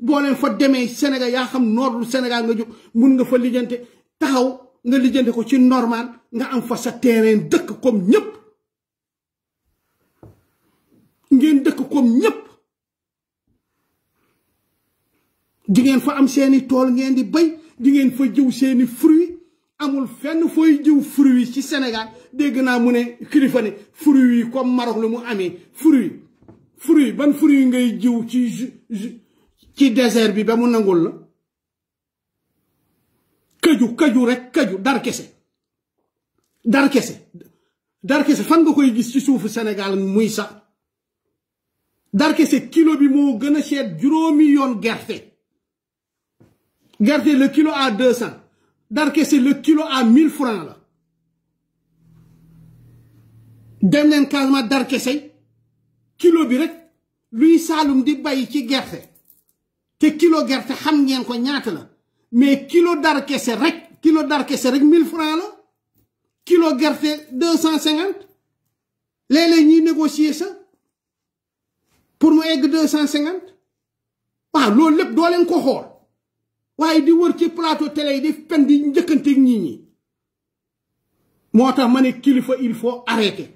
boo leen fa demee Sénégal yaa xam noorlu Sénégal nga jóg mun nga fa lijjante taxaw nga lijjante ko ci normal nga am fa sa terrain dëkk comme ñëpp ngeen dëkk comme ñépp di ngeen fa am seeni tool ngeen di bay di ngeen fa jiw seeni fruit amul fenn fooy jiw fruit ci Sénégal dégg naa mu ne kilifa ne fruit yi comme Maroc lu mu amee fruit fruit ban fruit ngay jiw ci ci désert bi ba mu nangul la këju këju rek këju dar kese dar kese dar kese fan nga koy gis ci Sénégal muy sax dar kese kilo bi mo gëna a seet juróomi gerté gerte le kilo à 200 dar le kilo à 1000 francs la dem len Casamance dar kese kilo bi rek luy saalum di bay ci te kilo gerte xam ngeen ko ñaata la mais kilo dar kese rek kilo dar kese rek mille francs la kilo gerte 250 léeg-léeg ñuy négocier ça pour mu egg 250 waaw loolu lépp doo leen ko xool waaye di wër ci plateau télé yi di pen di njëkkanteeg nit ñi moo tax ma ne kilifa il faut arrêter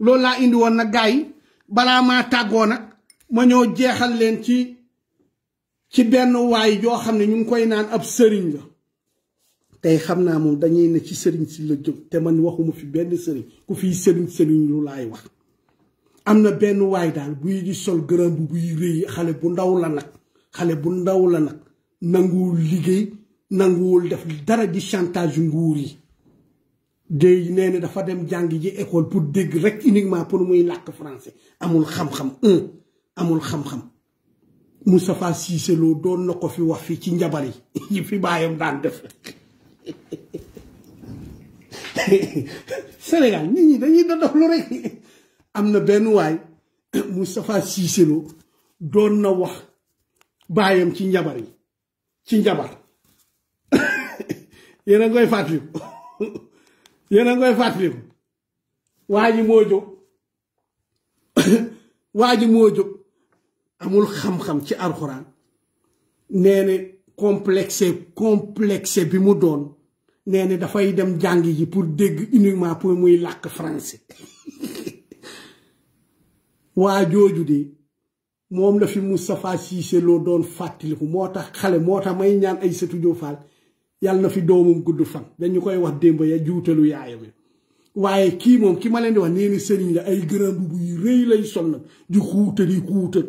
loolu laa indi woon na gars yi balaa maa tàggoo nag ma ñëw jeexal leen ci. ci benn waay joo xam ne ñu ngi koy naan ab sëriñ la tey xam naa moom dañuy ne ci sëriñ si la jóg te man waxuma fi benn sëriñ ku fiy sëriñ sëriñ lu laay wax am na benn waay daal buy di sol gërëm buy rëy xale bu ndaw la nag xale bu ndaw la nag nanguwul liggéey nanguwul def dara di chantage nguur yi déy nee na dafa dem jàng ji école pour dégg rek uniquement pour muy làkk français amul xam-xam amul xam-xam Moustapha Cissé doon na ko fi wax fi ci njabar [LAUGHS] yi fi baayam daan def [LAUGHS] Sénégal nit ñi dañuy dodof lu rek am na benn waay [CLEARS THROAT] Moustapha Cissé doon na wax baayam ci njabar yi ci njabar [LAUGHS] yéen a ngoy fàttaliku yéen a ngoy fàttaliku waa ji moo jóg [COUGHS] waa moo jóg amul xam-xam ci alxuraan nee na complexe bi mu doon nee na dafay dem jàng yi pour dégg uniquement pour muy làkk francais [LAUGHS] waa jooju de moom la fi Moustapha Cissé loo doon fàttiliku moo tax xale moo tax may ñaan ay sëtu Diop Fall na fi doomam gudd fan dañu koy wax démb ya juutalu yaayam waaye kii moom ki ma leen di wax nee na la ay gërëm bu yu rëy lay sol nag di xuutali xuutal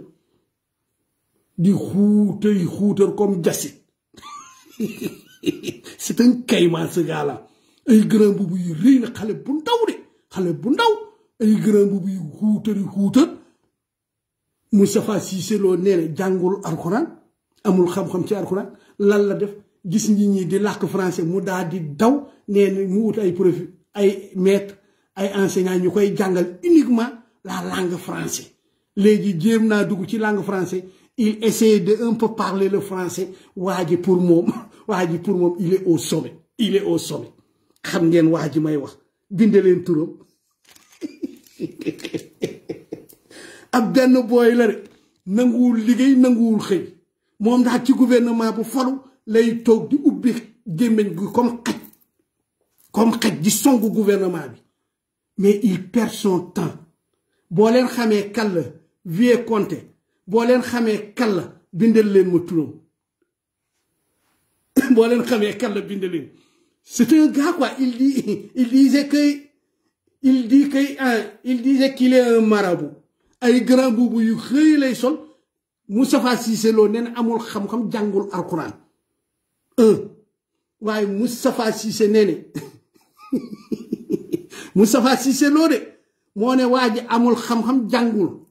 di xuutay xuutar comme jasit [LAUGHS] c'est un caïman ce gars ay grand boubou yu rëy la xale bu ndaw de xale bu ndaw ay grand boubou yu xuutari xuutar Moustapha Cissé Lo nee na jàngul alxuraan amul xam-xam ci alxuraan lan la def gis nit ñi di làkk français mu daal di daw nee na mu wut ay profit ay maître ay enseignant ñu koy jàngal uniquement la langue français léegi jéem naa dugg ci langue français il essaie de un peu parler le français waa pour mom [LAUGHS] waa pour mom il est au sommet il est au sommet xam ngeen waa may wax bindé len turam [LAUGHS] ab benn boy la de nanguwul liggéey nanguwul xey mom da ci gouvernement bu falu lay tok di ubbi gémmiñ gi comme xaj comme xaj di songu gouvernement bi mais il perd son temps bo leen xamé kal vie compté boo leen xamee kan la bindal leen ma turam boo leen xamee kan la bindal leen c'est un gars quoi il dit il disait que il dit que il disait qu'il est un marabout ay grand boobu yu xëy lay sol Moustapha Cissé Lo nee na amul xam-xam jàngul alquran un waaye Moustapha Cissé nee ne Moustapha Cissé Lo de moo ne waa ji amul xam-xam jàngul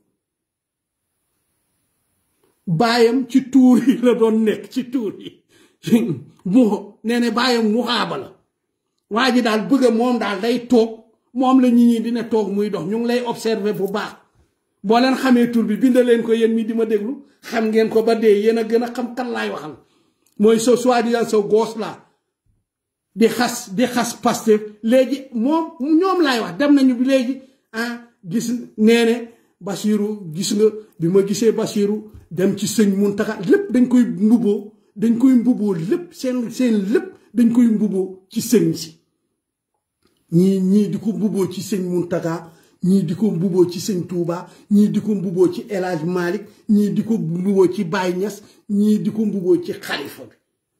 baayam ci tuur yi la doon nekk ci tuur yi muxo nee ne baayam muxaaba la waa ji daal bëgg moom daal day toog moom la ñi ñi dina toog muy dox ñu ngi lay observer bu baax boo leen xamee tuur bi bind leen ko yéen mi di ma déglu xam ngeen ko ba dee yéen a gën a xam kan laay waxal mooy sa soi-disant sa goos la di xas di xas Pastef léegi moom ñoom laay wax dem nañu bi léegi ah gis nee Bassirou gis nga bi ma gisee Bassirou dem ci sëñ Mountakha lépp dañ koy mbubboo dañ koy mbubboo lépp seen seen lépp dañ koy mbubboo ci sëñ si ñii ñii di ko mbubboo ci sëñ Mountakha ñii di ko mbubboo ci sëñ Touba ñii di ko mbubboo ci El Hadj ñii di ko mbubboo ci Baye Niass ñii di ko mbubboo ci xalifa bi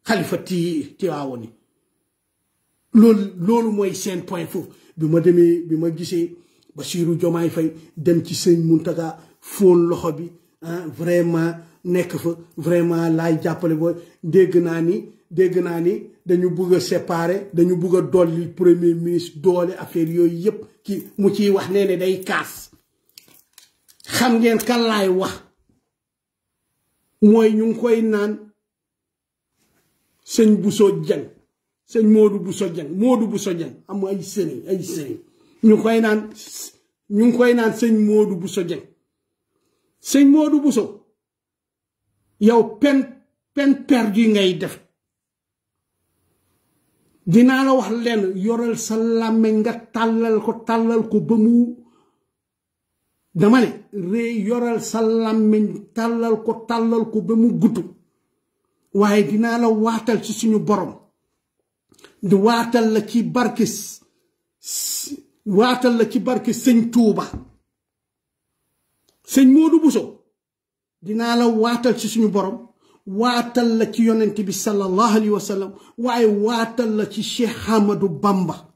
xalifa ti tiwaawo ni loolu loolu mooy seen point foofu bi ma demee bi ma gisee Bassirou Diomaye Fay dem ci Seigne Mountaga fóon loxo bi hein, vraiment nek fa vraiment lay jàppale boy dégg naa ni dégg naa ni dañu bëgg séparer dañu bëgg a premier ministre doole affaire yooyu yëpp ki mu ci wax nee ne day kaas xam ngeen kan lay wax moy ñu koy naan Seigne Bousso Dieng Seigne Modou Bousso Dieng Modou Bousso Dieng am ay ay sëriñ ñu koy naan ñu ngi koy naan sëñ Modou Bousso Dieng sëñ Modou Bousso yow peine peine perdue ngay def dinaa la wax lenn yoral sa làmmiñ nga tàllal ko tàllal ko ba mu dama ne ree yoral sa làmmiñ tàllal ko tàllal ko ba mu gudd waaye dinaa la waatal ci suñu borom di waatal la ci barkis watal la ci barke une Touba seigne Modou Bousso Dina la watal ci suñu borom la ci yonnati bi sallallahu alayhi wa sallam waaye la Cheikh Bamba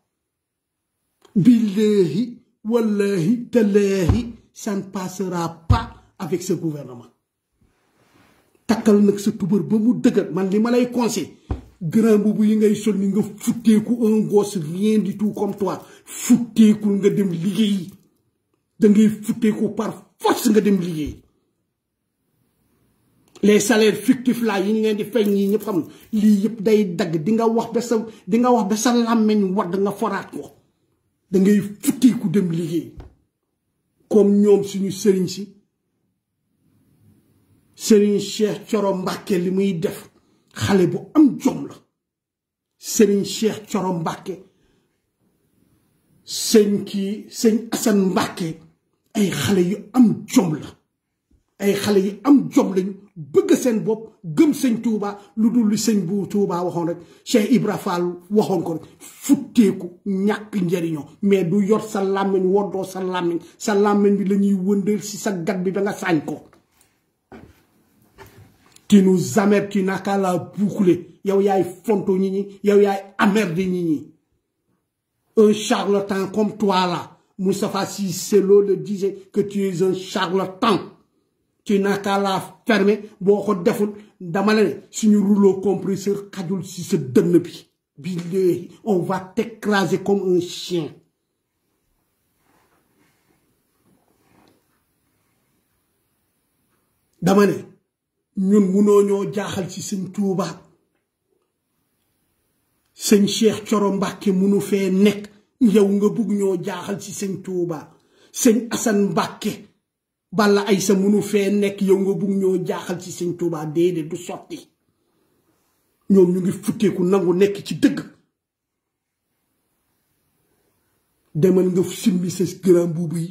billahi wallahi tallahi ça ne passera pas avec ce gouvernement takkal nak sa ba mu man grand boubou yi ngay sol ni nga futteeku un gosse rien du tout comme toi futteekul nga dem liggéey dangay ngay futteeku par force nga dem liggéey les salaires fictifs laa yi ñu leen di feeñ yi ñëpp xam lii yëpp day dagg di nga wax ba sa di nga wax ba sa làmmeñ wadd nga foraat ko dangay ngay futteeku dem liggéey comme ñoom suñu sëriñ si sëriñ Cheikh Coro Mbàkke li muy def xale bu am jom la sëriñ Cheikh Coro Mbàkke sëñ kii sëñ Asan Mbàkke ay xale yu am jom la ay xale yu am jom lañu bëgg seen bopp gëm sëñ Touba lu dul li sëñ bu Touba waxoon rek Cheikh Ibra Fall waxoon ko rek futteeku ñàkk njariñoo mais du yor sa làmmiñ woddoo sa làmmiñ sa làmmiñ bi lañuy ñuy wëndeel si sa gat bi danga nga saañ ko Tu nous amènes, tu n'as qu'à la boucler. il y fonto nini, un yaï de nini. Un charlatan comme toi là, fassi Sisselo le disait que tu es un charlatan. Tu n'as qu'à la fermer, bon, on défaut, si nous rouleau compresseur, kadoul si se donne On va t'écraser comme un chien. Damane. ñun munoo ñoo jaaxal ci sëñ Tuuba sëñ Cheikh Coro Mbàkke munu fee nekk yow nga bugg ñoo jaaxal ci sëñ Tuuba sëñ Asan Mbàkke bala ay sa munu fee nekk yow nga bugg ñoo jaaxal ci sëñ Tuuba déedéet du sotti ñoom ñu ngi futteeku nangu nekk ci dëgg demal nga simbi sa grand buubu yi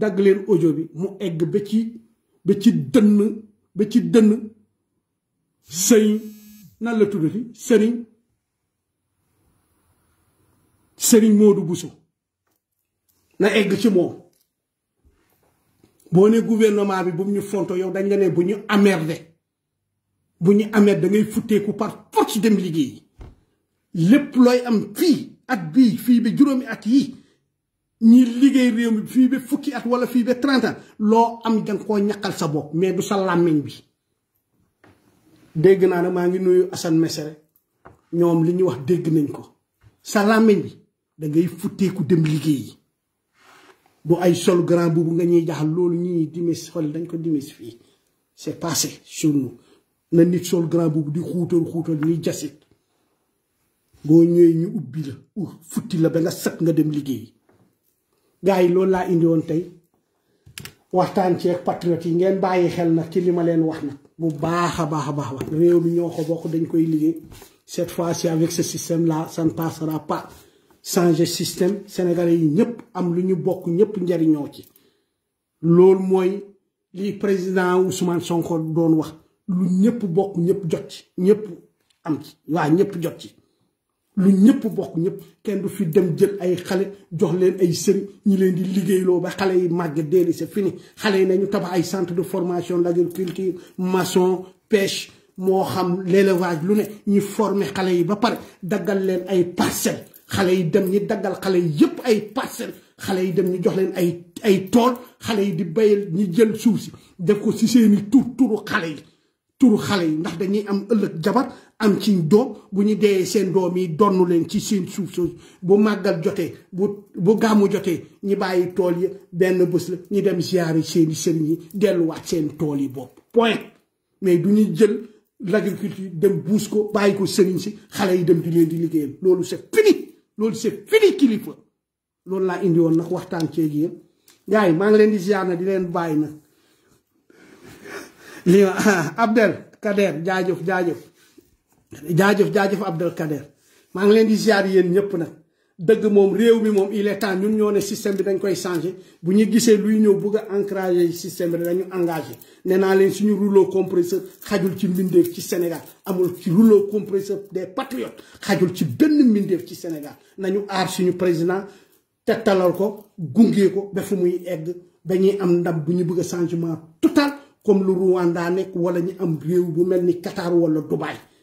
dagg leen audio bi mu egg ba ci ba ci dënn ba ci dënn sëñ nan la tuddati Modou Bousso na egg ci ne gouvernement bi bu ñu fonto yow dañ la ne bu ñu amerde bu da ngay futteeku par force dem ñi liggéey réew mi fii ba fukki at wala fii ba trente loo am danga koo ñaqal sa bopp mais du sa làmmiñ bi dégg naa ne maa ngi nuyu Assane Mesere ñoom li ñuy wax dégg nañ ko sa làmmiñ bi da ngay futteeku dem liggéeyi du ay sol grand boobu nga ñuy jaxal loolu ñuy dimis xool dañ ko dimis fii c'est passé sur nous na nit sol grand boobu di xuutal xuutal ñuy jasit boo ñëwee ñu ubbi la futti la ba nga set nga dem liggéey gaa yi loolu laa indi woon tey waxtaan ci ak patriote yi ngeen bàyyi xel nag ci li ma leen wax nag bu baax a baax a baax wax réew mi ñoo ko bokk dañ koy liggéey cette fois-ci avec ce système là ça ne passera pas changer système sénégalais yi ñëpp am lu ñu bokk ñëpp njariñoo ci loolu mooy li président Ousmane Sonko doon wax lu ñëpp bokk ñëpp jot ci ñëpp am ci waa ñëpp jot ci lu ñëpp bokk ñëpp kenn du fi dem jël ay xale jox leen ay sëriñ ñi leen di liggéeyloo ba xale yi màgg deeli c'est fini xale yi nañu tabax ay centre de formation l'agriculture maçon pêche moo xam l'élevage lu ne ñi former xale yi ba pare daggal leen ay parcelles xale yi dem ñi daggal xale yi yëpp ay parcelles xale yi dem ñu jox leen ay ay tool xale yi di bayal ñi jël suuf si def ko si seeni tur turu xale yi turu xale yi ndax dañuy am ëllëg jabar am ci doom bu ñu dee seen doom yi donn leen ci seen suuf soosu bu màggal jotee bu bu gàmmu jotee ñi bàyyi tool yi benn bés la ñu dem ziyaari seeni sëriñ yi delluwaat seen tool yi bopp point mais du ñu jël l'agriculture dem buus ko bàyyi ko sëriñ si xale yi dem di leen di liggéeyal loolu c'est fini loolu c'est fini kilifa loolu laa indi woon nag waxtaan ceeg yéen yaay maa ngi leen di ziar na di leen bàyyi na li [LAUGHS] Abdel Kader jaajëf jaajëf jaajëf jaajëf Abdel Kader maa ngi leen di ziar yéen ñëpp nag dëgg moom réew mi moom il est ñun ñoo ne système bi dañ koy changé bu ñu gisee luy ñëw bëgg a encouragé système bi dañu engagé ne naa leen suñu rouleau compresseur xajul ci mbindeef ci Sénégal amul ci rouleau compresseur des patriotes xajul ci benn mbindeef ci Sénégal nañu aar suñu président tettalal ko gunge ko ba fu muy egg ba ñuy am ndam bu ñu bëgg a changement total comme lu Rwanda nekk wala ñu am réew bu mel ni Qatar wala Dubaï.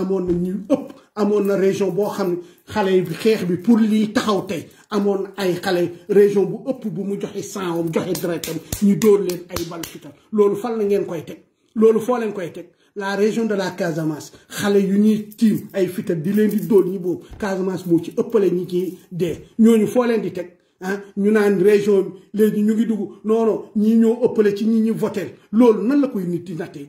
amoon na ñu ëpp amoon na région boo xam ne xale yi xeex bi pour liy taxaw tey amoon na ay xale région bu ëpp bu mu joxe sangam joxe directam ñu dóor leen ay bal fital loolu fan la ngeen koy teg loolu foo leen koy teg la région de la Casamance xale yu ñuy tiim ay fital di leen di dóor ñi boobu Casamance moo ci ëppale ñi ci dee ñooñu foo leen di teg ah ñu naan région léegi ñu ngi dugg non non ñii ñoo ëppale ci ñi ñu voté loolu nan la koy nit di nattee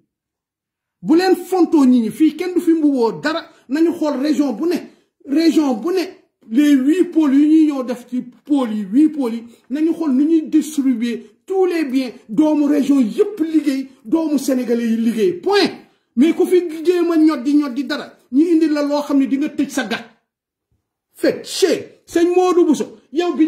bu nit kenn du dara région bu région bu les huit pôles ont ñuy def huit pôles nañu xol distribuer tous les biens doomu région yëpp dans doomu sénégalais yi point mais ku fi ñot di ñot di dara ñi indi la loo xam ne di nga tëj sa gat fait che Modou Bousso yow bi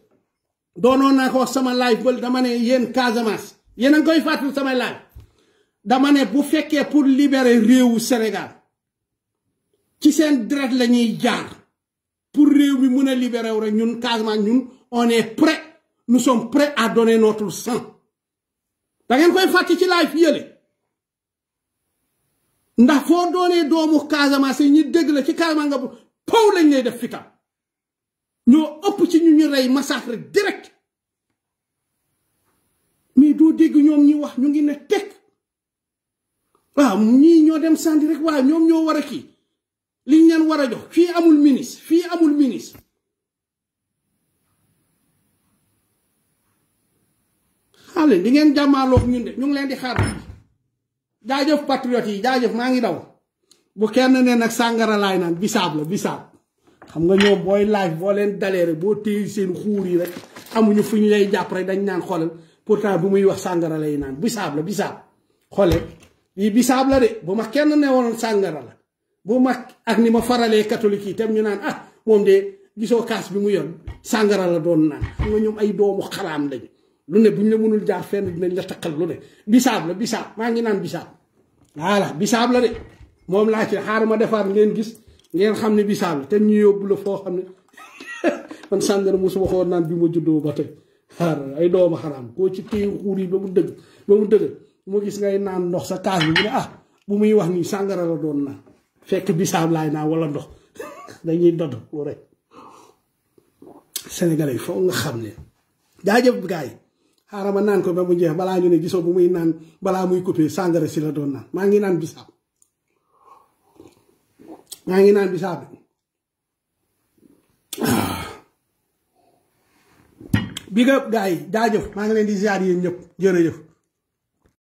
doonoon naa sama live bol dama ne yeen kazamas yeen a fatou sama live dama ne bu fekke pour libérer réewu Sénégal ci sen deret lañuy jaar pour réew mi mun libérer rek ñun Casamance ñun on est prêt nous sommes prêts à donner notre sang da ngeen koy fàttali ci live yele ndax fo doonee doomu Casamance yi ñu dégg la ci Casamance nga paw lañ lay def fitam ñoo upp ci ñu ñu massacre direct doo dégg ñoom ñi wax ñu ngi ne teg waaw ñii ñoo dem sandi rek waaw ñoom ñoo war a kii liñ leen war a jox fii amul ministre fii amul ministre xale di ngeen jàmmaaloog ñun de ñu ngi leen di xaar jaajëf patriote yi jaajëf maa ngi daw bu kenn ne nag sàngara laay naan bisaab la bisaab xam nga ñoom booy live boo leen dalee rek boo téye seen xuur yi rek amuñu fu ñu lay jàpp rek dañ naan xoolal pourtant bi muy wax sàngara lay naan bisaab la bisaab xoole yi bisaab la de bu ma kenn newoon sàngara la bu mag ak ni ma faralee catholique yi tam ñu naan ah moom de gisoo kaas bi mu yor sàngara la doon naan xam nga ñoom ay doomu xaraam lañu lu ne bu buñ la mënul jaar fenn dinañ la takkal lu ne bisaab la bisaab maa ngi naan bisaab voilà bisaab la de moom laa ci xaar ma defar ngeen gis ngeen xam ne bisaab la te ñu yóbbu la foo xam ne [LAUGHS] man sàngara mosuma xool naan bi ma juddoo Har, ay doomu koo ci téye xuur yi ba mu dëgg ba gis ngay nan ndox sa kaas ni ah bu muy wax ni sangara la doon na fekk bisaab lay na wala ndox [LAUGHS] dañuy dodd lu rek sénégalais fo nga xam da jaajëf gaay yi nan ko bamu mu jeex balaa ñu ne gisoo bu muy nan bala muy couper sangara si la doon na ma ngi nan bisab ma ngi nan bisab ah. bi nga gars yi jaajëf maa ngi leen di ziar yéen ñëpp jërëjëf.